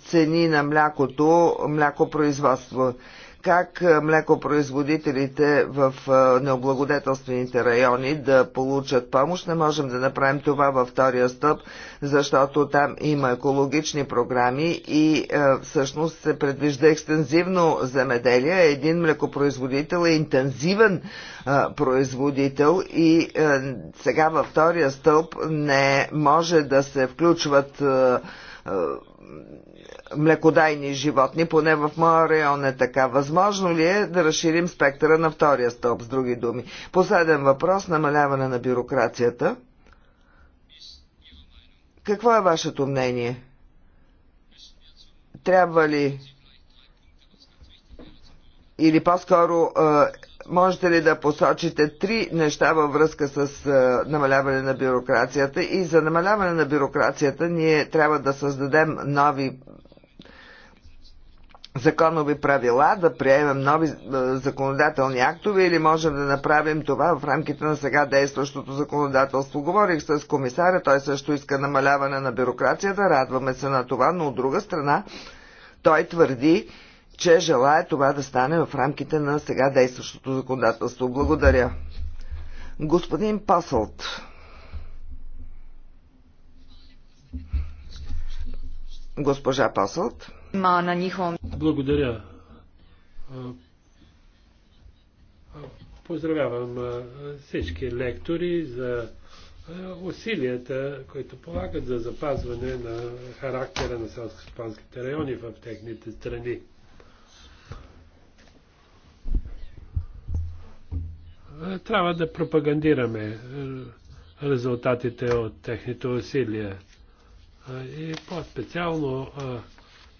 цени на млякото, млякопроизводство как е, млекопроизводителите в е, необлагодетелствените райони да получат помощ. Не можем да направим това във втория стъп, защото там има екологични програми и е, всъщност се предвижда екстензивно земеделие. Един млекопроизводител е интензивен производител и сега във втория стълб не може да се включват млекодайни животни, поне в моя район е така. Възможно ли е да разширим спектъра на втория стълб, с други думи? Последен въпрос – намаляване на бюрокрацията. Какво е вашето мнение? Трябва ли или по-скоро можете ли да посочите три неща във връзка с намаляване на бюрокрацията и за намаляване на бюрокрацията ние трябва да създадем нови законови правила, да приемем нови е, законодателни актове или можем да направим това в рамките на сега действащото законодателство. Говорих с комисаря, той също иска намаляване на бюрокрацията, да радваме се на това, но от друга страна той твърди, че желая това да стане в рамките на сега действащото законодателство. Благодаря. Господин Пасълт. Госпожа Пасълт на нихом. Благодаря. Поздравявам всички лектори за усилията, които полагат за запазване на характера на селско-спанските райони в техните страни. Трябва да пропагандираме резултатите от техните усилия. И по-специално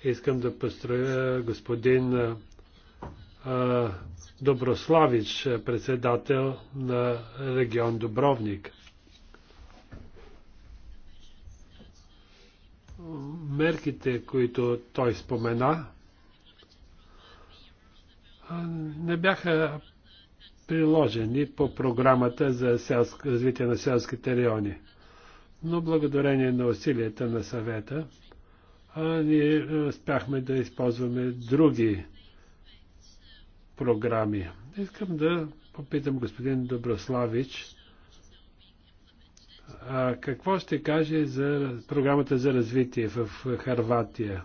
Искам да построя господин Доброславич, председател на регион Добровник. Мерките, които той спомена, не бяха приложени по програмата за развитие на селските райони. Но благодарение на усилията на съвета, ние спяхме да използваме други програми. Искам да попитам господин Доброславич а какво ще каже за програмата за развитие в Харватия.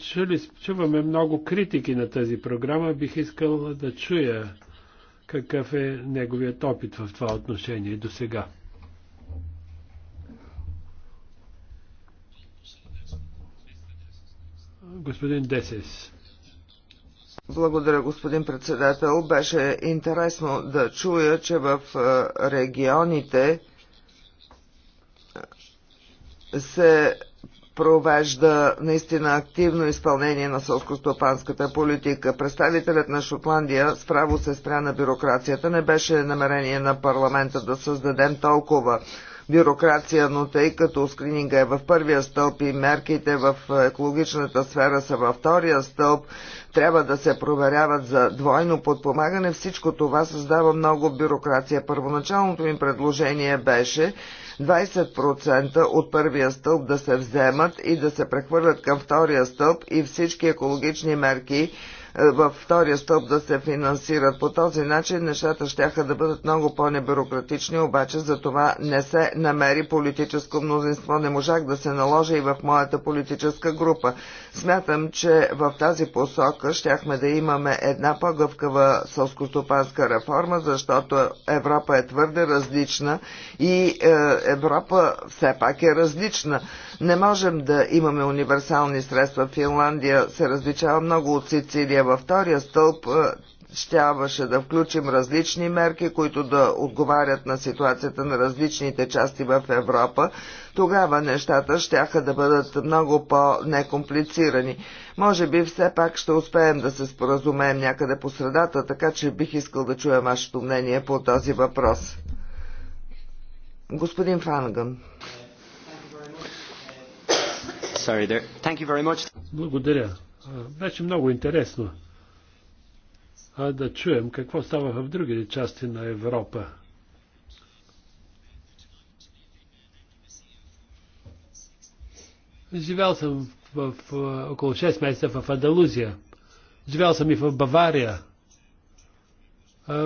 Чули, чуваме много критики на тази програма. Бих искал да чуя какъв е неговият опит в това отношение до сега. господин Десес. Благодаря, господин председател. Беше интересно да чуя, че в регионите се провежда наистина активно изпълнение на сълскостопанската политика. Представителят на Шотландия справо се спря на бюрокрацията. Не беше намерение на парламента да създадем толкова бюрокрация, но тъй като скрининга е в първия стълб и мерките в екологичната сфера са във втория стълб, трябва да се проверяват за двойно подпомагане, всичко това създава много бюрокрация. Първоначалното им предложение беше 20% от първия стълб да се вземат и да се прехвърлят към втория стълб и всички екологични мерки е, във втория стълб да се финансират. По този начин нещата ще да бъдат много по-небюрократични, обаче за това не се намери политическо мнозинство. Не можах да се наложа и в моята политическа група. Смятам, че в тази посока щяхме да имаме една по-гъвкава сълскостопанска реформа, защото Европа е твърде различна и е, Европа все пак е различна. Не можем да имаме универсални средства. Финландия се различава много от Сицилия ние във втория стълб щяваше да включим различни мерки, които да отговарят на ситуацията на различните части в Европа, тогава нещата щяха да бъдат много по-некомплицирани. Може би все пак ще успеем да се споразумеем някъде по средата, така че бих искал да чуя вашето мнение по този въпрос. Господин Фанган. Благодаря. Беше много интересно а, да чуем какво става в другите части на Европа. Живял съм в, в, около 6 месеца в Адалузия. Живял съм и в Бавария.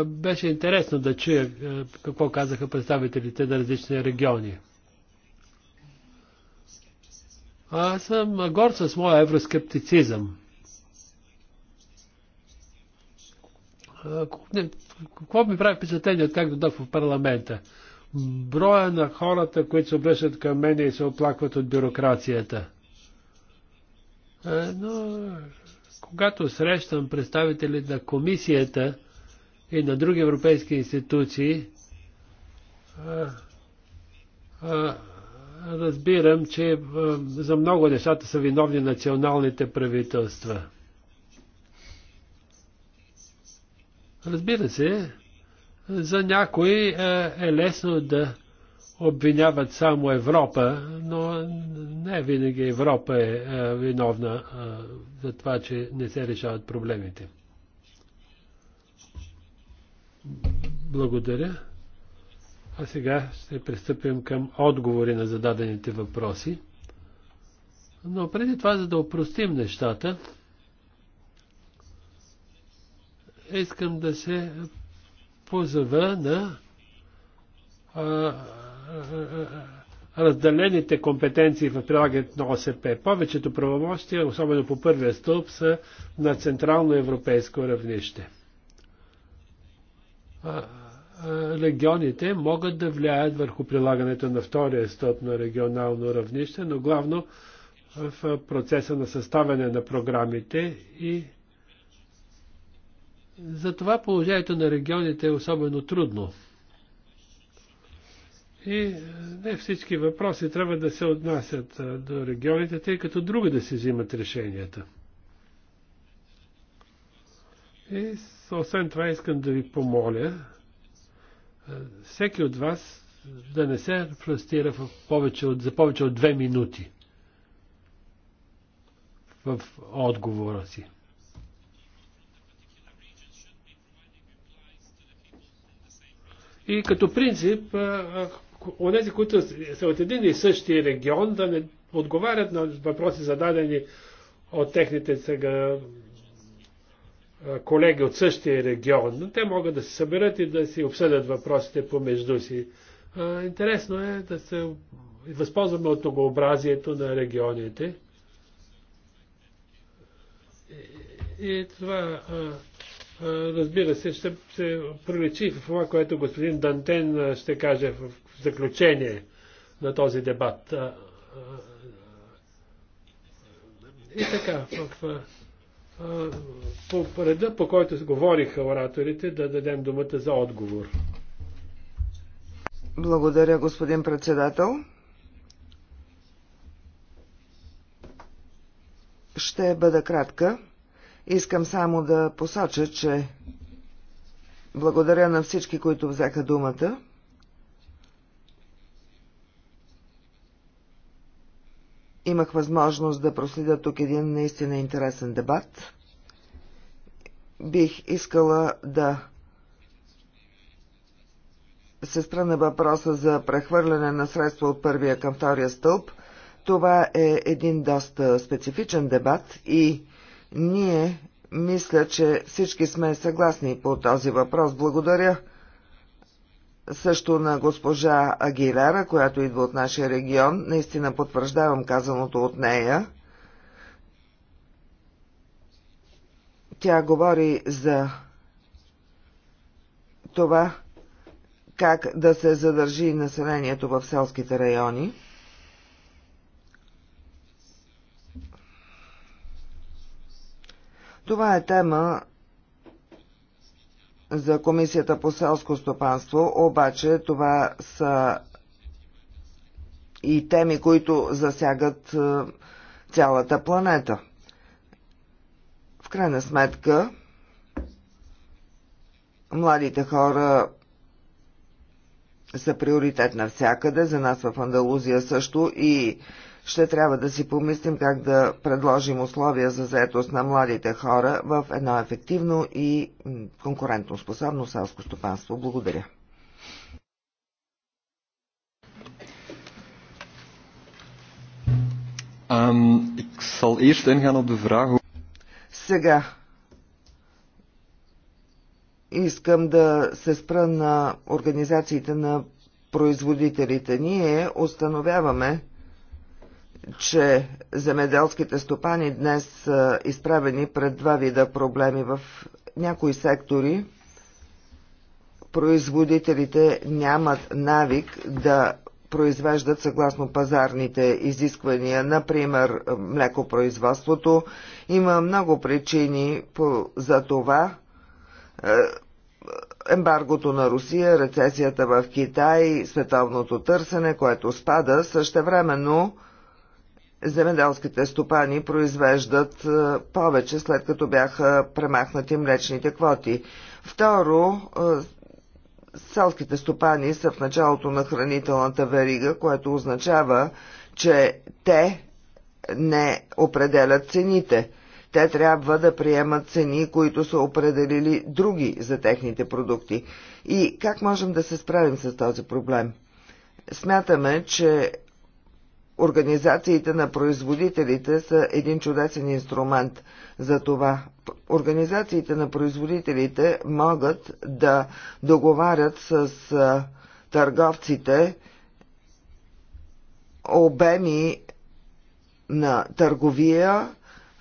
Беше интересно да чуя какво казаха представителите на различни региони. Аз съм гор с моя евроскептицизъм. Какво ми прави впечатление, как дойдох в парламента? Броя на хората, които се обръщат към мен и се оплакват от бюрокрацията. Но когато срещам представители на комисията и на други европейски институции, а, а, разбирам, че е, за много нещата са виновни националните правителства. Разбира се, за някои е, е лесно да обвиняват само Европа, но не винаги Европа е, е виновна за това, че не се решават проблемите. Благодаря. А сега ще пристъпим към отговори на зададените въпроси. Но преди това, за да упростим нещата, искам да се позова на а, разделените компетенции в прилагането на ОСП. Повечето правомощия, особено по първия стълб, са на централно европейско равнище. А, регионите могат да влияят върху прилагането на втория стълб на регионално равнище, но главно в процеса на съставяне на програмите и затова положението на регионите е особено трудно. И не всички въпроси трябва да се отнасят до регионите, тъй като други да се взимат решенията. И освен това искам да ви помоля всеки от вас да не се фрустира в повече от, за повече от две минути в отговора си. И като принцип, онези, които са от един и същи регион, да не отговарят на въпроси зададени от техните сега колеги от същия регион, но те могат да се съберат и да си обсъдят въпросите помежду си. Интересно е да се възползваме от многообразието на регионите. И, това, разбира се, ще се проличи в това, което господин Дантен ще каже в заключение на този дебат. И така, в, в по реда, по който говориха ораторите, да дадем думата за отговор. Благодаря, господин председател. Ще бъда кратка. Искам само да посоча, че благодаря на всички, които взеха думата. Имах възможност да проследя тук един наистина интересен дебат. Бих искала да се спра на въпроса за прехвърляне на средства от първия към втория стълб. Това е един доста специфичен дебат и ние мисля, че всички сме съгласни по този въпрос. Благодаря също на госпожа Агилера, която идва от нашия регион. Наистина потвърждавам казаното от нея. Тя говори за това как да се задържи населението в селските райони. Това е тема, за Комисията по селско стопанство, обаче това са и теми, които засягат е, цялата планета. В крайна сметка, младите хора са приоритет навсякъде, за нас в Андалузия също и ще трябва да си помислим как да предложим условия за заетост на младите хора в едно ефективно и конкурентно способно селско стопанство. Благодаря. Сега искам да се спра на организациите на производителите. Ние установяваме, че земеделските стопани днес са изправени пред два вида проблеми. В някои сектори производителите нямат навик да произвеждат съгласно пазарните изисквания, например млекопроизводството. Има много причини за това. Е, ембаргото на Русия, рецесията в Китай, световното търсене, което спада, същевременно времено земеделските стопани произвеждат е, повече, след като бяха премахнати млечните квоти. Второ, е, селските стопани са в началото на хранителната верига, което означава, че те не определят цените. Те трябва да приемат цени, които са определили други за техните продукти. И как можем да се справим с този проблем? Смятаме, че Организациите на производителите са един чудесен инструмент за това. Организациите на производителите могат да договарят с търговците обеми на търговия,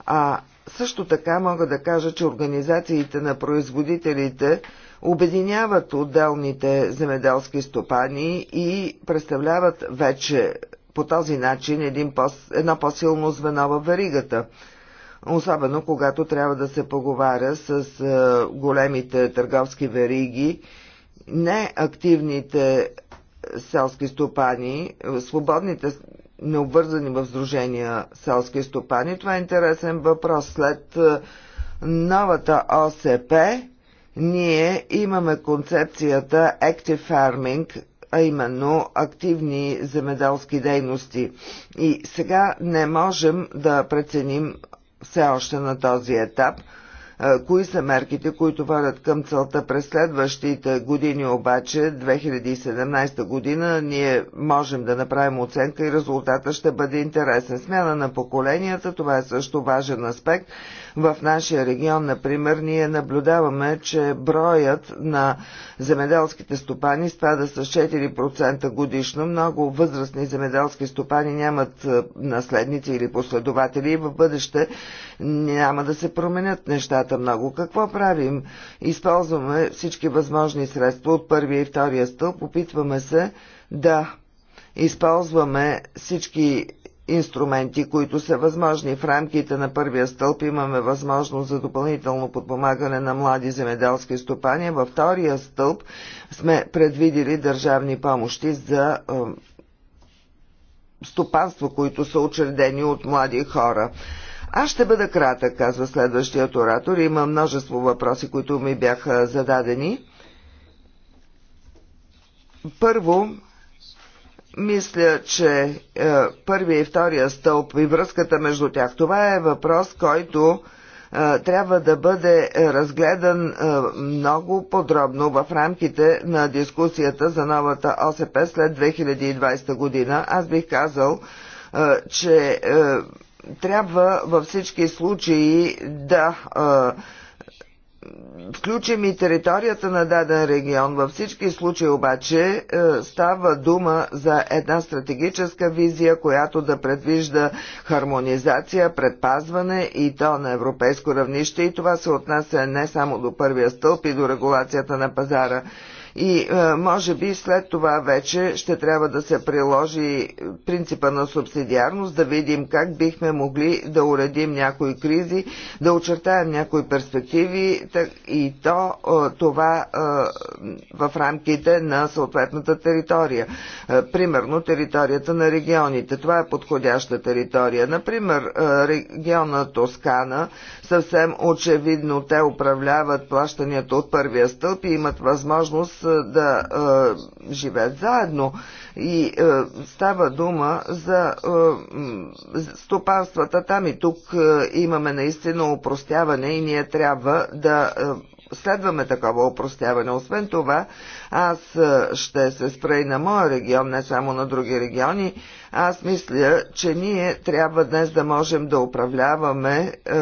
а също така мога да кажа, че организациите на производителите обединяват отделните земеделски стопани и представляват вече по този начин един по, едно по-силно звено във веригата. Особено когато трябва да се поговаря с е, големите търговски вериги, неактивните селски стопани, свободните необвързани в сдружения селски стопани. Това е интересен въпрос. След е, новата ОСП ние имаме концепцията Active Farming, а именно активни земеделски дейности. И сега не можем да преценим все още на този етап – кои са мерките, които водят към целта през следващите години, обаче 2017 година ние можем да направим оценка и резултата ще бъде интересен. Смяна на поколенията, това е също важен аспект в нашия регион, например, ние наблюдаваме, че броят на земеделските стопани спада с 4% годишно. Много възрастни земеделски стопани нямат е, наследници или последователи и в бъдеще няма да се променят нещата много. Какво правим? Използваме всички възможни средства от първия и втория стълб, опитваме се да използваме всички инструменти, които са възможни. В рамките на първия стълб имаме възможност за допълнително подпомагане на млади земеделски стопани. Във втория стълб сме предвидили държавни помощи за е, стопанства, които са учредени от млади хора. Аз ще бъда кратък, казва следващият оратор. Има множество въпроси, които ми бяха зададени. Първо, мисля, че е, първия и втория стълб и връзката между тях, това е въпрос, който е, трябва да бъде разгледан е, много подробно в рамките на дискусията за новата ОСП след 2020 година. Аз бих казал, е, че е, трябва във всички случаи да. Е, включим и територията на даден регион. Във всички случаи обаче е, става дума за една стратегическа визия, която да предвижда хармонизация, предпазване и то на европейско равнище и това се отнася не само до първия стълб и до регулацията на пазара. И е, може би след това вече ще трябва да се приложи принципа на субсидиарност, да видим как бихме могли да уредим някои кризи, да очертаем някои перспективи и то е, това е, в рамките на съответната територия. Примерно територията на регионите. Това е подходяща територия. Например, региона Тоскана съвсем очевидно те управляват плащанията от първия стълб и имат възможност е, да е, живеят заедно. И е, става дума за е, стопанствата там и тук е, имаме наистина упростяване и ние трябва да. Е, следваме такова упростяване. Освен това, аз е, ще се спра и на моя регион, не само на други региони. Аз мисля, че ние трябва днес да можем да управляваме е,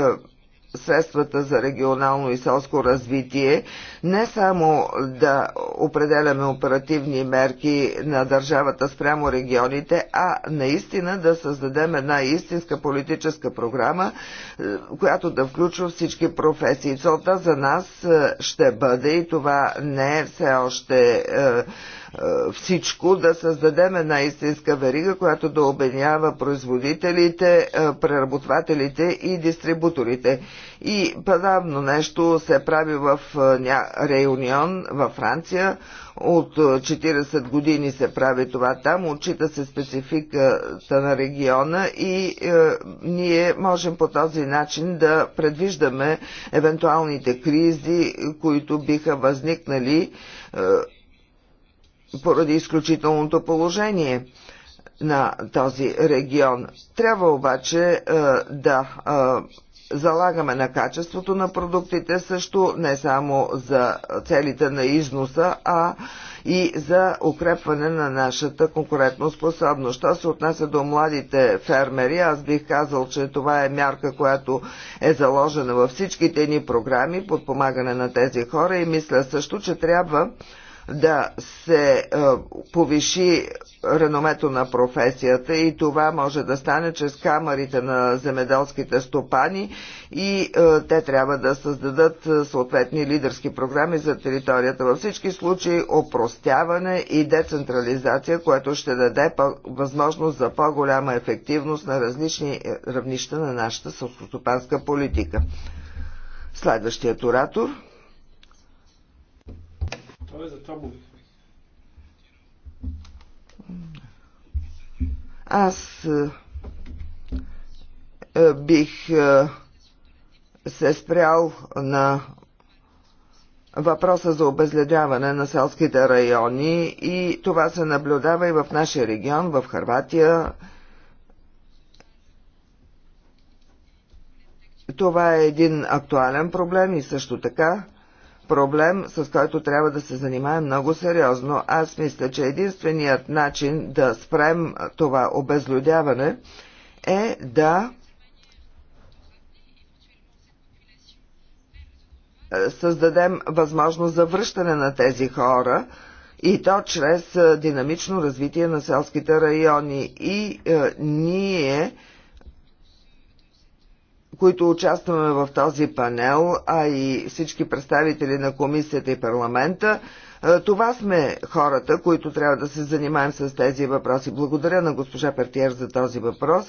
средствата за регионално и селско развитие не само да определяме оперативни мерки на държавата спрямо регионите, а наистина да създадем една истинска политическа програма, е, която да включва всички професии. Целта за нас е, ще бъде, и това не е все още е, всичко, да създадем една истинска верига, която да обединява производителите, преработвателите и дистрибуторите. И подобно нещо се прави в Реюнион, във Франция. От 40 години се прави това там. Отчита се спецификата на региона и е, ние можем по този начин да предвиждаме евентуалните кризи, които биха възникнали е, поради изключителното положение на този регион. Трябва обаче е, да е, залагаме на качеството на продуктите също не само за целите на износа, а и за укрепване на нашата конкурентоспособност. Що се отнася до младите фермери, аз бих казал, че това е мярка, която е заложена във всичките ни програми, подпомагане на тези хора и мисля също, че трябва да се е, повиши реномето на професията и това може да стане чрез камерите на земеделските стопани и е, те трябва да създадат е, съответни лидерски програми за територията. Във всички случаи опростяване и децентрализация, което ще даде възможност за по-голяма ефективност на различни равнища на нашата сълскостопанска политика. Следващият оратор – той за това Аз е, е, бих е, се спрял на въпроса за обезледяване на селските райони и това се наблюдава и в нашия регион, в Харватия. Това е един актуален проблем и също така проблем, с който трябва да се занимаем много сериозно. Аз мисля, че единственият начин да спрем това обезлюдяване е да е, създадем възможност за връщане на тези хора и то чрез е, динамично развитие на селските райони. И е, ние които участваме в този панел, а и всички представители на комисията и парламента. Това сме хората, които трябва да се занимаем с тези въпроси. Благодаря на госпожа Пертиер за този въпрос.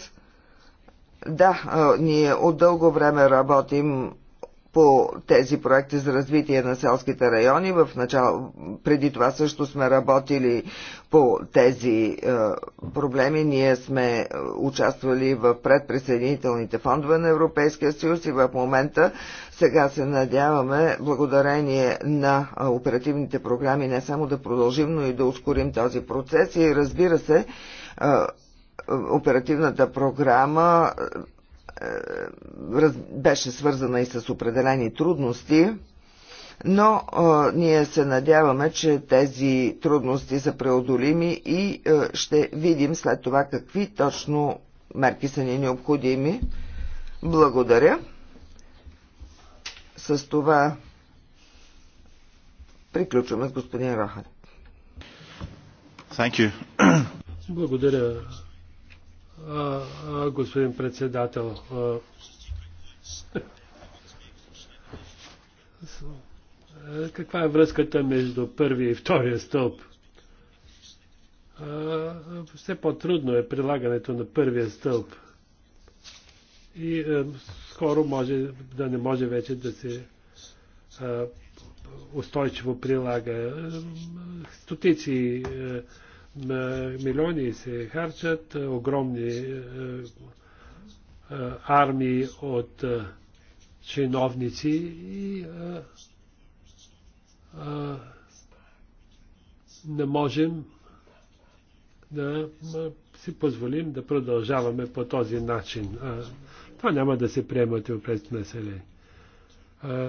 Да, ние от дълго време работим по тези проекти за развитие на селските райони. В начало, преди това също сме работили по тези е, проблеми. Ние сме е, участвали в предприсъединителните фондове на Европейския съюз и в момента сега се надяваме, благодарение на е, оперативните програми, не само да продължим, но и да ускорим този процес. И разбира се, е, е оперативната програма беше свързана и с определени трудности, но е, ние се надяваме, че тези трудности са преодолими и е, ще видим след това какви точно мерки са ни необходими. Благодаря. С това приключваме с господин Рахар. Благодаря, господин председател. Каква е връзката между първия и втория стълб? Все по-трудно е прилагането на първия стълб. И скоро може да не може вече да се устойчиво прилага. Стотици милиони се харчат, е, огромни е, е, армии от чиновници и не можем да си позволим да продължаваме по този начин. Това няма да се приема от европейското население.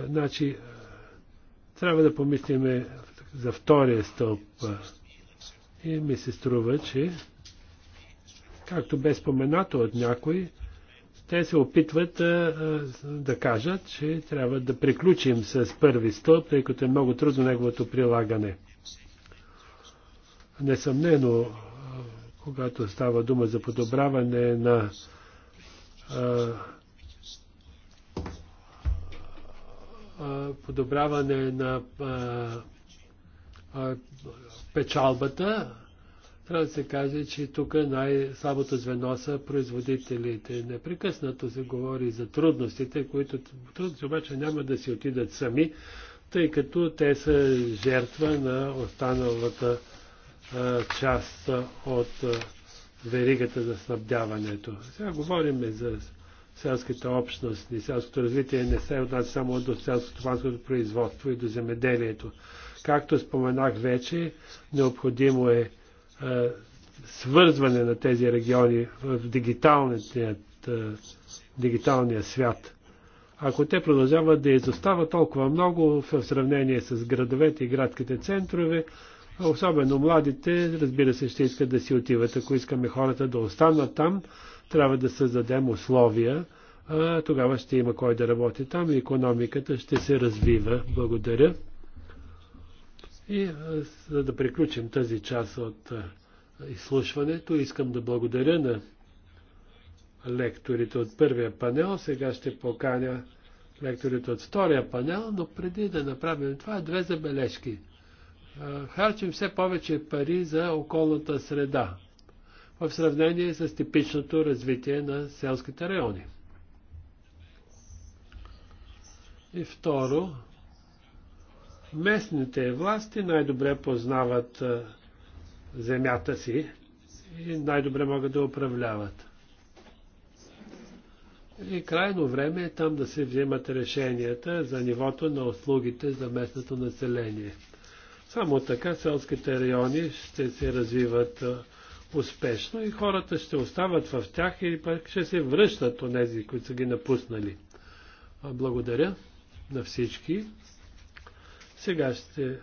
Значи, трябва да помислиме за втория стълб и ми се струва, че, както бе споменато от някой, те се опитват а, а, да кажат, че трябва да приключим с първи стълб, тъй като е много трудно неговото прилагане. Несъмнено, когато става дума за подобряване на а, подобраване на печалбата, трябва да се каже, че тук най-слабото звено са производителите. Непрекъснато се говори за трудностите, които трудности обаче няма да си отидат сами, тъй като те са жертва на останалата а, част от а, веригата за снабдяването. Сега говорим за селските общности. Селското развитие не се отнася само до селското производство и до земеделието. Както споменах вече, необходимо е, е свързване на тези региони в е, дигиталния свят. Ако те продължават да изостават толкова много в сравнение с градовете и градските центрове, особено младите, разбира се, ще искат да си отиват. Ако искаме хората да останат там, трябва да създадем условия. А, тогава ще има кой да работи там и економиката ще се развива. Благодаря. И за да приключим тази част от изслушването, искам да благодаря на лекторите от първия панел. Сега ще поканя лекторите от втория панел, но преди да направим това, две забележки. Харчим все повече пари за околната среда в сравнение с типичното развитие на селските райони. И второ, Местните власти най-добре познават земята си и най-добре могат да управляват. И крайно време е там да се вземат решенията за нивото на услугите за местното население. Само така селските райони ще се развиват успешно и хората ще остават в тях или пък ще се връщат от тези, които са ги напуснали. Благодаря на всички. Сега ще,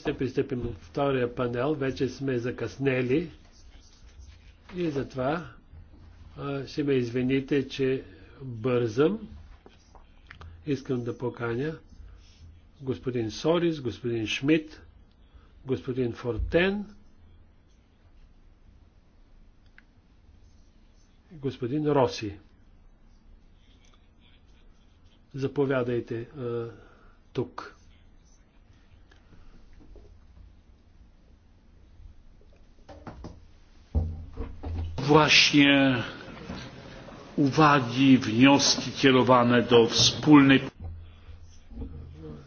ще пристъпим до втория панел. Вече сме закъснели и затова ще ме извините, че бързам. Искам да поканя господин Сорис, господин Шмидт, господин Фортен, господин Роси. Заповядайте а, тук. właśnie uwagi, wnioski kierowane do wspólnej.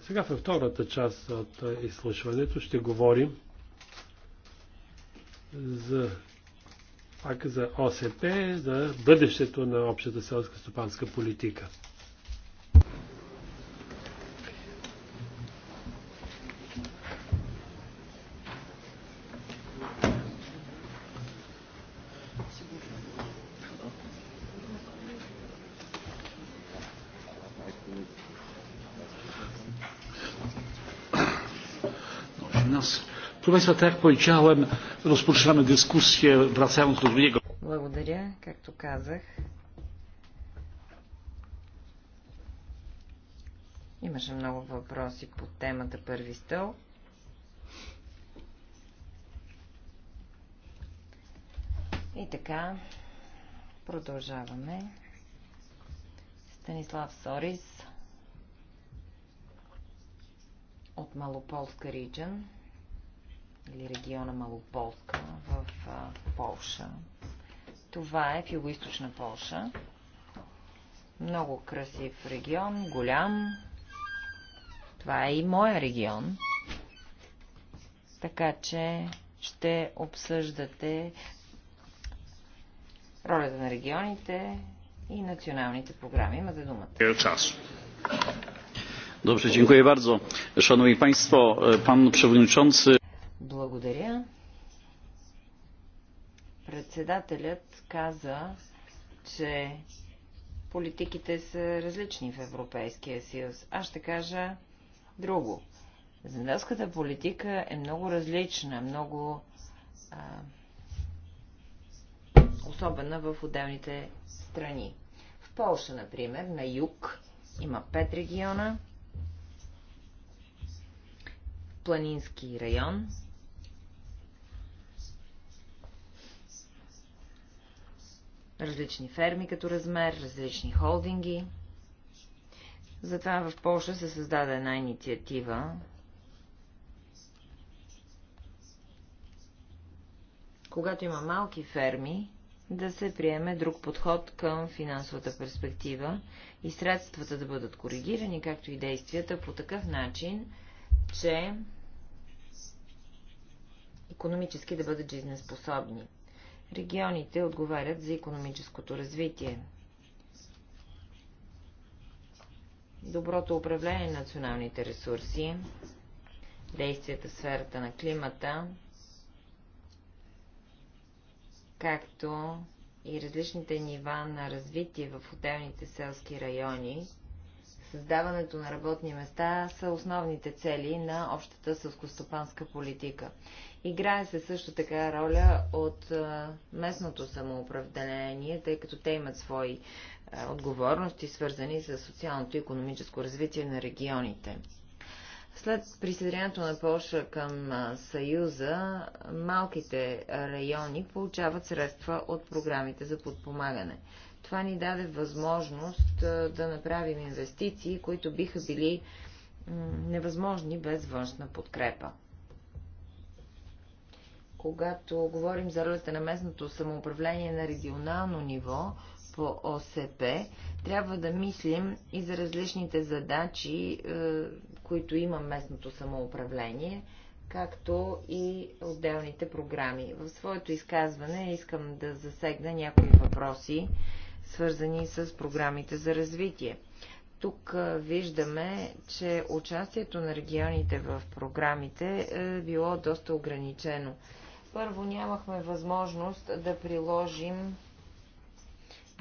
Сега във втората част от изслушването ще говорим за, пак за ОСП, за бъдещето на общата селска стопанска политика. Państwa, tak jak powiedziałem, rozpoczynamy dyskusję wracając do drugiego. Благодаря, както казах. Имаше много въпроси по темата първи стълб. И така, продължаваме. Станислав Сорис от Малополска Риджан или региона Малополска в Полша. Това е в югоизточна Полша. Много красив регион, голям. Това е и моя регион. Така че ще обсъждате ролята на регионите и националните програми. Имате думата. Час. Dobrze, dziękuję bardzo. Szanowni Państwo, Pan Przewodniczący. Благодаря. Председателят каза, че политиките са различни в Европейския съюз. Аз ще кажа друго. Земеделската политика е много различна, много а, особена в отделните страни. В Польша, например, на юг има пет региона, планински район, Различни ферми като размер, различни холдинги. Затова в Польша се създаде една инициатива, когато има малки ферми, да се приеме друг подход към финансовата перспектива и средствата да бъдат коригирани, както и действията по такъв начин, че економически да бъдат жизнеспособни. Регионите отговарят за економическото развитие. Доброто управление на националните ресурси, действията в сферата на климата, както и различните нива на развитие в отделните селски райони, създаването на работни места са основните цели на общата сълскостопанска политика. Играе се също така роля от местното самоуправление, тъй като те имат свои отговорности, свързани с социалното и економическо развитие на регионите. След присъединяването на Польша към Съюза, малките райони получават средства от програмите за подпомагане. Това ни даде възможност да направим инвестиции, които биха били невъзможни без външна подкрепа. Когато говорим за ролята на местното самоуправление на регионално ниво по ОСП, трябва да мислим и за различните задачи, е, които има местното самоуправление, както и отделните програми. В своето изказване искам да засегна някои въпроси, свързани с програмите за развитие. Тук е, виждаме, че участието на регионите в програмите е било доста ограничено. Първо нямахме възможност да приложим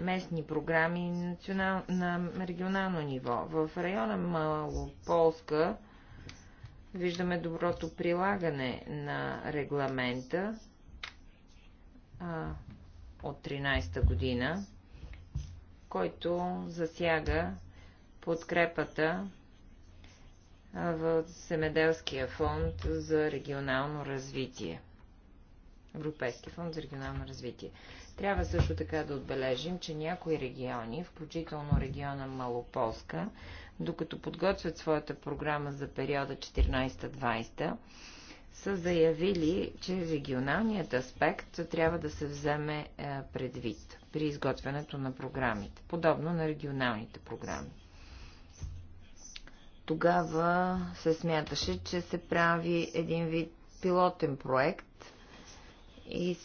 местни програми национал... на регионално ниво. В района Малополска виждаме доброто прилагане на регламента а, от 13-та година, който засяга подкрепата в Семеделския фонд за регионално развитие. Европейски фонд за регионално развитие. Трябва също така да отбележим, че някои региони, включително региона Малополска, докато подготвят своята програма за периода 14-20, са заявили, че регионалният аспект трябва да се вземе е, предвид при изготвянето на програмите, подобно на регионалните програми. Тогава се смяташе, че се прави един вид пилотен проект, и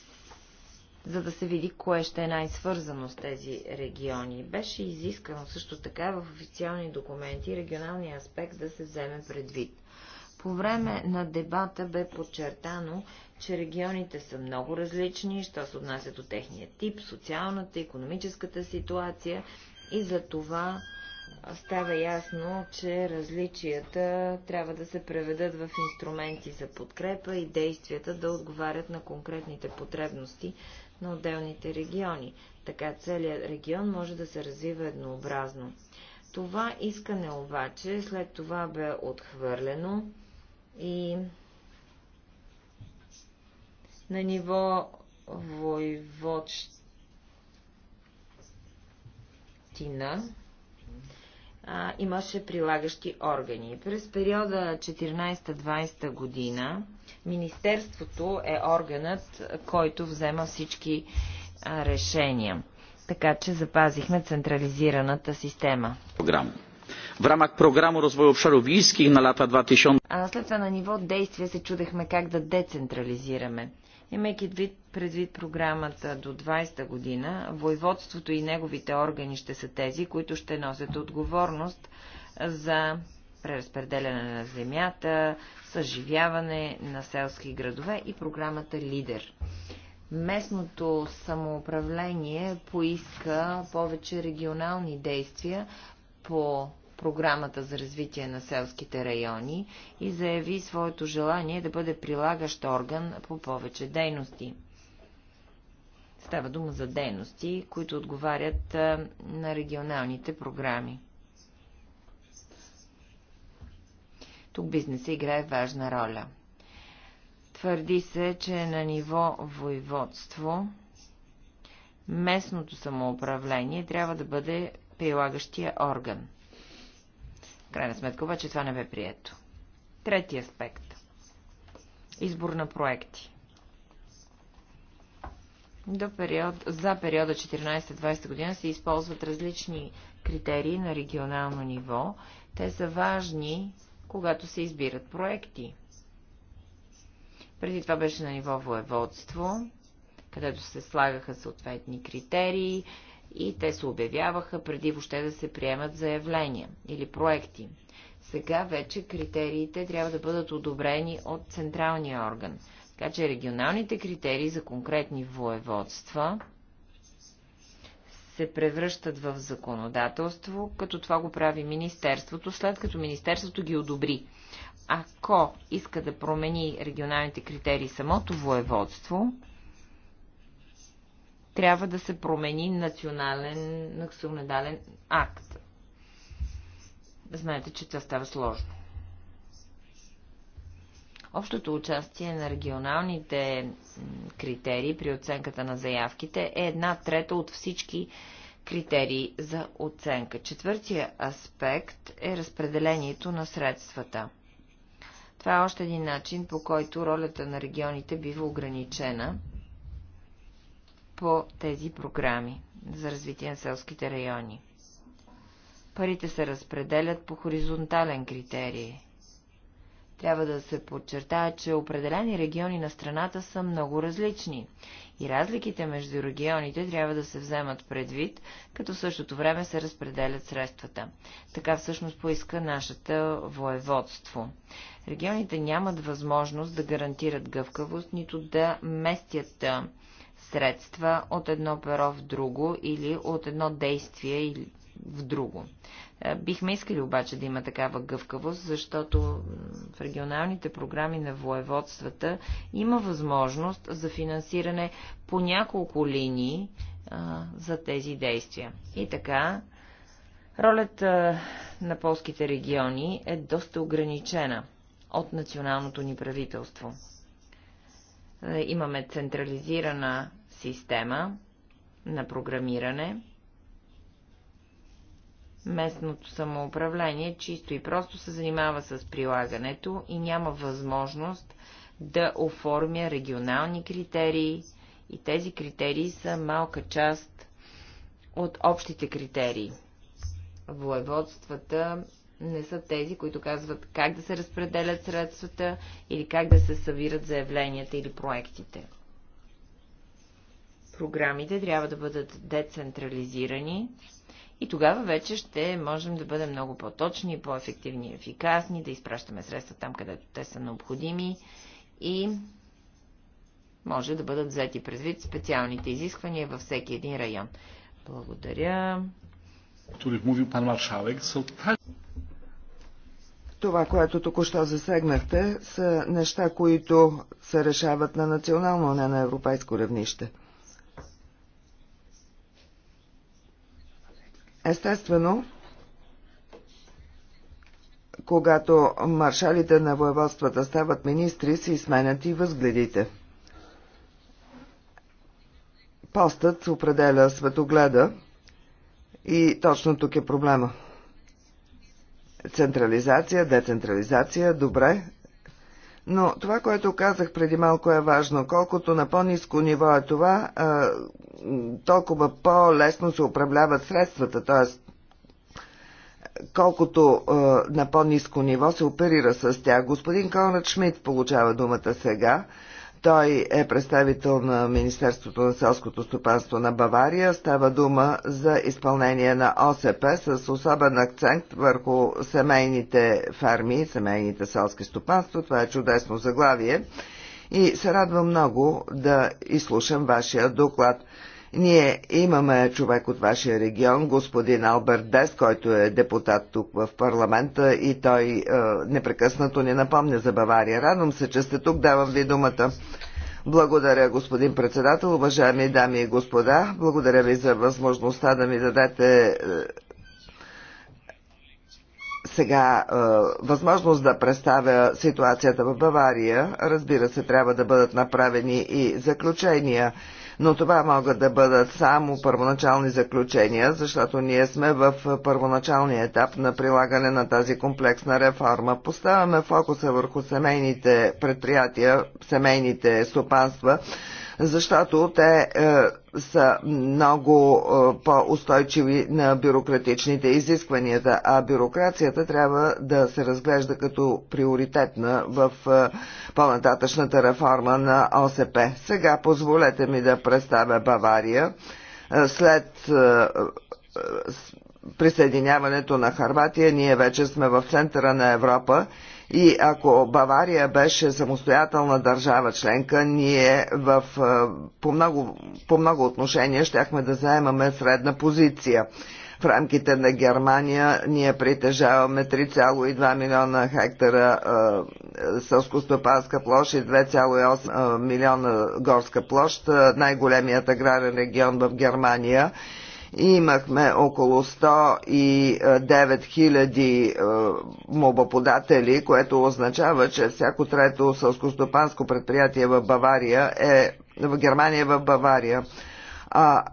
за да се види кое ще е най-свързано с тези региони. Беше изискано също така в официални документи регионалния аспект да се вземе предвид. По време на дебата бе подчертано, че регионите са много различни, що се отнасят до техния тип, социалната, економическата ситуация и за това става ясно, че различията трябва да се преведат в инструменти за подкрепа и действията да отговарят на конкретните потребности на отделните региони. Така целият регион може да се развива еднообразно. Това искане обаче след това бе отхвърлено и на ниво войводщина а, имаше прилагащи органи. През периода 14-20 година Министерството е органът, който взема всички а, решения. Така че запазихме централизираната система. Програма w ramach programu rozwoju obszarów wiejskich na lata 2000. А на това на ниво действие се чудехме как да децентрализираме. Имайки предвид, предвид програмата до 20-та година, воеводството и неговите органи ще са тези, които ще носят отговорност за преразпределяне на земята, съживяване на селски градове и програмата Лидер. Местното самоуправление поиска повече регионални действия по програмата за развитие на селските райони и заяви своето желание да бъде прилагащ орган по повече дейности. Става дума за дейности, които отговарят на регионалните програми. Тук бизнесът играе важна роля. Твърди се, че е на ниво воеводство местното самоуправление трябва да бъде прилагащия орган. Крайна сметка обаче това не бе прието. Трети аспект. Избор на проекти. До период, за периода 14-20 година се използват различни критерии на регионално ниво. Те са важни, когато се избират проекти. Преди това беше на ниво воеводство, където се слагаха съответни критерии, и те се обявяваха преди въобще да се приемат заявления или проекти. Сега вече критериите трябва да бъдат одобрени от централния орган. Така че регионалните критерии за конкретни воеводства се превръщат в законодателство, като това го прави Министерството, след като Министерството ги одобри. Ако иска да промени регионалните критерии самото воеводство, трябва да се промени национален национален акт. Знаете, че това става сложно. Общото участие на регионалните критерии при оценката на заявките е една трета от всички критерии за оценка. Четвъртия аспект е разпределението на средствата. Това е още един начин, по който ролята на регионите бива ограничена – по тези програми за развитие на селските райони. Парите се разпределят по хоризонтален критерий. Трябва да се подчертая, че определени региони на страната са много различни и разликите между регионите трябва да се вземат предвид, като в същото време се разпределят средствата. Така всъщност поиска нашата воеводство. Регионите нямат възможност да гарантират гъвкавост, нито да местят средства от едно перо в друго или от едно действие в друго. Е, бихме искали обаче да има такава гъвкавост, защото в регионалните програми на воеводствата има възможност за финансиране по няколко линии е, за тези действия. И така, ролята е, на полските региони е доста ограничена от националното ни правителство. Е, имаме централизирана система на програмиране. Местното самоуправление чисто и просто се занимава с прилагането и няма възможност да оформя регионални критерии и тези критерии са малка част от общите критерии. Воеводствата не са тези, които казват как да се разпределят средствата или как да се събират заявленията или проектите. Програмите трябва да бъдат децентрализирани и тогава вече ще можем да бъдем много по-точни, по-ефективни и ефикасни, да изпращаме средства там, където те са необходими и може да бъдат взети предвид специалните изисквания във всеки един район. Благодаря. пан Маршалек, това, което току-що засегнахте, са неща, които се решават на национално, не на европейско равнище. Естествено, когато маршалите на воеводствата стават министри, си сменят и възгледите. Постът определя светогледа и точно тук е проблема. Централизация, децентрализация, добре. Но това, което казах преди малко е важно. Колкото на по-низко ниво е това, толкова по-лесно се управляват средствата, т.е колкото на по-низко ниво се оперира с тях. Господин Конрад Шмидт получава думата сега. Той е представител на Министерството на селското стопанство на Бавария. Става дума за изпълнение на ОСП с особен акцент върху семейните ферми, семейните селски стопанства. Това е чудесно заглавие и се радвам много да изслушам вашия доклад. Ние имаме човек от вашия регион, господин Алберт Дес, който е депутат тук в парламента и той е, непрекъснато ни напомня за Бавария. Радвам се, че сте тук, давам ви думата. Благодаря, господин председател, уважаеми дами и господа. Благодаря ви за възможността да ми дадете е, сега е, възможност да представя ситуацията в Бавария. Разбира се, трябва да бъдат направени и заключения. Но това могат да бъдат само първоначални заключения, защото ние сме в първоначалния етап на прилагане на тази комплексна реформа. Поставяме фокуса върху семейните предприятия, семейните стопанства, защото те е, са много е, по-устойчиви на бюрократичните изискванията, а бюрокрацията трябва да се разглежда като приоритетна в е, по-нататъчната реформа на ОСП. Сега позволете ми да представя Бавария. Е, след присъединяването на Харватия ние вече сме в центъра на Европа и ако Бавария беше самостоятелна държава членка, ние в, по, много, по много отношения щяхме да заемаме средна позиция. В рамките на Германия ние притежаваме 3,2 милиона хектара е, сълскостопанска площ и 2,8 милиона горска площ, най-големият аграрен регион в Германия Имахме около 109 000 е, мобоподатели, което означава, че всяко трето сълско-стопанско предприятие в Бавария е в Германия е в Бавария. А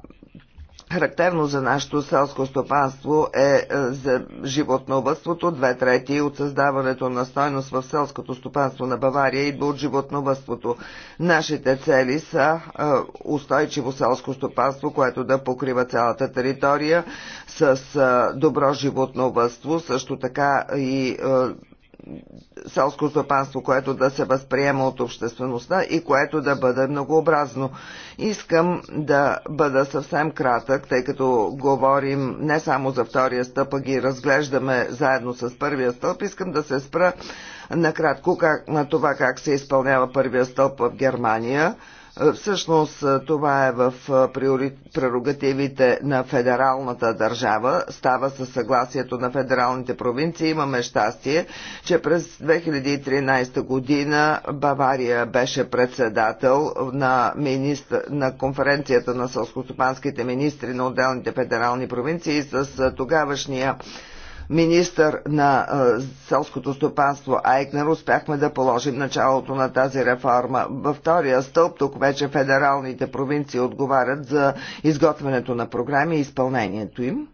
Характерно за нашето селско стопанство е, е за животновътството. Две трети от създаването на стойност в селското стопанство на Бавария идва от животновътството. Нашите цели са е, устойчиво селско стопанство, което да покрива цялата територия с е, добро животновътство, също така и селско стопанство, което да се възприема от обществеността и което да бъде многообразно. Искам да бъда съвсем кратък, тъй като говорим не само за втория стъп, а ги разглеждаме заедно с първия стълб. Искам да се спра накратко как, на това как се изпълнява първия стълб в Германия – Всъщност това е в прерогативите на федералната държава, става със съгласието на федералните провинции. Имаме щастие, че през 2013 година Бавария беше председател на, министр... на конференцията на сълскостопанските министри на отделните федерални провинции с тогавашния министър на е, селското стопанство Айкнер успяхме да положим началото на тази реформа. Във втория стълб тук вече федералните провинции отговарят за изготвянето на програми и изпълнението им.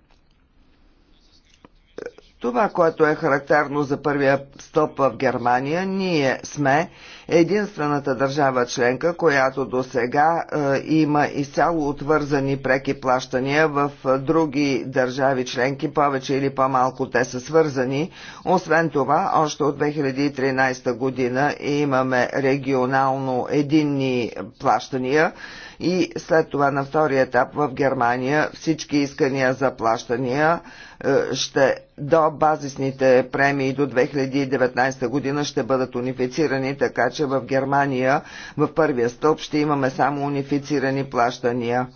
Това, което е характерно за първия стълб в Германия, ние сме единствената държава членка, която до сега е, има изцяло отвързани преки плащания в е, други държави членки, повече или по-малко те са свързани. Освен това, още от 2013 година имаме регионално единни плащания и след това на втори етап в Германия всички искания за плащания е, ще до базисните премии до 2019 година ще бъдат унифицирани, така че в Германия в първия стълб ще имаме само унифицирани плащания.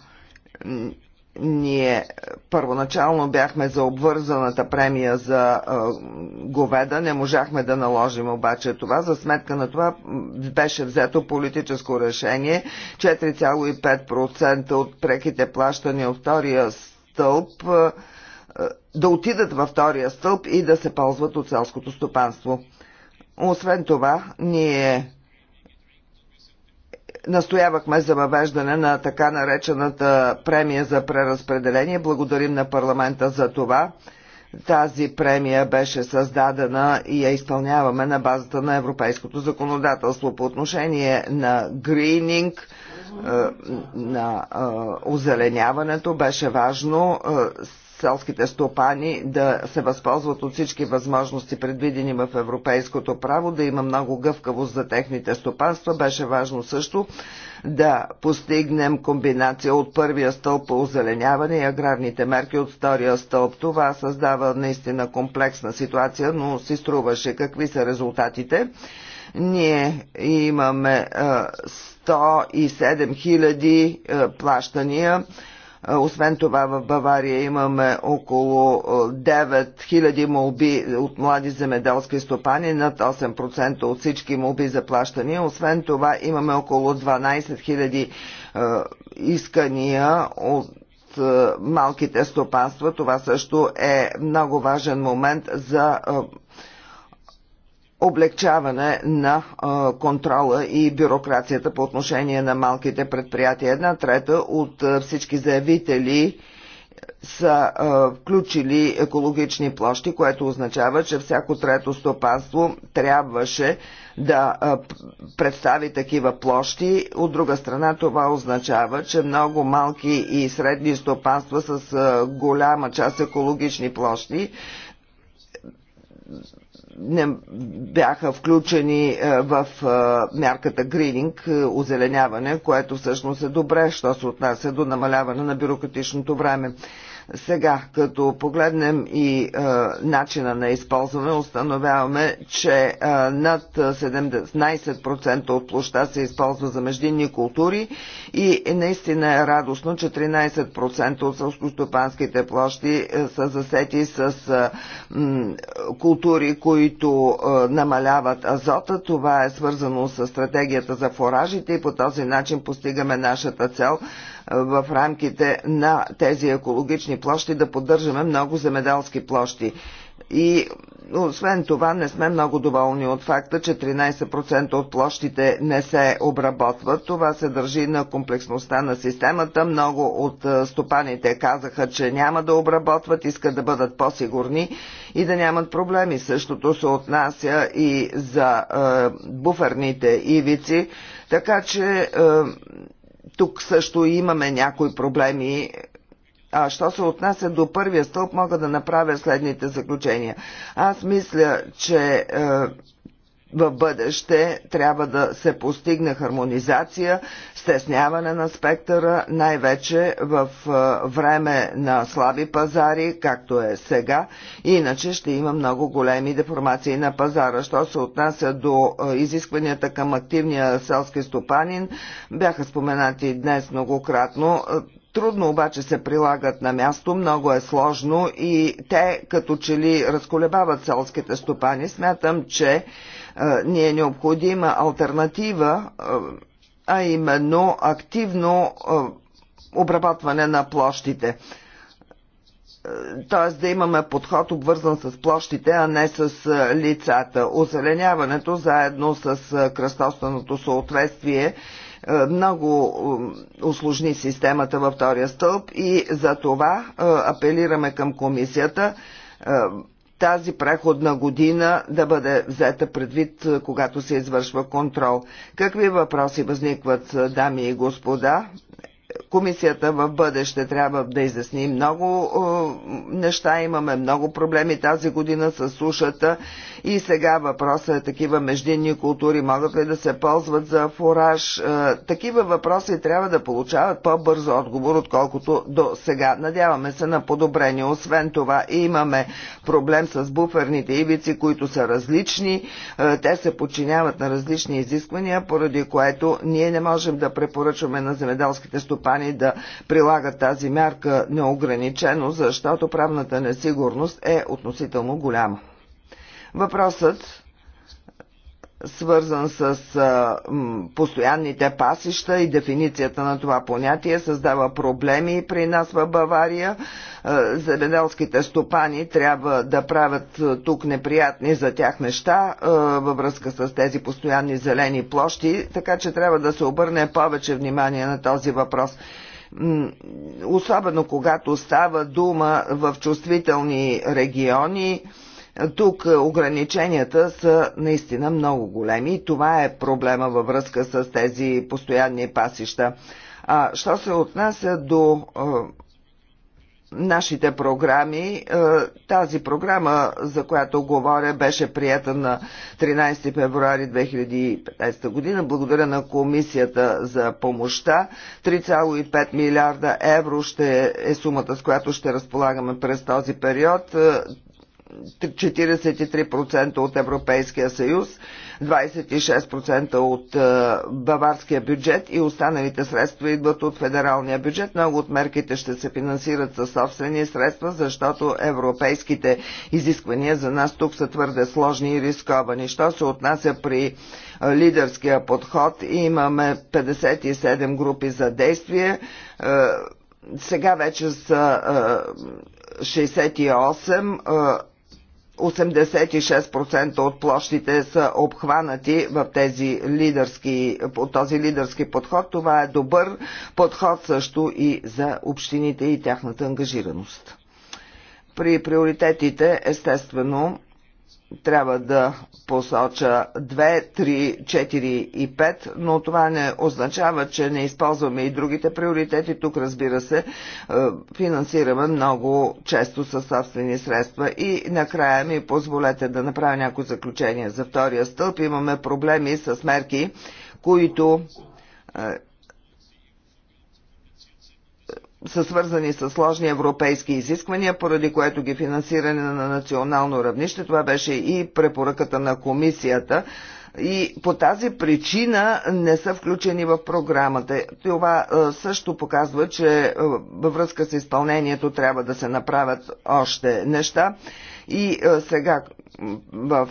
Ние първоначално бяхме за обвързаната премия за е, говеда, не можахме да наложим обаче това. За сметка на това беше взето политическо решение 4,5% от преките плащания от втория стълб. Е, е, да отидат във втория стълб и да се ползват от селското стопанство. Освен това, ние настоявахме за въвеждане на така наречената премия за преразпределение. Благодарим на парламента за това. Тази премия беше създадена и я изпълняваме на базата на европейското законодателство по отношение на грининг, е, на е, озеленяването беше важно селските стопани да се възползват от всички възможности, предвидени в европейското право, да има много гъвкавост за техните стопанства. Беше важно също да постигнем комбинация от първия стълб по озеленяване и аграрните мерки от втория стълб. Това създава наистина комплексна ситуация, но си струваше какви са резултатите. Ние имаме 107 000 плащания освен това в Бавария имаме около 9000 молби от млади земеделски стопани, над 8% от всички молби за плащания. Освен това имаме около 12 000 искания от малките стопанства. Това също е много важен момент за облегчаване на контрола и бюрокрацията по отношение на малките предприятия. Една трета от всички заявители са а, включили екологични площи, което означава, че всяко трето стопанство трябваше да а, представи такива площи. От друга страна това означава, че много малки и средни стопанства с а, голяма част екологични площи не бяха включени е, в е, мярката грининг, е, озеленяване, което всъщност е добре, що се отнася до намаляване на бюрократичното време. Сега, като погледнем и е, начина на използване, установяваме, че е, над 17% от площа се използва за междинни култури и наистина е радостно, че 13% от сълскостопанските площи е, са засети с е, м, култури, които е, намаляват азота. Това е свързано с стратегията за форажите и по този начин постигаме нашата цел – в рамките на тези екологични площи да поддържаме много земеделски площи. И освен това не сме много доволни от факта, че 13% от площите не се обработват. Това се държи на комплексността на системата. Много от стопаните казаха, че няма да обработват, искат да бъдат по-сигурни и да нямат проблеми. Същото се отнася и за е, буферните ивици. Така че е, тук също имаме някои проблеми. А що се отнася до първия стълб, мога да направя следните заключения. Аз мисля, че е, в бъдеще трябва да се постигне хармонизация, стесняване на спектъра, най-вече в време на слаби пазари, както е сега, иначе ще има много големи деформации на пазара. Що се отнася до изискванията към активния селски стопанин, бяха споменати днес многократно. Трудно обаче се прилагат на място, много е сложно и те като че ли разколебават селските стопани. Смятам, че ни е необходима альтернатива, а именно активно обработване на площите т.е. да имаме подход обвързан с площите, а не с лицата. Озеленяването заедно с кръстосаното съответствие много усложни системата във втория стълб и за това апелираме към комисията тази преходна година да бъде взета предвид, когато се извършва контрол. Какви въпроси възникват, дами и господа? комисията в бъдеще трябва да изясни много е, неща. Имаме много проблеми тази година с сушата и сега въпросът е такива междинни култури могат ли да се ползват за фораж. Е, такива въпроси трябва да получават по-бързо отговор, отколкото до сега. Надяваме се на подобрение. Освен това имаме проблем с буферните ивици, които са различни. Е, те се подчиняват на различни изисквания, поради което ние не можем да препоръчваме на земеделските стопани компании да прилагат тази мярка неограничено, защото правната несигурност е относително голяма. Въпросът свързан с а, м, постоянните пасища и дефиницията на това понятие създава проблеми при нас в Бавария. А, земеделските стопани трябва да правят а, тук неприятни за тях неща а, във връзка с тези постоянни зелени площи, така че трябва да се обърне повече внимание на този въпрос особено когато става дума в чувствителни региони, тук ограниченията са наистина много големи. Това е проблема във връзка с тези постоянни пасища. А, що се отнася до нашите програми. Тази програма, за която говоря, беше прията на 13 февруари 2015 година. Благодаря на комисията за помощта. 3,5 милиарда евро ще е сумата, с която ще разполагаме през този период. 43% от Европейския съюз, 26% от е, баварския бюджет и останалите средства идват от федералния бюджет. Много от мерките ще се финансират със собствени средства, защото европейските изисквания за нас тук са твърде сложни и рисковани. Що се отнася при е, лидерския подход, имаме 57 групи за действие. Е, сега вече са 68 86% от площите са обхванати в тези лидерски, от този лидерски подход. Това е добър подход също и за общините и тяхната ангажираност. При приоритетите, естествено, трябва да посоча 2, 3, 4 и 5, но това не означава, че не използваме и другите приоритети. Тук, разбира се, е, финансираме много често със собствени средства. И накрая ми позволете да направя някои заключения. За втория стълб имаме проблеми с мерки, които е, са свързани с сложни европейски изисквания, поради което ги финансиране на национално равнище. Това беше и препоръката на комисията. И по тази причина не са включени в програмата. Това е, също показва, че е, във връзка с изпълнението трябва да се направят още неща. И е, сега в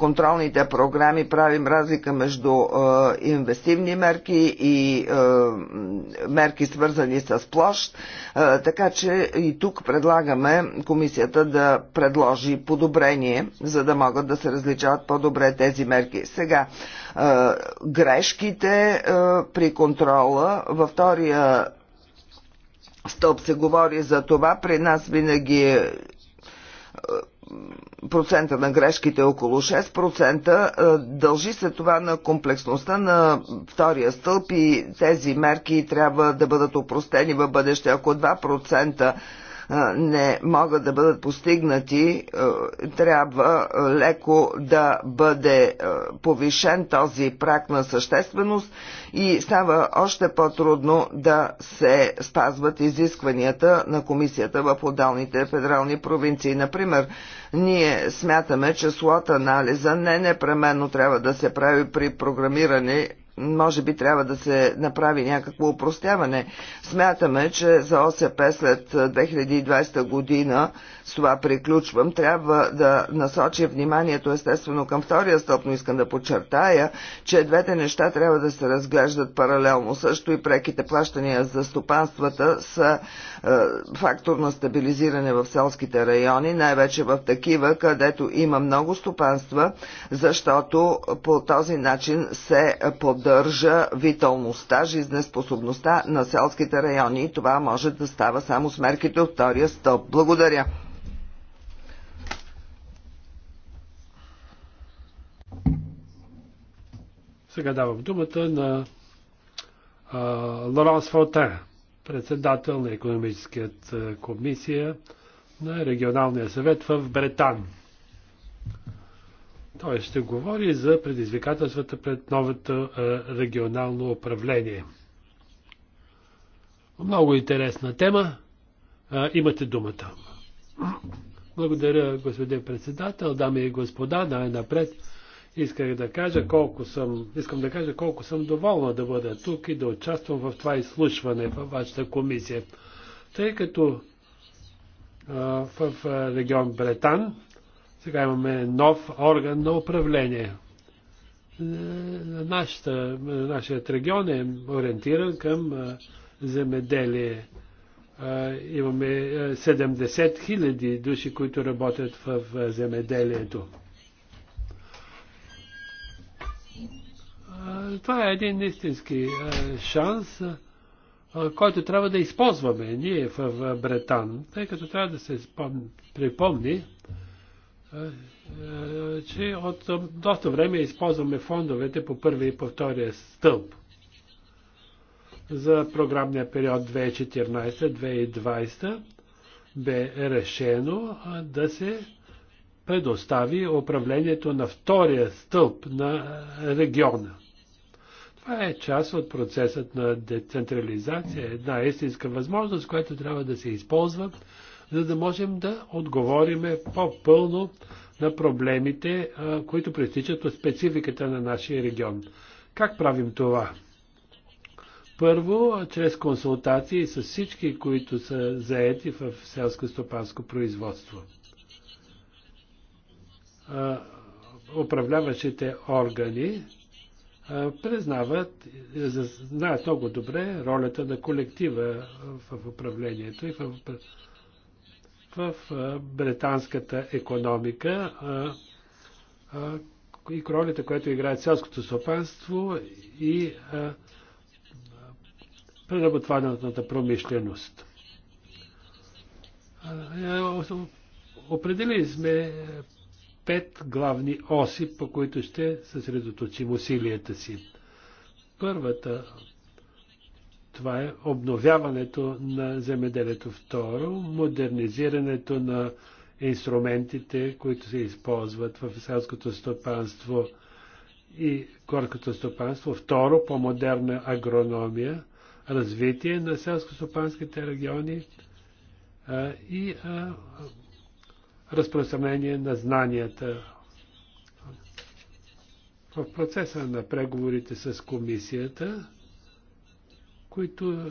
контролните програми правим разлика между е, инвестивни мерки и е, мерки свързани с площ, е, така че и тук предлагаме комисията да предложи подобрение, за да могат да се различават по-добре тези мерки. Сега, грешките при контрола във втория стълб се говори за това, при нас винаги е процента на грешките е около 6%. Е, дължи се това на комплексността на втория стълб и тези мерки трябва да бъдат опростени в бъдеще. Ако 2% не могат да бъдат постигнати, трябва леко да бъде повишен този прак на същественост и става още по-трудно да се спазват изискванията на комисията в отдалните федерални провинции. Например, ние смятаме, че слот анализа не непременно трябва да се прави при програмиране може би трябва да се направи някакво упростяване. Смятаме, че за ОСП след 2020 година, с това приключвам, трябва да насочи вниманието естествено към втория стоп, но искам да подчертая, че двете неща трябва да се разглеждат паралелно. Също и преките плащания за стопанствата са е, фактор на стабилизиране в селските райони, най-вече в такива, където има много стопанства, защото по този начин се поддържа виталността, жизнеспособността на селските райони и това може да става само с мерките от втория стълб. Благодаря. Сега давам думата на а, Лоранс Фонтен председател на економическият е, комисия на регионалния съвет в Бретан. Той ще говори за предизвикателствата пред новото е, регионално управление. Много интересна тема. Е, имате думата. Благодаря, господин председател, дами и господа, най-напред. Исках да кажа колко съм, искам да кажа колко съм доволна да бъда тук и да участвам в това изслушване във вашата комисия. Тъй като а, в регион Бретан сега имаме нов орган на управление. Нашата, нашият регион е ориентиран към земеделие. Имаме 70 хиляди души, които работят в земеделието. Това е един истински е, шанс, е, който трябва да използваме ние в Бретан, тъй като трябва да се припомни, е, че от доста време използваме фондовете по първи и по втория стълб за програмния период 2014-2020 бе решено да се предостави управлението на втория стълб на региона. Това е част от процесът на децентрализация, една истинска възможност, която трябва да се използва, за да можем да отговорим по-пълно на проблемите, които пристичат от спецификата на нашия регион. Как правим това? Първо, чрез консултации с всички, които са заети в селско-стопанско производство. Управляващите органи признават, знаят много добре ролята на колектива в управлението и в, в британската економика и ролята, която играе селското стопанство и преработвателната промишленост. Е, определили сме пет главни оси, по които ще съсредоточим усилията си. Първата това е обновяването на земеделието. Второ, модернизирането на инструментите, които се използват в селското стопанство и горското стопанство. Второ, по-модерна агрономия, развитие на селско-стопанските региони а, и а, разпространение на знанията. В процеса на преговорите с комисията, които е,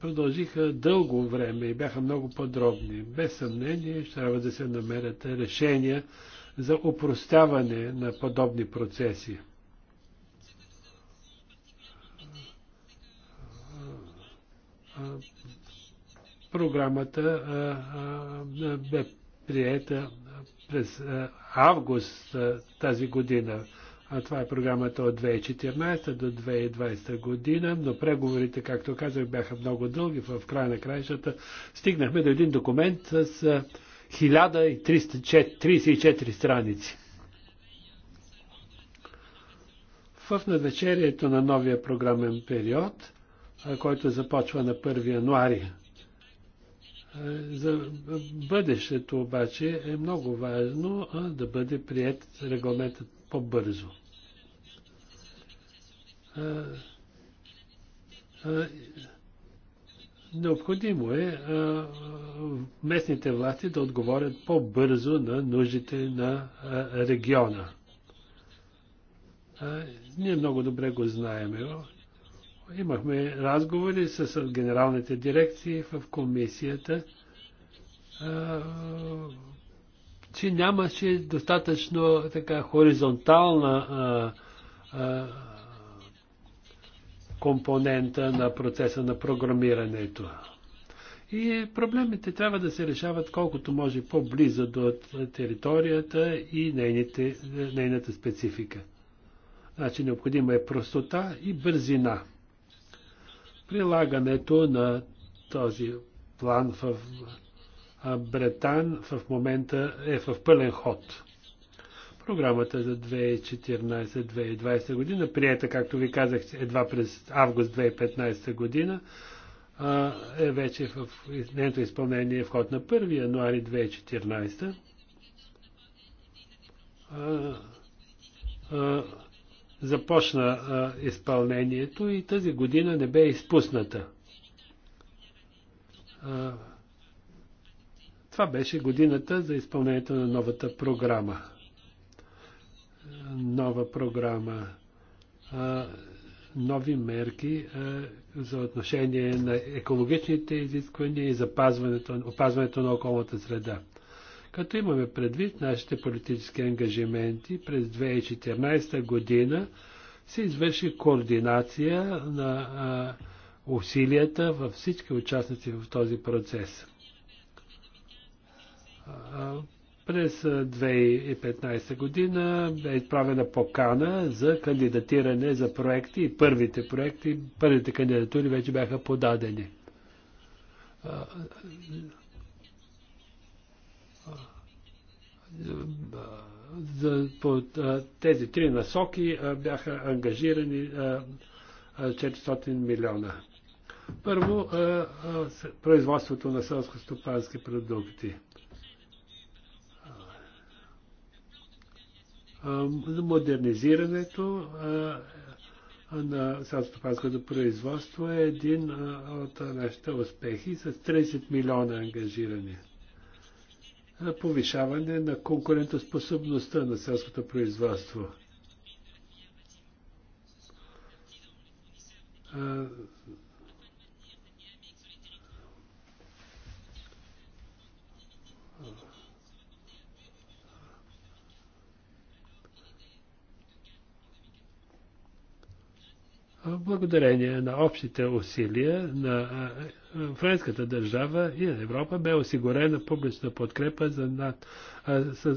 продължиха дълго време и бяха много подробни, без съмнение ще трябва да се намерят решения за упростяване на подобни процеси. Е, е, програмата бе приета през август тази година. А това е програмата от 2014 до 2020 година, но преговорите, както казах, бяха много дълги. В края на краищата стигнахме до един документ с 1334 страници. В навечерието на новия програмен период, който започва на 1 януари за бъдещето обаче е много важно да бъде прият регламентът по-бързо. Необходимо е местните власти да отговорят по-бързо на нуждите на региона. Ние много добре го знаем. Имахме разговори с генералните дирекции в комисията, че нямаше достатъчно така хоризонтална компонента на процеса на програмирането. И проблемите трябва да се решават колкото може по-близо до територията и нейните, нейната специфика. Значи необходима е простота и бързина. Прилагането на този план в Бретан в момента е в пълен ход. Програмата за 2014-2020 година, приета, както ви казах, едва през август 2015 година, е вече в нейното изпълнение е вход на 1 януари 2014. А, а, започна а, изпълнението и тази година не бе изпусната. А, това беше годината за изпълнението на новата програма. Нова програма, а, нови мерки а, за отношение на екологичните изисквания и запазването, опазването на околната среда. Като имаме предвид нашите политически ангажименти, през 2014 година се извърши координация на а, усилията във всички участници в този процес. А, през 2015 година бе изправена покана за кандидатиране за проекти и първите проекти, първите кандидатури вече бяха подадени за, по тези три насоки бяха ангажирани 400 милиона. Първо, производството на селско-стопански продукти. Модернизирането на селско-стопанското производство е един от нашите успехи с 30 милиона ангажирани повишаване на конкурентоспособността на селското производство. Благодарение на общите усилия на френската държава и на Европа бе осигурена публична подкрепа за над, а, с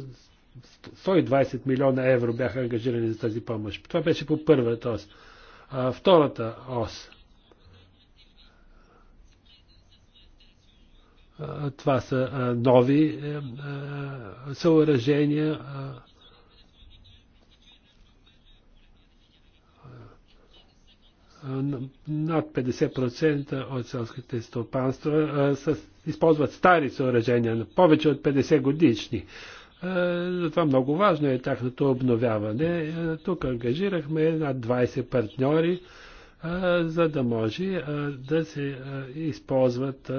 120 милиона евро бяха ангажирани за тази помощ. Това беше по първата ос. А, втората ос. А, това са а, нови а, е, е, съоръжения. А, над 50% от селските стопанства с, използват стари съоръжения, повече от 50 годишни. Затова много важно е тяхното обновяване. Тук ангажирахме над 20 партньори, за да може да се използват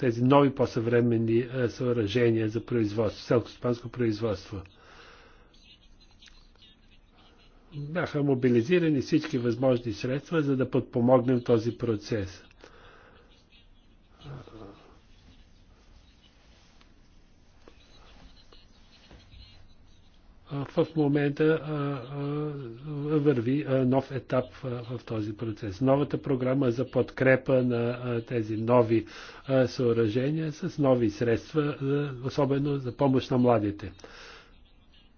тези нови по-съвременни съоръжения за производство, селскостопанско производство бяха мобилизирани всички възможни средства, за да подпомогнем този процес. в момента върви нов етап в този процес. Новата програма за подкрепа на тези нови съоръжения с нови средства, особено за помощ на младите.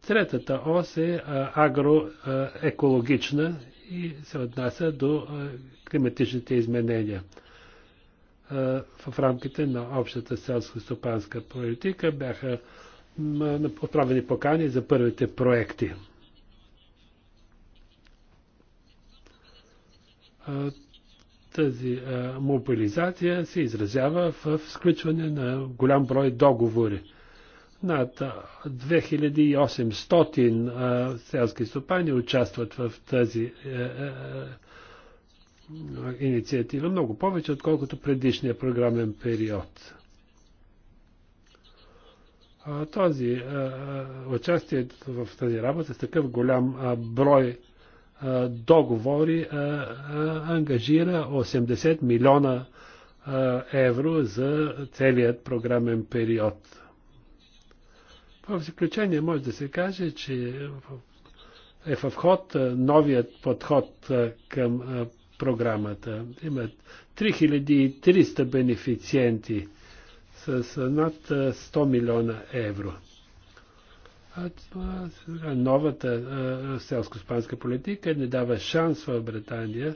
Третата ос е агроекологична и се отнася до климатичните изменения. В рамките на общата селско-стопанска политика бяха отправени покани за първите проекти. Тази мобилизация се изразява в сключване на голям брой договори – над 2800 селски стопани участват в тази е, е, е, инициатива, много повече, отколкото предишния програмен период. Този участие в тази работа с такъв голям брой договори ангажира 80 милиона евро за целият програмен период. В заключение може да се каже, че е в ход е, новият подход е, към е, програмата. Имат 3300 бенефициенти с над 100 милиона евро. А новата селско-спанска политика не дава шанс в Британия,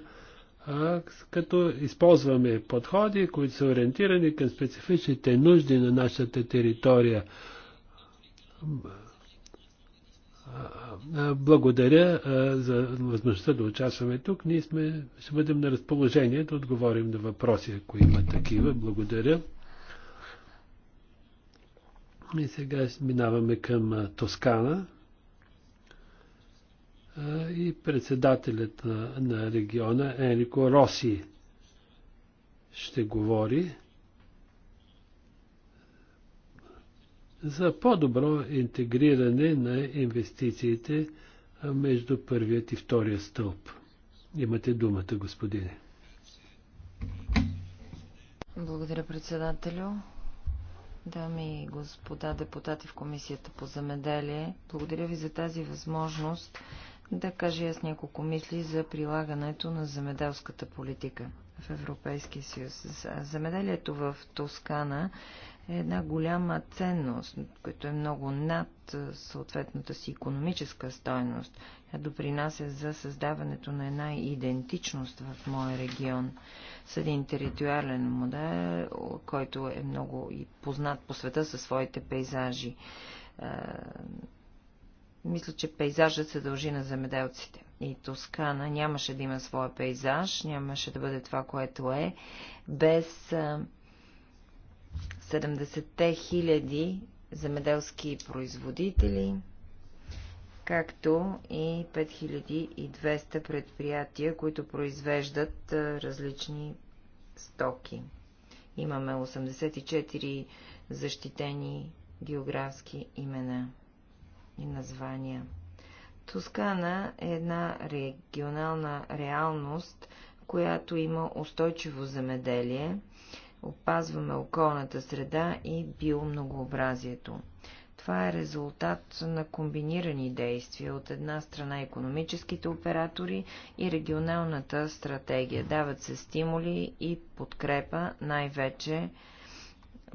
а, като използваме подходи, които са ориентирани към специфичните нужди на нашата територия благодаря за възможността да участваме тук. Ние сме, ще бъдем на разположение да отговорим на въпроси, ако има такива. Благодаря. И сега минаваме към Тоскана. И председателят на, региона Енрико Роси ще говори. за по-добро интегриране на инвестициите между първият и втория стълб. Имате думата, господине. Благодаря, председателю. Дами и господа депутати в Комисията по земеделие, благодаря ви за тази възможност да кажа аз няколко мисли за прилагането на земеделската политика в Европейския съюз. Земеделието в Тоскана е една голяма ценност, която е много над е, съответната си економическа стойност. Тя допринася за създаването на една идентичност в моя регион с един териториален модел, който е много и познат по света със своите пейзажи. Е, мисля, че пейзажът се дължи на земеделците. И Тоскана нямаше да има своя пейзаж, нямаше да бъде това, което е, без е, 70-те хиляди земеделски производители, както и 5200 предприятия, които произвеждат различни стоки. Имаме 84 защитени географски имена и названия. Тускана е една регионална реалност, която има устойчиво земеделие, опазваме околната среда и биомногообразието. Това е резултат на комбинирани действия от една страна економическите оператори и регионалната стратегия. Дават се стимули и подкрепа, най-вече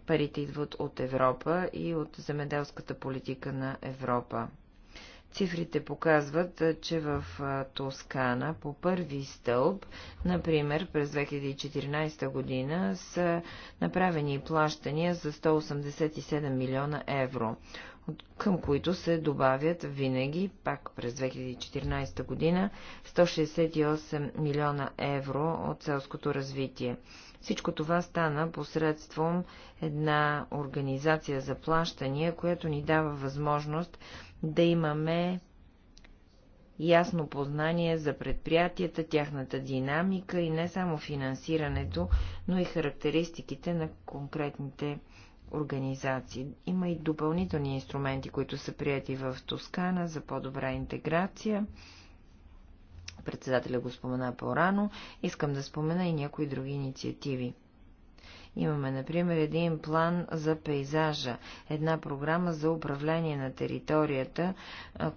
парите идват от Европа и от земеделската политика на Европа. Цифрите показват, че в Тоскана по първи стълб, например през 2014 година, са направени плащания за 187 милиона евро, към които се добавят винаги, пак през 2014 година, 168 милиона евро от селското развитие. Всичко това стана посредством една организация за плащания, която ни дава възможност да имаме ясно познание за предприятията, тяхната динамика и не само финансирането, но и характеристиките на конкретните организации. Има и допълнителни инструменти, които са прияти в Тоскана за по-добра интеграция. Председателя го спомена по-рано. Искам да спомена и някои други инициативи. Имаме, например, един план за пейзажа, една програма за управление на територията,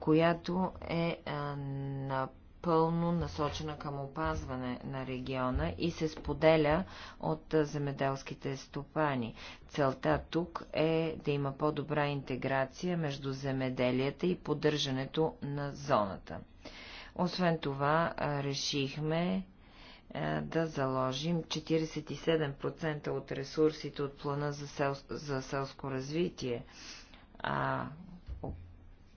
която е на пълно насочена към опазване на региона и се споделя от земеделските стопани. Целта тук е да има по-добра интеграция между земеделията и поддържането на зоната. Освен това, решихме е, да заложим 47% от ресурсите от плана за, сел... за селско развитие, а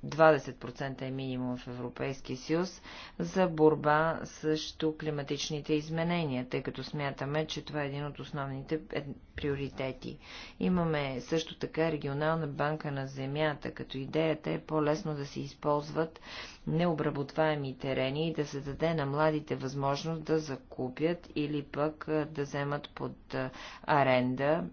20% е минимум в Европейския съюз за борба срещу климатичните изменения, тъй като смятаме, че това е един от основните е, приоритети. Имаме също така регионална банка на земята, като идеята е по-лесно да се използват необработваеми терени и да се даде на младите възможност да закупят или пък да вземат под аренда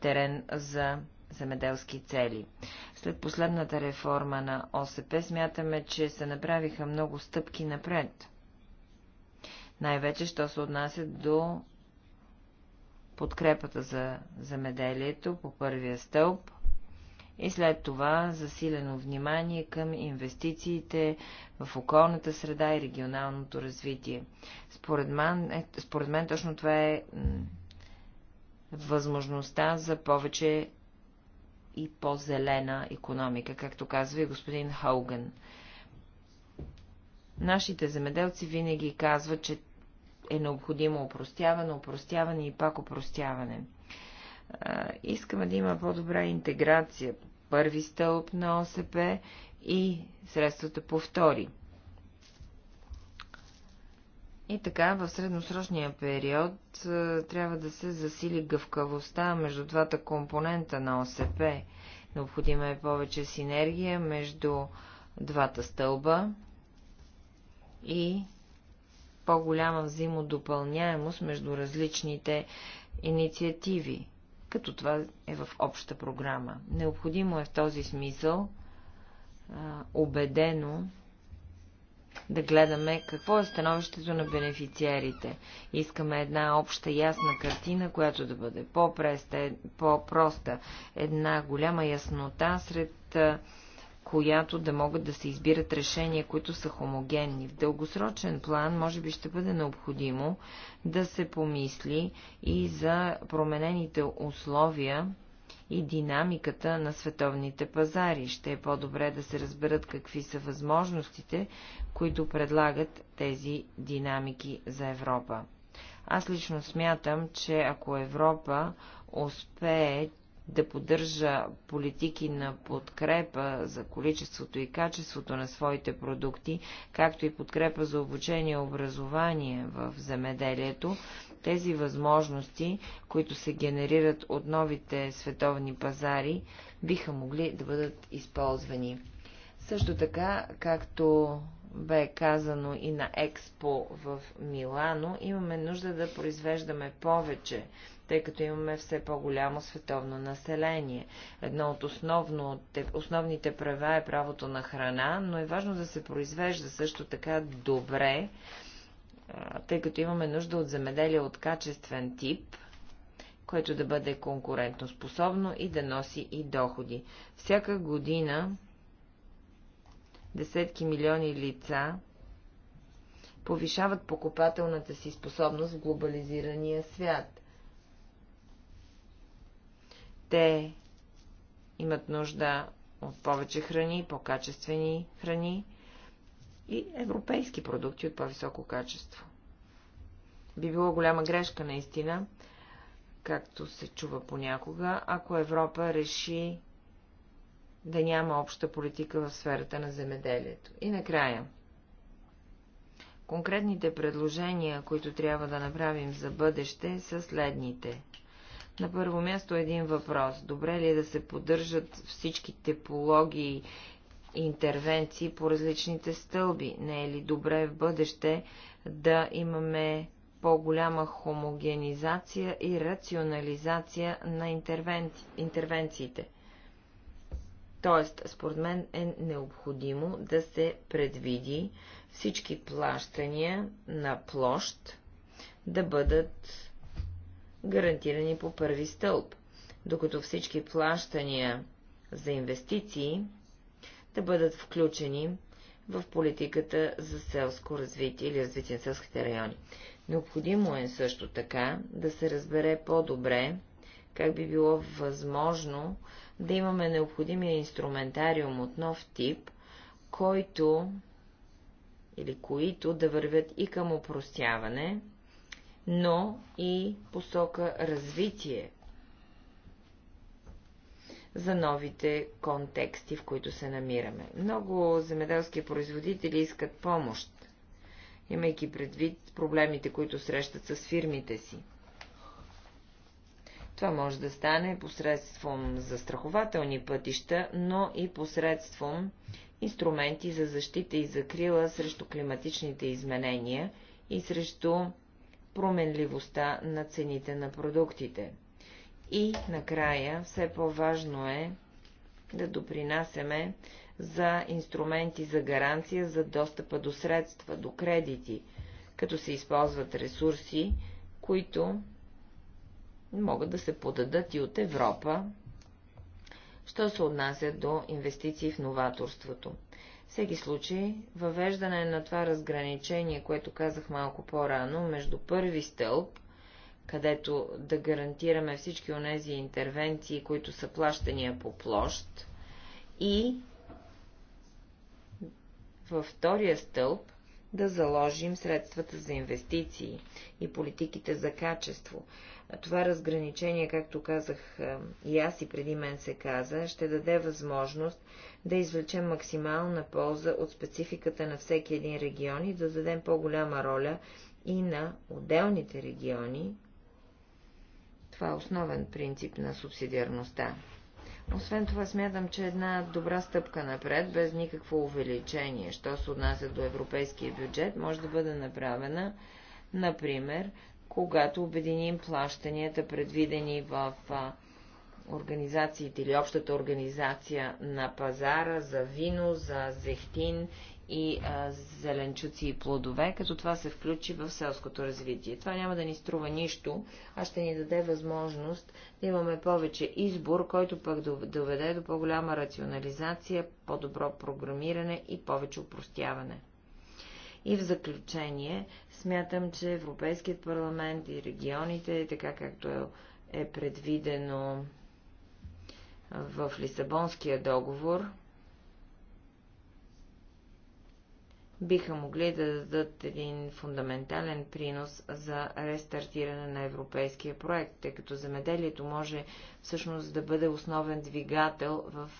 терен за земеделски цели. След последната реформа на ОСП смятаме, че се направиха много стъпки напред. Най-вече, що се отнася до подкрепата за земеделието по първия стълб и след това засилено внимание към инвестициите в околната среда и регионалното развитие. Според мен, е, според мен точно това е възможността за повече и по-зелена економика, както казва и господин Хауген. Нашите земеделци винаги казват, че е необходимо упростяване, упростяване и пак упростяване. Искаме да има по-добра интеграция. Първи стълб на ОСП и средствата по втори. И така, в средносрочния период трябва да се засили гъвкавостта между двата компонента на ОСП. Необходима е повече синергия между двата стълба и по-голяма взаимодопълняемост между различните инициативи, като това е в обща програма. Необходимо е в този смисъл а, убедено да гледаме какво е становището на бенефициерите. Искаме една обща ясна картина, която да бъде по-преста, по-проста, една голяма яснота сред която да могат да се избират решения, които са хомогенни. В дългосрочен план може би ще бъде необходимо да се помисли и за променените условия и динамиката на световните пазари. Ще е по-добре да се разберат какви са възможностите, които предлагат тези динамики за Европа. Аз лично смятам, че ако Европа успее да поддържа политики на подкрепа за количеството и качеството на своите продукти, както и подкрепа за обучение и образование в земеделието, тези възможности, които се генерират от новите световни пазари, биха могли да бъдат използвани. Също така, както бе казано и на Експо в Милано, имаме нужда да произвеждаме повече, тъй като имаме все по-голямо световно население. Едно от основно, основните права е правото на храна, но е важно да се произвежда също така добре, тъй като имаме нужда от земеделие от качествен тип, което да бъде конкурентоспособно и да носи и доходи. Всяка година десетки милиони лица повишават покупателната си способност в глобализирания свят. Те имат нужда от повече храни, по-качествени храни, и европейски продукти от по-високо качество. Би било голяма грешка наистина, както се чува понякога, ако Европа реши да няма обща политика в сферата на земеделието. И накрая. Конкретните предложения, които трябва да направим за бъдеще, са следните. На първо място един въпрос. Добре ли е да се поддържат всички типологии интервенции по различните стълби. Не е ли добре в бъдеще да имаме по-голяма хомогенизация и рационализация на интервенци... интервенциите? Тоест, според мен е необходимо да се предвиди всички плащания на площ да бъдат гарантирани по първи стълб, докато всички плащания за инвестиции да бъдат включени в политиката за селско развитие или развитие на селските райони. Необходимо е също така да се разбере по-добре как би било възможно да имаме необходимия инструментариум от нов тип, който или които да вървят и към упростяване, но и посока развитие за новите контексти, в които се намираме. Много земеделски производители искат помощ, имайки предвид проблемите, които срещат с фирмите си. Това може да стане посредством застрахователни пътища, но и посредством инструменти за защита и закрила срещу климатичните изменения и срещу променливостта на цените на продуктите. И накрая, все по-важно е да допринасяме за инструменти за гаранция за достъпа до средства, до кредити, като се използват ресурси, които могат да се подадат и от Европа, що се отнася до инвестиции в новаторството. Всеки случай, въвеждане на това разграничение, което казах малко по-рано, между първи стълб където да гарантираме всички онези интервенции, които са плащания по площ и във втория стълб да заложим средствата за инвестиции и политиките за качество. Това разграничение, както казах и аз и преди мен се каза, ще даде възможност да извлечем максимална полза от спецификата на всеки един регион и да дадем по-голяма роля и на отделните региони, това е основен принцип на субсидиарността. Освен това смятам, че е една добра стъпка напред, без никакво увеличение, що се отнася до европейския бюджет, може да бъде направена, например, когато обединим плащанията, предвидени в организациите или общата организация на пазара за вино, за зехтин и а, зеленчуци и плодове, като това се включи в селското развитие. Това няма да ни струва нищо, а ще ни даде възможност да имаме повече избор, който пък доведе до по-голяма рационализация, по-добро програмиране и повече упростяване. И в заключение, смятам, че Европейският парламент и регионите, така както е предвидено в Лисабонския договор, биха могли да дадат един фундаментален принос за рестартиране на европейския проект, тъй като земеделието може всъщност да бъде основен двигател в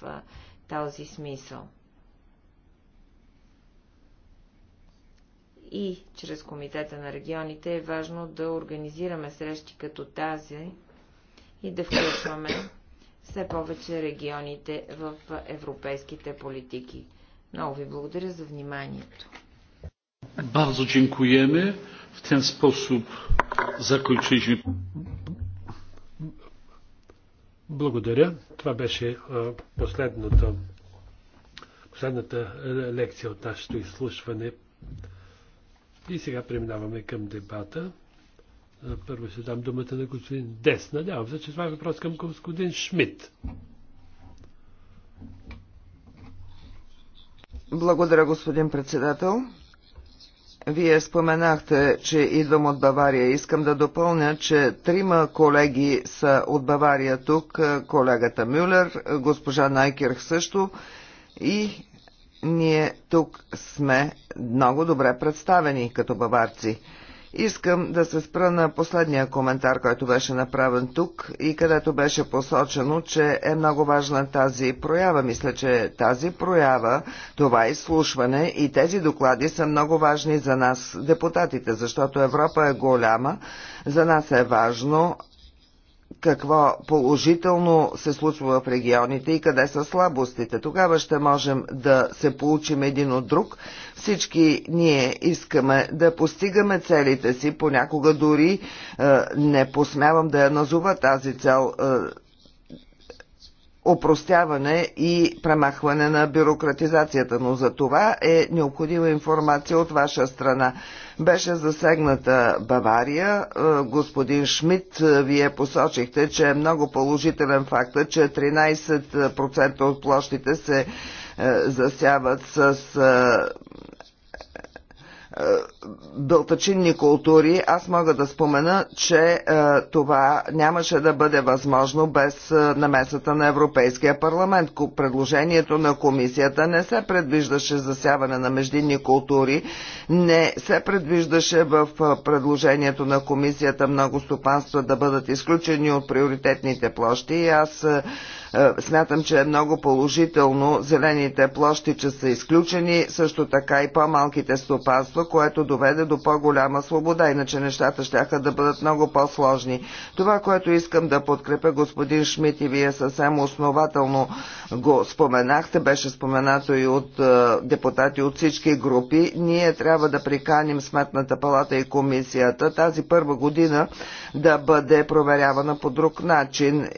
този смисъл. И чрез Комитета на регионите е важно да организираме срещи като тази и да включваме все повече регионите в европейските политики много ви благодаря за вниманието. Bardzo В W способ sposób zakończyliśmy. Благодаря. Това беше последната, последната лекция от нашето изслушване. И сега преминаваме към дебата. Първо ще дам думата на господин Дес. Надявам се, че това е въпрос към господин Шмидт. Благодаря, господин председател. Вие споменахте, че идвам от Бавария. Искам да допълня, че трима колеги са от Бавария тук, колегата Мюлер, госпожа Найкерх също и ние тук сме много добре представени като баварци. Искам да се спра на последния коментар, който беше направен тук и където беше посочено, че е много важна тази проява. Мисля, че тази проява, това изслушване и тези доклади са много важни за нас, депутатите, защото Европа е голяма. За нас е важно какво положително се случва в регионите и къде са слабостите. Тогава ще можем да се получим един от друг. Всички ние искаме да постигаме целите си, понякога дори е, не посмявам да я назова тази цел. Е, опростяване и премахване на бюрократизацията, но за това е необходима информация от ваша страна. Беше засегната Бавария. Е, господин Шмидт, е, вие посочихте, че е много положителен факт, че 13% от площите се е, засяват с дълтачинни култури, аз мога да спомена, че е, това нямаше да бъде възможно без е, намесата на Европейския парламент. Предложението на комисията не се предвиждаше засяване на междинни култури, не се предвиждаше в е, предложението на комисията много стопанства да бъдат изключени от приоритетните площи и аз е, смятам, че е много положително зелените площи, че са изключени, също така и по-малките стопанства, което доведе до по-голяма свобода, иначе нещата ще да бъдат много по-сложни. Това, което искам да подкрепя господин Шмидт и вие съвсем основателно го споменахте, беше споменато и от е, депутати от всички групи, ние трябва да приканим Сметната палата и комисията тази първа година да бъде проверявана по друг начин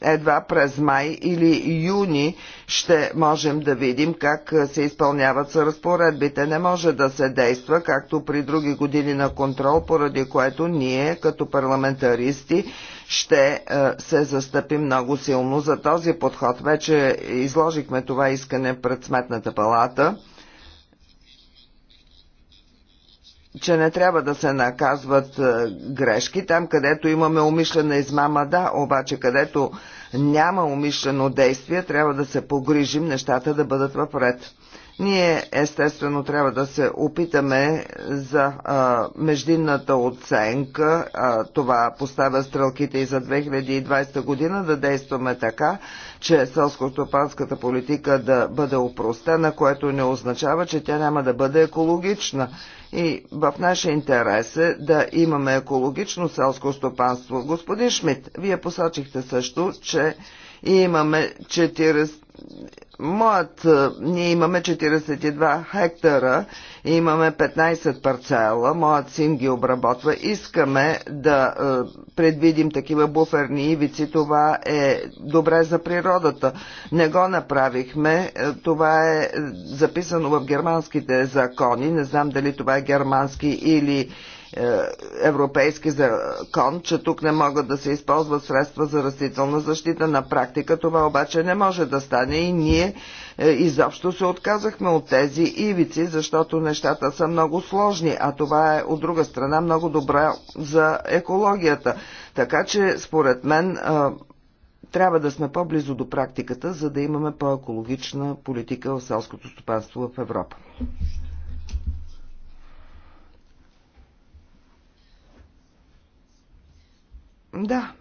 едва през май или юни ще можем да видим как се изпълняват с разпоредбите. Не може да се действа, както при други години на контрол, поради което ние, като парламентаристи, ще се застъпи много силно за този подход. Вече изложихме това искане пред Сметната палата. че не трябва да се наказват е, грешки. Там, където имаме умишлена измама, да, обаче където няма умишлено действие, трябва да се погрижим нещата да бъдат въпред. Ние естествено трябва да се опитаме за а, междинната оценка, а, това поставя стрелките и за 2020 година, да действаме така, че селско-стопанската политика да бъде упростена, което не означава, че тя няма да бъде екологична. И в нашия интерес е да имаме екологично селско стопанство. Господин Шмидт, вие посочихте също, че и имаме Моят, е, ние имаме 42 хектара, имаме 15 парцела, моят син ги обработва. Искаме да е, предвидим такива буферни ивици, това е добре за природата. Не го направихме, е, това е записано в германските закони, не знам дали това е германски или е, европейски закон, че тук не могат да се използват средства за растителна защита. На практика това обаче не може да стане и ние е, изобщо се отказахме от тези ивици, защото нещата са много сложни, а това е от друга страна много добра за екологията. Така че според мен е, трябва да сме по-близо до практиката, за да имаме по-екологична политика в селското стопанство в Европа. Да.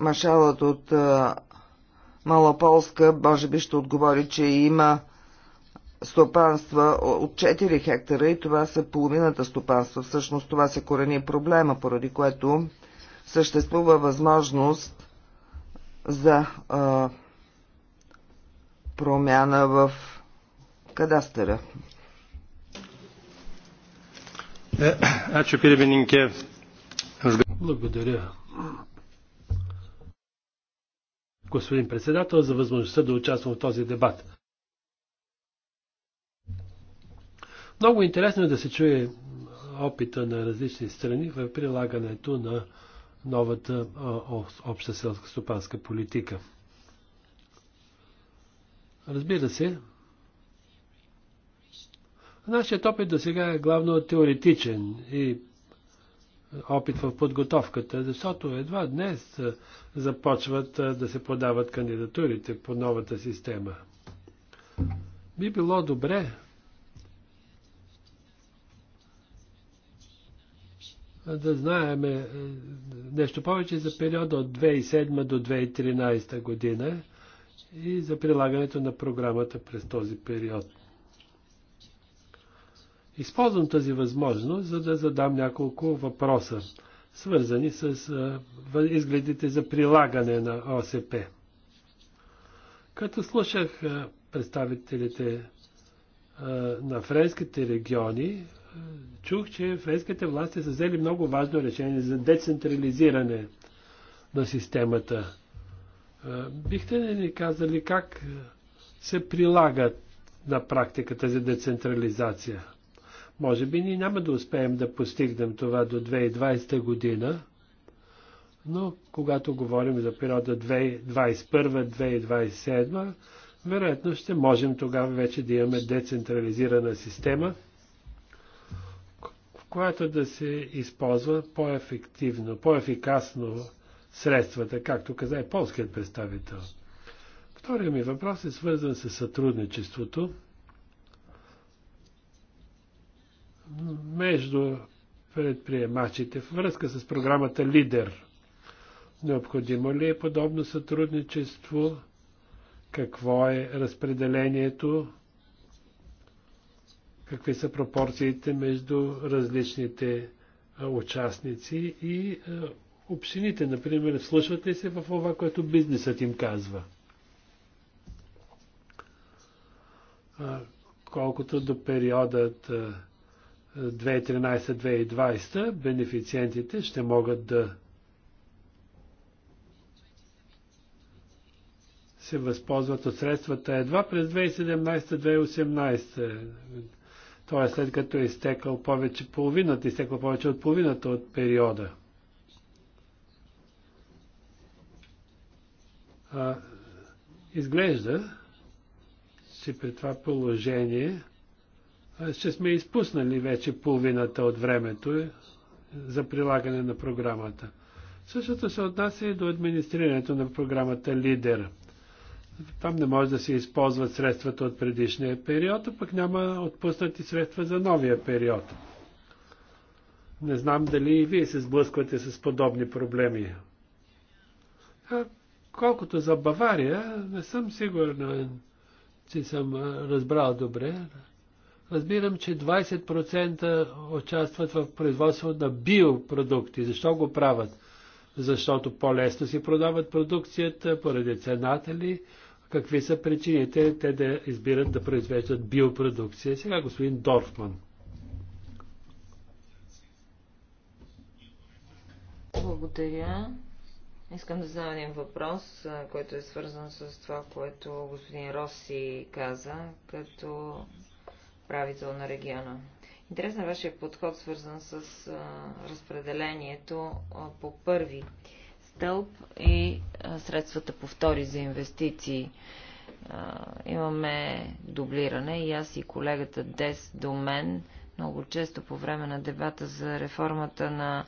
Машалът от Малополска, може би ще отговори, че има стопанства от 4 хектара и това са половината стопанства. Всъщност това се корени проблема, поради което съществува възможност за а, промяна в кадастъра. Благодаря. Господин председател, за възможността да участвам в този дебат. Много интересно е да се чуе опита на различни страни в прилагането на новата обща селско-стопанска политика. Разбира се, Нашият опит до сега е главно теоретичен и опит в подготовката, защото едва днес започват да се подават кандидатурите по новата система. Би било добре да знаеме нещо повече за периода от 2007 до 2013 година и за прилагането на програмата през този период. Използвам тази възможност, за да задам няколко въпроса, свързани с изгледите за прилагане на ОСП. Като слушах представителите на френските региони, чух, че френските власти са взели много важно решение за децентрализиране на системата. Бихте ли ни казали как се прилагат на практика тази децентрализация? Може би ние няма да успеем да постигнем това до 2020 година, но когато говорим за периода 2021-2027, вероятно ще можем тогава вече да имаме децентрализирана система, в която да се използва по-ефективно, по-ефикасно средствата, както каза и полският представител. Вторият ми въпрос е свързан с сътрудничеството. между предприемачите в връзка с програмата Лидер. Необходимо ли е подобно сътрудничество? Какво е разпределението? Какви са пропорциите между различните участници и общините, например, вслушват ли се в това, което бизнесът им казва? Колкото до периодът 2013-2020 бенефициентите ще могат да се възползват от средствата едва през 2017-2018. Т.е. след като е изтекал повече половината, изтекла повече от половината от периода. А, изглежда, че при това положение ще сме изпуснали вече половината от времето е, за прилагане на програмата. Същото се отнася и до администрирането на програмата Лидер. Там не може да се използват средствата от предишния период, а пък няма отпуснати средства за новия период. Не знам дали и вие се сблъсквате с подобни проблеми. А колкото за Бавария, не съм сигурен, че съм разбрал добре. Разбирам, че 20% участват в производство на биопродукти. Защо го правят? Защото по-лесно си продават продукцията, поради цената ли, какви са причините те да избират да произвеждат биопродукция. Сега господин Дорфман. Благодаря. Искам да задам един въпрос, който е свързан с това, което господин Роси каза, като управител на региона. Интересен беше подход, свързан с а, разпределението а, по първи стълб и а, средствата по втори за инвестиции. А, имаме дублиране и аз и колегата Дес до мен много често по време на дебата за реформата на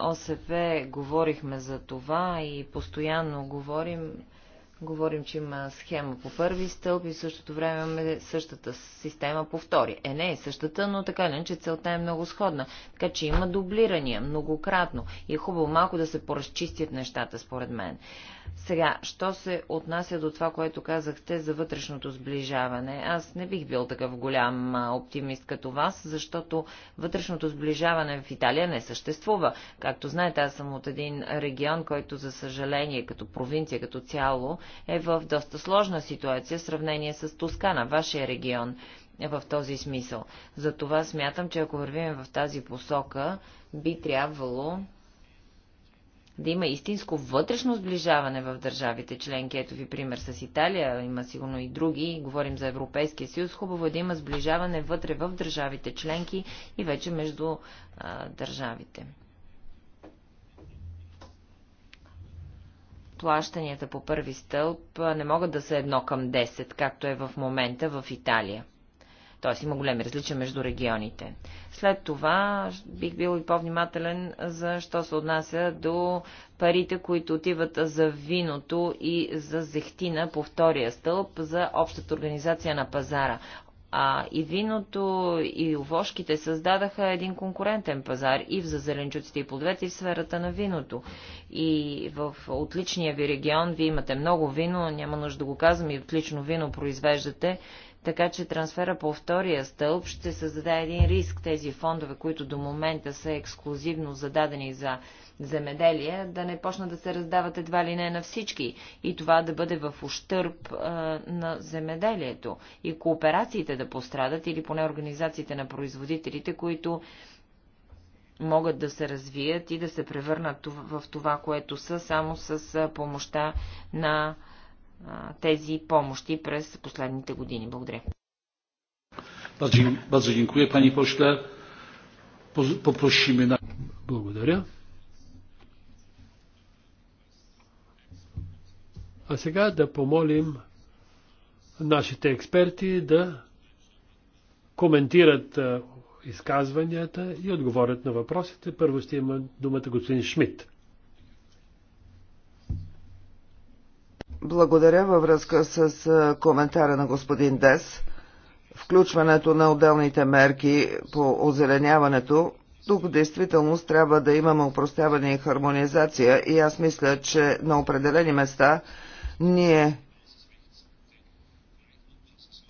ОСП говорихме за това и постоянно говорим Говорим, че има схема по първи стълб и в същото време имаме същата система по втори. Е, не е същата, но така не, че целта е много сходна. Така че има дублирания многократно и е хубаво малко да се поразчистят нещата, според мен. Сега, що се отнася до това, което казахте за вътрешното сближаване? Аз не бих бил такъв голям оптимист като вас, защото вътрешното сближаване в Италия не съществува. Както знаете, аз съм от един регион, който, за съжаление, като провинция, като цяло, е в доста сложна ситуация в сравнение с на вашия регион е в този смисъл. Затова смятам, че ако вървим в тази посока, би трябвало да има истинско вътрешно сближаване в държавите членки. Ето ви пример с Италия, има сигурно и други, говорим за Европейския съюз. Хубаво е да има сближаване вътре в държавите членки и вече между а, държавите. плащанията по първи стълб не могат да са едно към 10, както е в момента в Италия. Тоест има големи различия между регионите. След това бих бил и по-внимателен за що се отнася до парите, които отиват за виното и за зехтина по втория стълб за общата организация на пазара. А и виното, и овошките създадаха един конкурентен пазар и за зеленчуците, и плодовете, и в сферата на виното. И в отличния ви регион, вие имате много вино, няма нужда да го казвам, и отлично вино произвеждате, така че трансфера по втория стълб ще създаде един риск тези фондове, които до момента са ексклюзивно зададени за земеделие, да не почнат да се раздават едва ли не на всички и това да бъде в ущърп а, на земеделието и кооперациите да пострадат или поне организациите на производителите, които могат да се развият и да се превърнат в това, което са, само с помощта на тези помощи през последните години. Благодаря. Bardzo dziękuję Panie Pośle. Poprosimy na... Благодаря. А сега да помолим нашите експерти да коментират изказванията и отговорят на въпросите. Първо ще има думата господин Шмидт. Благодаря във връзка с коментара на господин Дес. Включването на отделните мерки по озеленяването тук в действителност трябва да имаме упростяване и хармонизация и аз мисля, че на определени места ние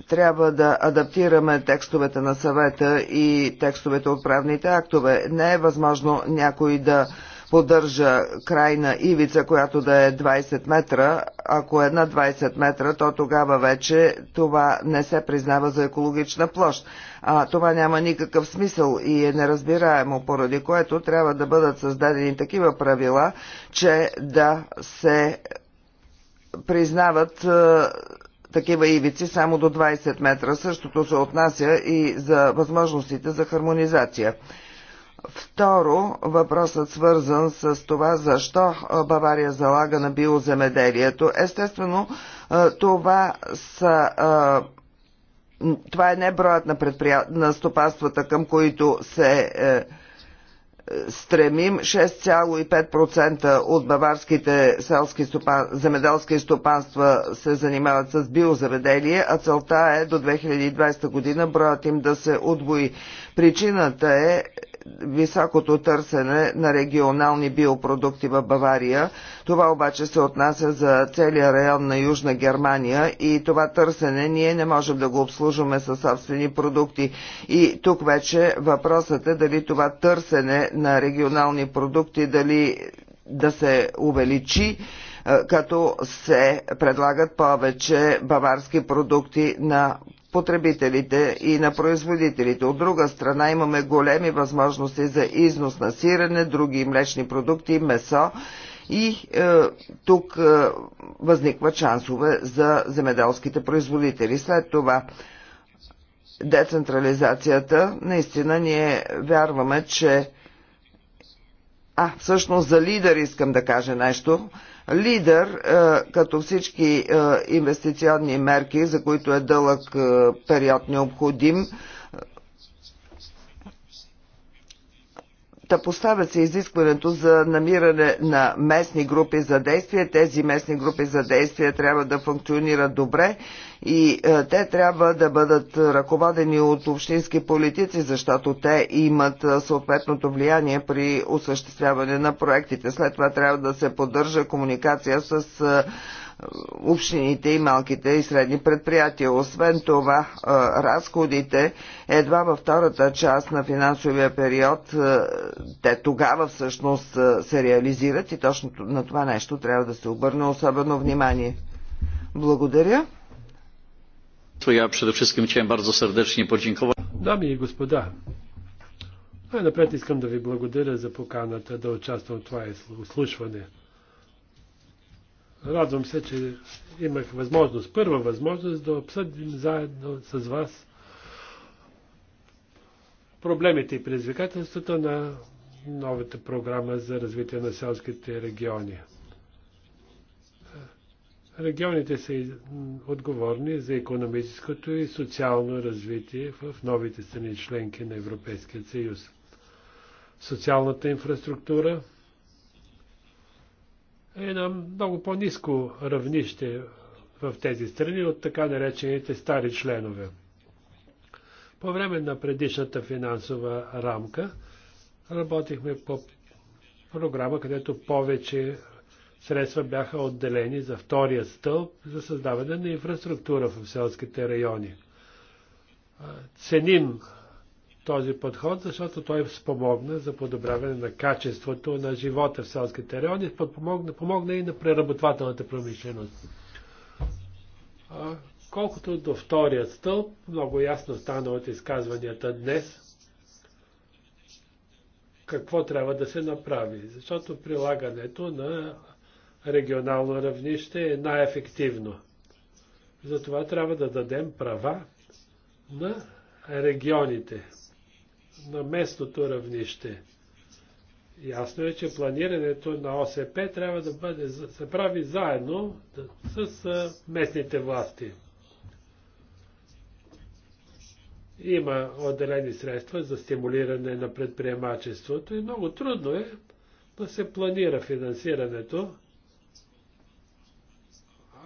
трябва да адаптираме текстовете на съвета и текстовете от правните актове. Не е възможно някой да поддържа крайна ивица, която да е 20 метра. Ако е на 20 метра, то тогава вече това не се признава за екологична площ. А това няма никакъв смисъл и е неразбираемо, поради което трябва да бъдат създадени такива правила, че да се признават такива ивици само до 20 метра. Същото се отнася и за възможностите за хармонизация. Второ, въпросът свързан с това защо Бавария залага на биоземеделието. Естествено, това са това е не броят на, предприят... на стопанствата, към които се е, стремим 6,5% от баварските селски стопан... земеделски стопанства се занимават с биозаведение, а целта е до 2020 година броят им да се отвои. Причината е, високото търсене на регионални биопродукти в Бавария. Това обаче се отнася за целия район на Южна Германия и това търсене ние не можем да го обслужваме със собствени продукти. И тук вече въпросът е дали това търсене на регионални продукти, дали да се увеличи е, като се предлагат повече баварски продукти на потребителите и на производителите. От друга страна имаме големи възможности за износ на сирене, други млечни продукти, месо и е, тук е, възникват шансове за земеделските производители. След това децентрализацията, наистина ние вярваме, че а, всъщност за лидер искам да кажа нещо лидер, е, като всички е, инвестиционни мерки, за които е дълъг е, период необходим, Та поставят се изискването за намиране на местни групи за действие. Тези местни групи за действие трябва да функционират добре и е, те трябва да бъдат ръководени от общински политици, защото те имат е, съответното влияние при осъществяване на проектите. След това трябва да се поддържа комуникация с е, общините и малките и средни предприятия. Освен това, разходите едва във втората част на финансовия период, те тогава всъщност се реализират и точно на това нещо трябва да се обърне особено внимание. Благодаря. Ja przede wszystkim chciałem бързо сърдечни podziękować. Дами и господа, най-напред искам да ви благодаря за поканата да участвам в това изслушване. Радвам се, че имах възможност, първа възможност да обсъдим заедно с вас проблемите и предизвикателствата на новата програма за развитие на селските региони. Регионите са отговорни за економическото и социално развитие в новите страни членки на Европейския съюз. Социалната инфраструктура – е на много по-низко равнище в тези страни от така наречените стари членове. По време на предишната финансова рамка работихме по програма, където повече средства бяха отделени за втория стълб за създаване на инфраструктура в селските райони. Ценим този подход, защото той спомогна за подобряване на качеството на живота в селските райони, помогна, помогна и на преработвателната промишленост. А, колкото до вторият стълб, много ясно стана от изказванията днес, какво трябва да се направи, защото прилагането на регионално равнище е най-ефективно. Затова трябва да дадем права на регионите на местното равнище. Ясно е, че планирането на ОСП трябва да бъде, се прави заедно с местните власти. Има отделени средства за стимулиране на предприемачеството и много трудно е да се планира финансирането,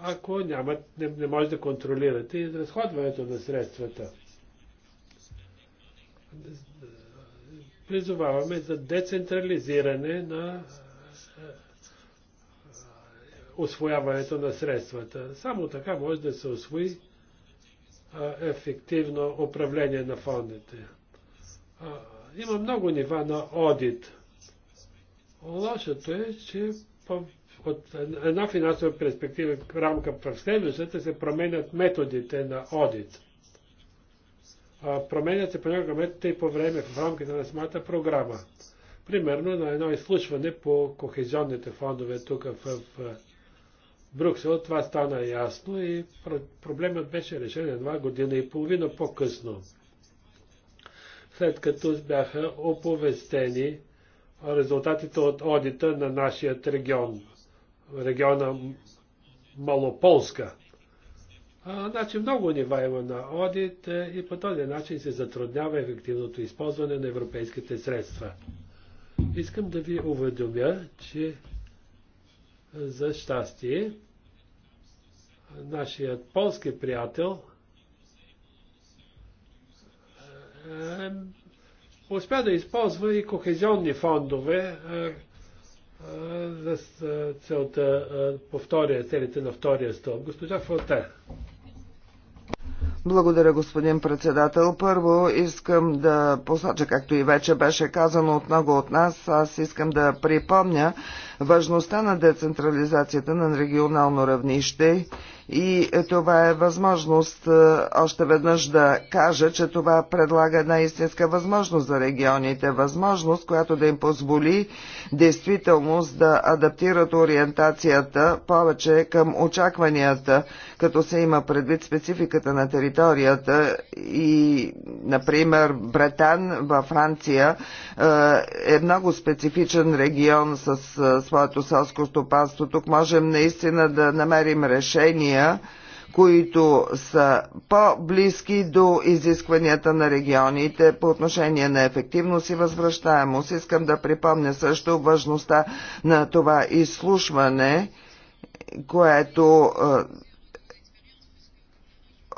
ако няма, не, не може да контролирате изразходването на средствата призоваваме за децентрализиране на освояването на средствата. Само така може да се освои ефективно управление на фондите. Има много нива на одит. Лошото е, че от една финансова перспектива рамка в следващата се променят методите на одит променят се понякога методите и по време, в рамките на самата програма. Примерно на едно изслушване по кохезионните фондове тук в Брюксел това стана ясно и проблемът беше решен една година и половина по-късно. След като бяха оповестени резултатите от одита на нашия регион, региона Малополска – значи много нива има на одит е, и по този начин се затруднява ефективното използване на европейските средства. Искам да ви уведомя, че е, за щастие нашият полски приятел е, е, успя да използва и кохезионни фондове е, е, за целта повторя целите на втория стълб. Госпожа Фонтен. Благодаря, господин председател. Първо искам да посоча, както и вече беше казано от много от нас, аз искам да припомня важността на децентрализацията на регионално равнище и е, това е възможност е, още веднъж да кажа, че това предлага една истинска възможност за регионите. Възможност, която да им позволи действителност да адаптират ориентацията повече към очакванията, като се има предвид спецификата на територията и, например, Бретан във Франция е, е много специфичен регион с своето селско стопанство. Тук можем наистина да намерим решение нея, които са по-близки до изискванията на регионите по отношение на ефективност и възвръщаемост. Искам да припомня също важността на това изслушване, което е,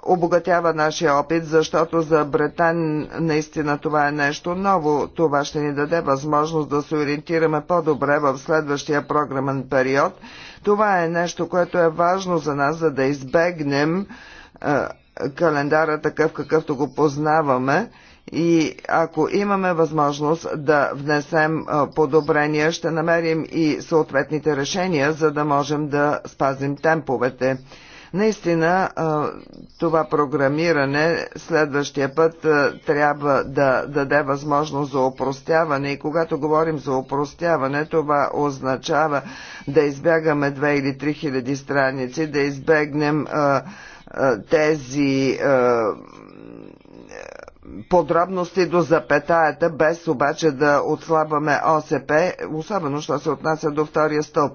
обогатява нашия опит, защото за Бретан наистина това е нещо ново. Това ще ни даде възможност да се ориентираме по-добре в следващия програмен период. Това е нещо, което е важно за нас, за да избегнем е, календара такъв, какъвто го познаваме. И ако имаме възможност да внесем подобрения, ще намерим и съответните решения, за да можем да спазим темповете. Наистина това програмиране следващия път трябва да даде възможност за опростяване и когато говорим за опростяване, това означава да избягаме 2 или 3 хиляди страници, да избегнем тези подробности до запетаята, без обаче да отслабваме ОСП, особено що се отнася до втория стълб.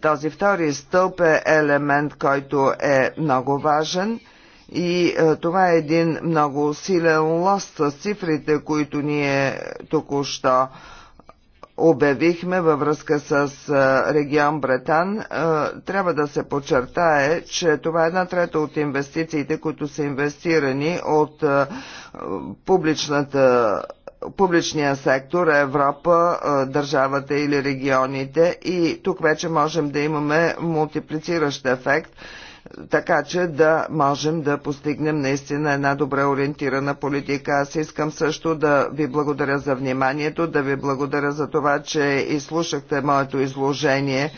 Този втори стълб е елемент, който е много важен и е, това е един много силен лост с цифрите, които ние току-що обявихме във връзка с е, регион Бретан, е, трябва да се подчертае, че това е една трета от инвестициите, които са инвестирани от публичната публичния сектор, Европа, държавата или регионите и тук вече можем да имаме мултиплициращ ефект, така че да можем да постигнем наистина една добре ориентирана политика. Аз искам също да ви благодаря за вниманието, да ви благодаря за това, че изслушахте моето изложение.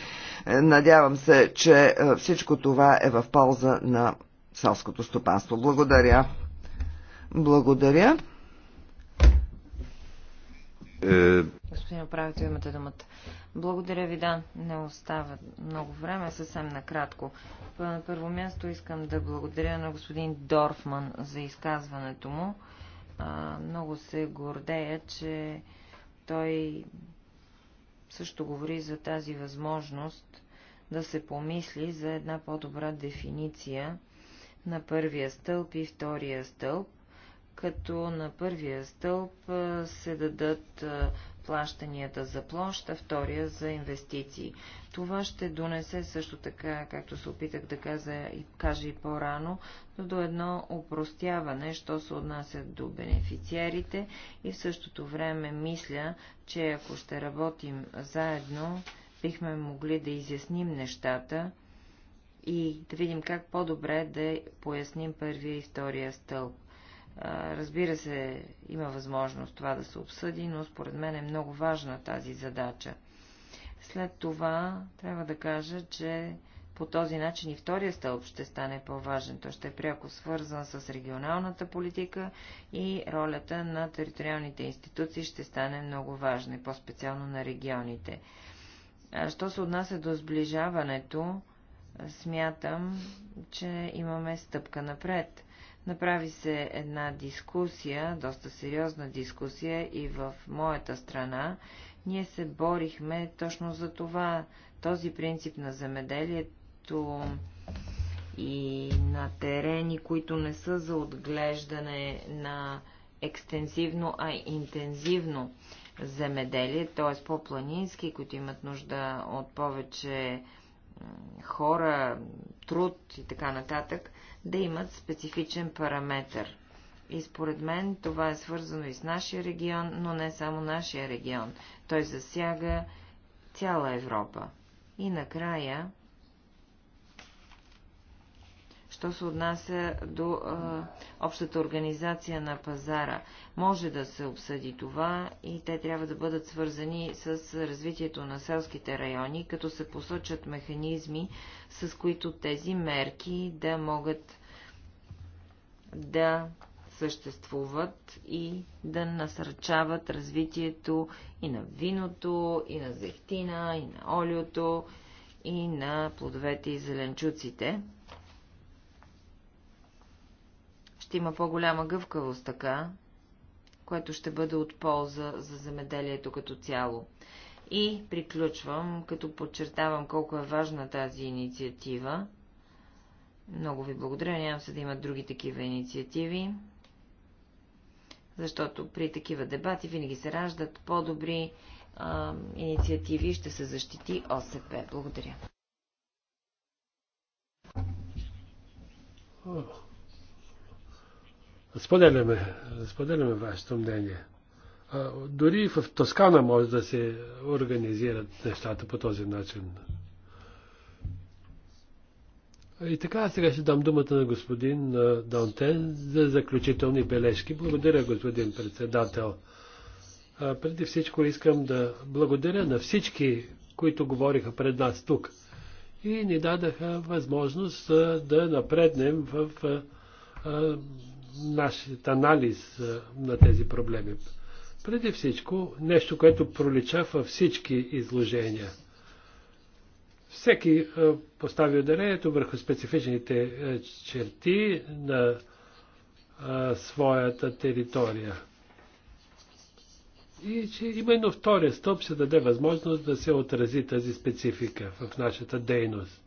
Надявам се, че всичко това е в полза на селското стопанство. Благодаря. Благодаря. Е, господин управител, имате думата. Благодаря ви, да, не остава много време, съвсем накратко. На първо място искам да благодаря на господин Дорфман за изказването му. А, много се гордея, че той също говори за тази възможност да се помисли за една по-добра дефиниция на първия стълб и втория стълб, като на първия стълб се дадат плащанията за площ, а втория за инвестиции. Това ще донесе също така, както се опитах да кажа и, кажа и по-рано, до едно упростяване, що се отнася до бенефициарите и в същото време мисля, че ако ще работим заедно, бихме могли да изясним нещата и да видим как по-добре да поясним първия и втория стълб. Разбира се, има възможност това да се обсъди, но според мен е много важна тази задача. След това трябва да кажа, че по този начин и втория стълб ще стане по-важен. Той ще е пряко свързан с регионалната политика и ролята на териториалните институции ще стане много важна, по-специално на регионите. Що се отнася до сближаването, смятам, че имаме стъпка напред. Направи се една дискусия, доста сериозна дискусия и в моята страна. Ние се борихме точно за това, този принцип на земеделието и на терени, които не са за отглеждане на екстензивно, а интензивно земеделие, т.е. по-планински, които имат нужда от повече хора, труд и така нататък да имат специфичен параметр. И според мен това е свързано и с нашия регион, но не само нашия регион. Той засяга цяла Европа. И накрая що се отнася до а, общата организация на пазара. Може да се обсъди това и те трябва да бъдат свързани с развитието на селските райони, като се посочат механизми, с които тези мерки да могат да съществуват и да насърчават развитието и на виното, и на зехтина, и на олиото, и на плодовете и зеленчуците, ще има по-голяма гъвкавост така, което ще бъде от полза за земеделието като цяло. И приключвам, като подчертавам колко е важна тази инициатива. Много ви благодаря, нямам се да имат други такива инициативи, защото при такива дебати винаги се раждат по-добри инициативи и ще се защити ОСП. Благодаря. Споделяме, споделяме вашето мнение. А, дори в Тоскана може да се организират нещата по този начин. И така, сега ще дам думата на господин Дантен за заключителни бележки. Благодаря, господин председател. А, преди всичко искам да благодаря на всички, които говориха пред нас тук и ни дадаха възможност да напреднем в нашият анализ на тези проблеми. Преди всичко, нещо, което пролича във всички изложения. Всеки постави ударението върху специфичните черти на своята територия. И че именно втория стълб ще даде възможност да се отрази тази специфика в нашата дейност.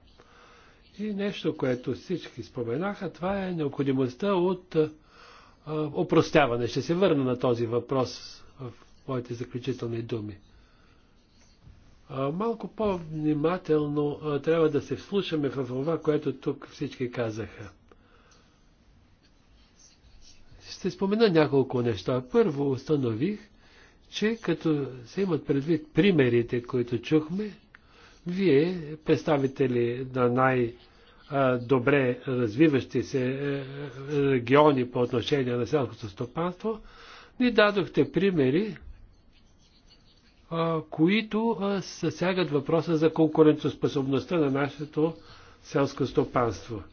И нещо, което всички споменаха, това е необходимостта от опростяване. Ще се върна на този въпрос в моите заключителни думи. Малко по-внимателно трябва да се вслушаме в това, което тук всички казаха. Ще спомена няколко неща. Първо установих, че като се имат предвид примерите, които чухме, вие, представители на най- добре развиващи се е, региони по отношение на селското стопанство, ни дадохте примери, които съсягат въпроса за конкурентоспособността на нашето селско стопанство.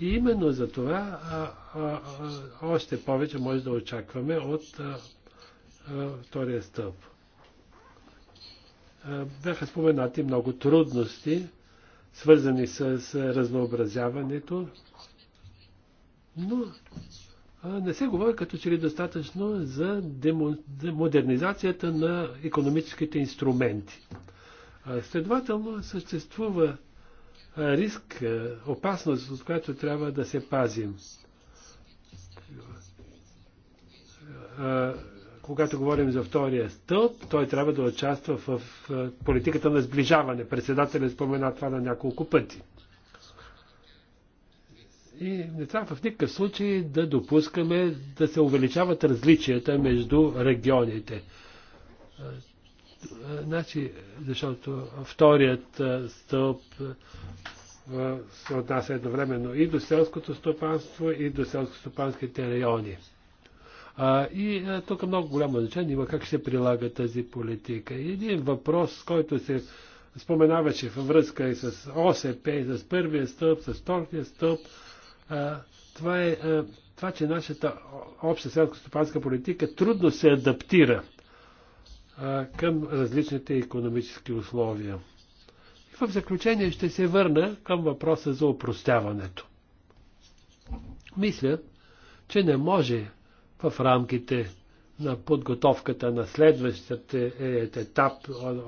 и именно за това още повече може да очакваме от втория стълб. бяха споменати много трудности, свързани с разнообразяването, но не се говори като че ли достатъчно за модернизацията на економическите инструменти. Следователно съществува риск, опасност, от която трябва да се пазим когато говорим за втория стълб, той трябва да участва в политиката на сближаване. Председателят спомена това на няколко пъти. И не трябва в никакъв случай да допускаме да се увеличават различията между регионите. Значи, защото вторият стълб се отнася едновременно и до селското стопанство, и до селско-стопанските райони. А, и а, тук много голямо значение има как се прилага тази политика. един въпрос, който се споменаваше във връзка и с ОСП, и с първия стълб, с втория стълб, а, това е а, това, че нашата обща селско-стопанска политика трудно се адаптира а, към различните економически условия. И в заключение ще се върна към въпроса за опростяването. Мисля, че не може в рамките на подготовката на следващият е, етап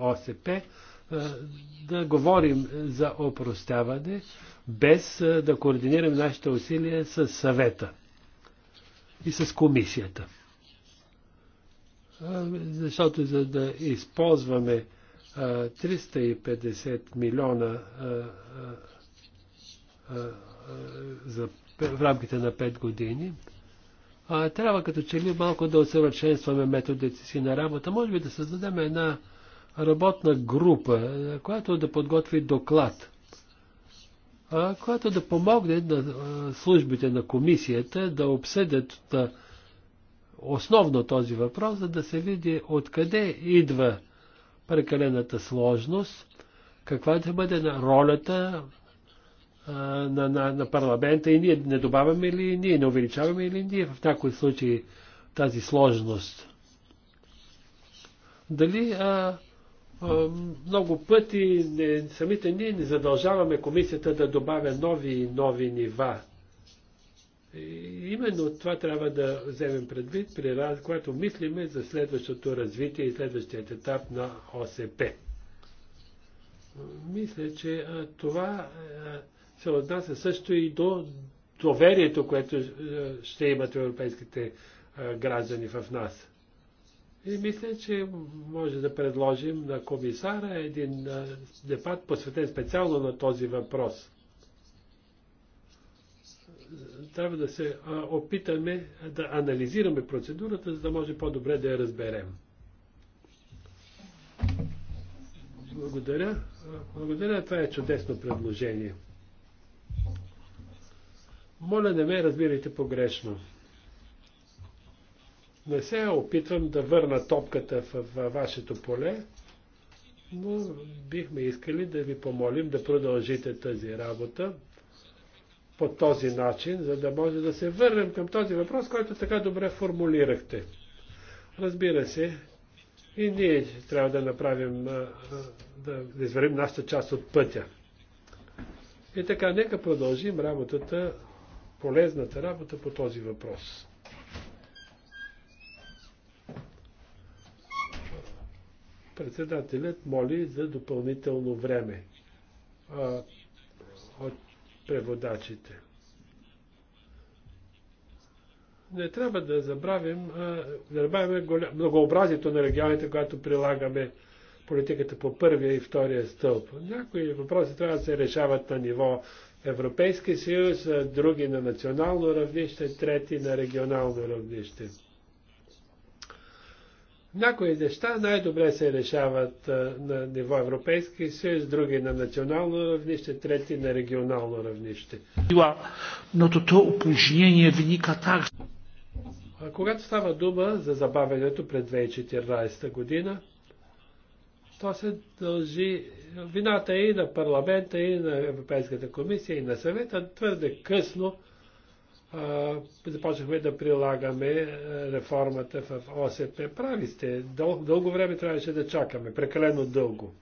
ОСП, е, да говорим за опростяване, без е, да координираме нашите усилия с съвета и с комисията. Защото за да използваме 350 милиона за, в рамките на 5 години, а, трябва като че ли малко да усъвършенстваме методите си на работа. Може би да създадем една работна група, която да подготви доклад, а, която да помогне на службите на комисията да обсъдят да, основно този въпрос, за да се види откъде идва прекалената сложност, каква ще бъде ролята на, на, на парламента и ние не добавяме или ние не увеличаваме или ние в някои случаи тази сложност. Дали а, а, много пъти не, самите ние не задължаваме комисията да добавя нови и нови нива. И именно това трябва да вземем предвид, при раз, когато мислиме за следващото развитие и следващият етап на ОСП. Мисля, че а, това а, се отнася също и до доверието, което е, ще имат европейските е, граждани в нас. И мисля, че може да предложим на комисара един е, дебат, посветен специално на този въпрос. Трябва да се опитаме да анализираме процедурата, за да може по-добре да я разберем. Благодаря. Благодаря, това е чудесно предложение. Моля, не ме разбирайте погрешно. Не се опитвам да върна топката в, в вашето поле, но бихме искали да ви помолим да продължите тази работа по този начин, за да може да се върнем към този въпрос, който така добре формулирахте. Разбира се, и ние трябва да направим, да изварим нашата част от пътя. И така, нека продължим работата полезната работа по този въпрос. Председателят моли за допълнително време а, от преводачите. Не трябва да забравим, а, да забравим голям, многообразието на регионите, когато прилагаме политиката по първия и втория стълб. Някои въпроси трябва да се решават на ниво Европейския съюз, други на национално равнище, трети на регионално равнище. Някои неща най-добре се решават на ниво Европейски съюз, други на национално равнище, трети на регионално равнище. Но то опужнение виника так. Когато става дума за забавянето пред 2014 година, то се дължи вината и на парламента, и на Европейската комисия, и на съвета. Твърде късно а, започнахме да прилагаме реформата в ОСП. Прави сте. Дъл, дълго време трябваше да чакаме. Прекалено дълго.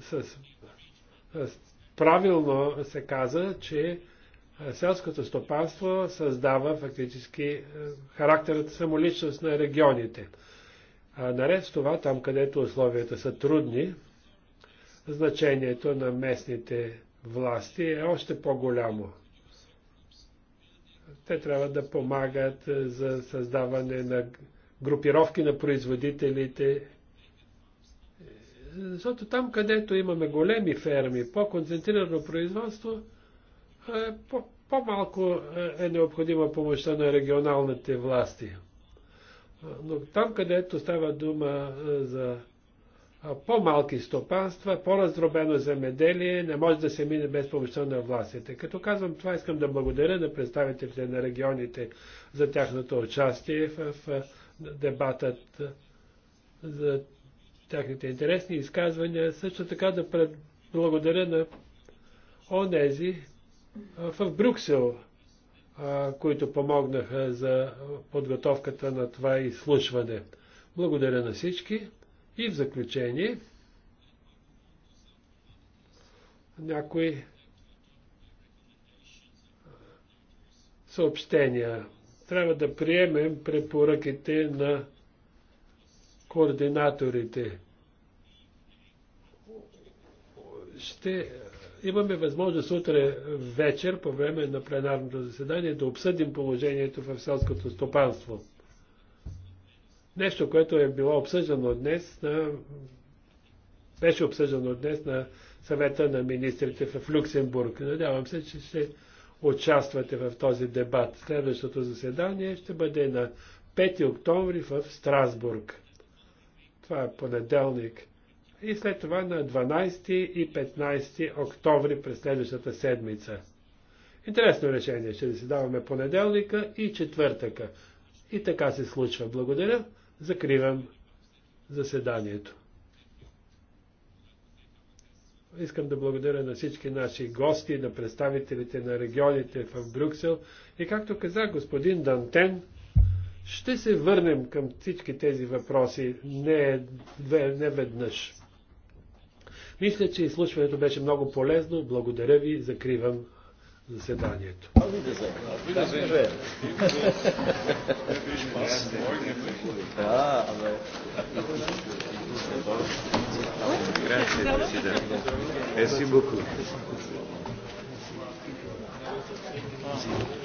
С, с правилно се каза, че селското стопанство създава фактически е, характерът самоличност на регионите. А наред с това, там където условията са трудни, значението на местните власти е още по-голямо. Те трябва да помагат е, за създаване на групировки на производителите. Е, защото там, където имаме големи ферми, по-концентрирано производство, е по по-малко е, е необходима помощта на регионалните власти. Но там, където става дума е, за по-малки стопанства, по-раздробено земеделие, не може да се мине без помощта на властите. Като казвам това, искам да благодаря на представителите на регионите за тяхното участие в дебатът, е, за тяхните интересни изказвания. Също така да благодаря на онези, в Брюксел, които помогнаха за подготовката на това изслушване. Благодаря на всички и в заключение някои съобщения. Трябва да приемем препоръките на координаторите. Ще имаме възможност утре вечер по време на пленарното заседание да обсъдим положението в селското стопанство. Нещо, което е било обсъждано днес на... беше обсъждано днес на съвета на министрите в Люксембург. Надявам се, че ще участвате в този дебат. Следващото заседание ще бъде на 5 октомври в Страсбург. Това е понеделник и след това на 12 и 15 октомври през следващата седмица. Интересно решение. Ще даваме понеделника и четвъртъка. И така се случва. Благодаря. Закривам заседанието. Искам да благодаря на всички наши гости, на представителите на регионите в Брюксел. И както каза господин Дантен, ще се върнем към всички тези въпроси не, не веднъж. Мисля, че изслушването беше много полезно. Благодаря ви. Закривам заседанието. Grazie Presidente.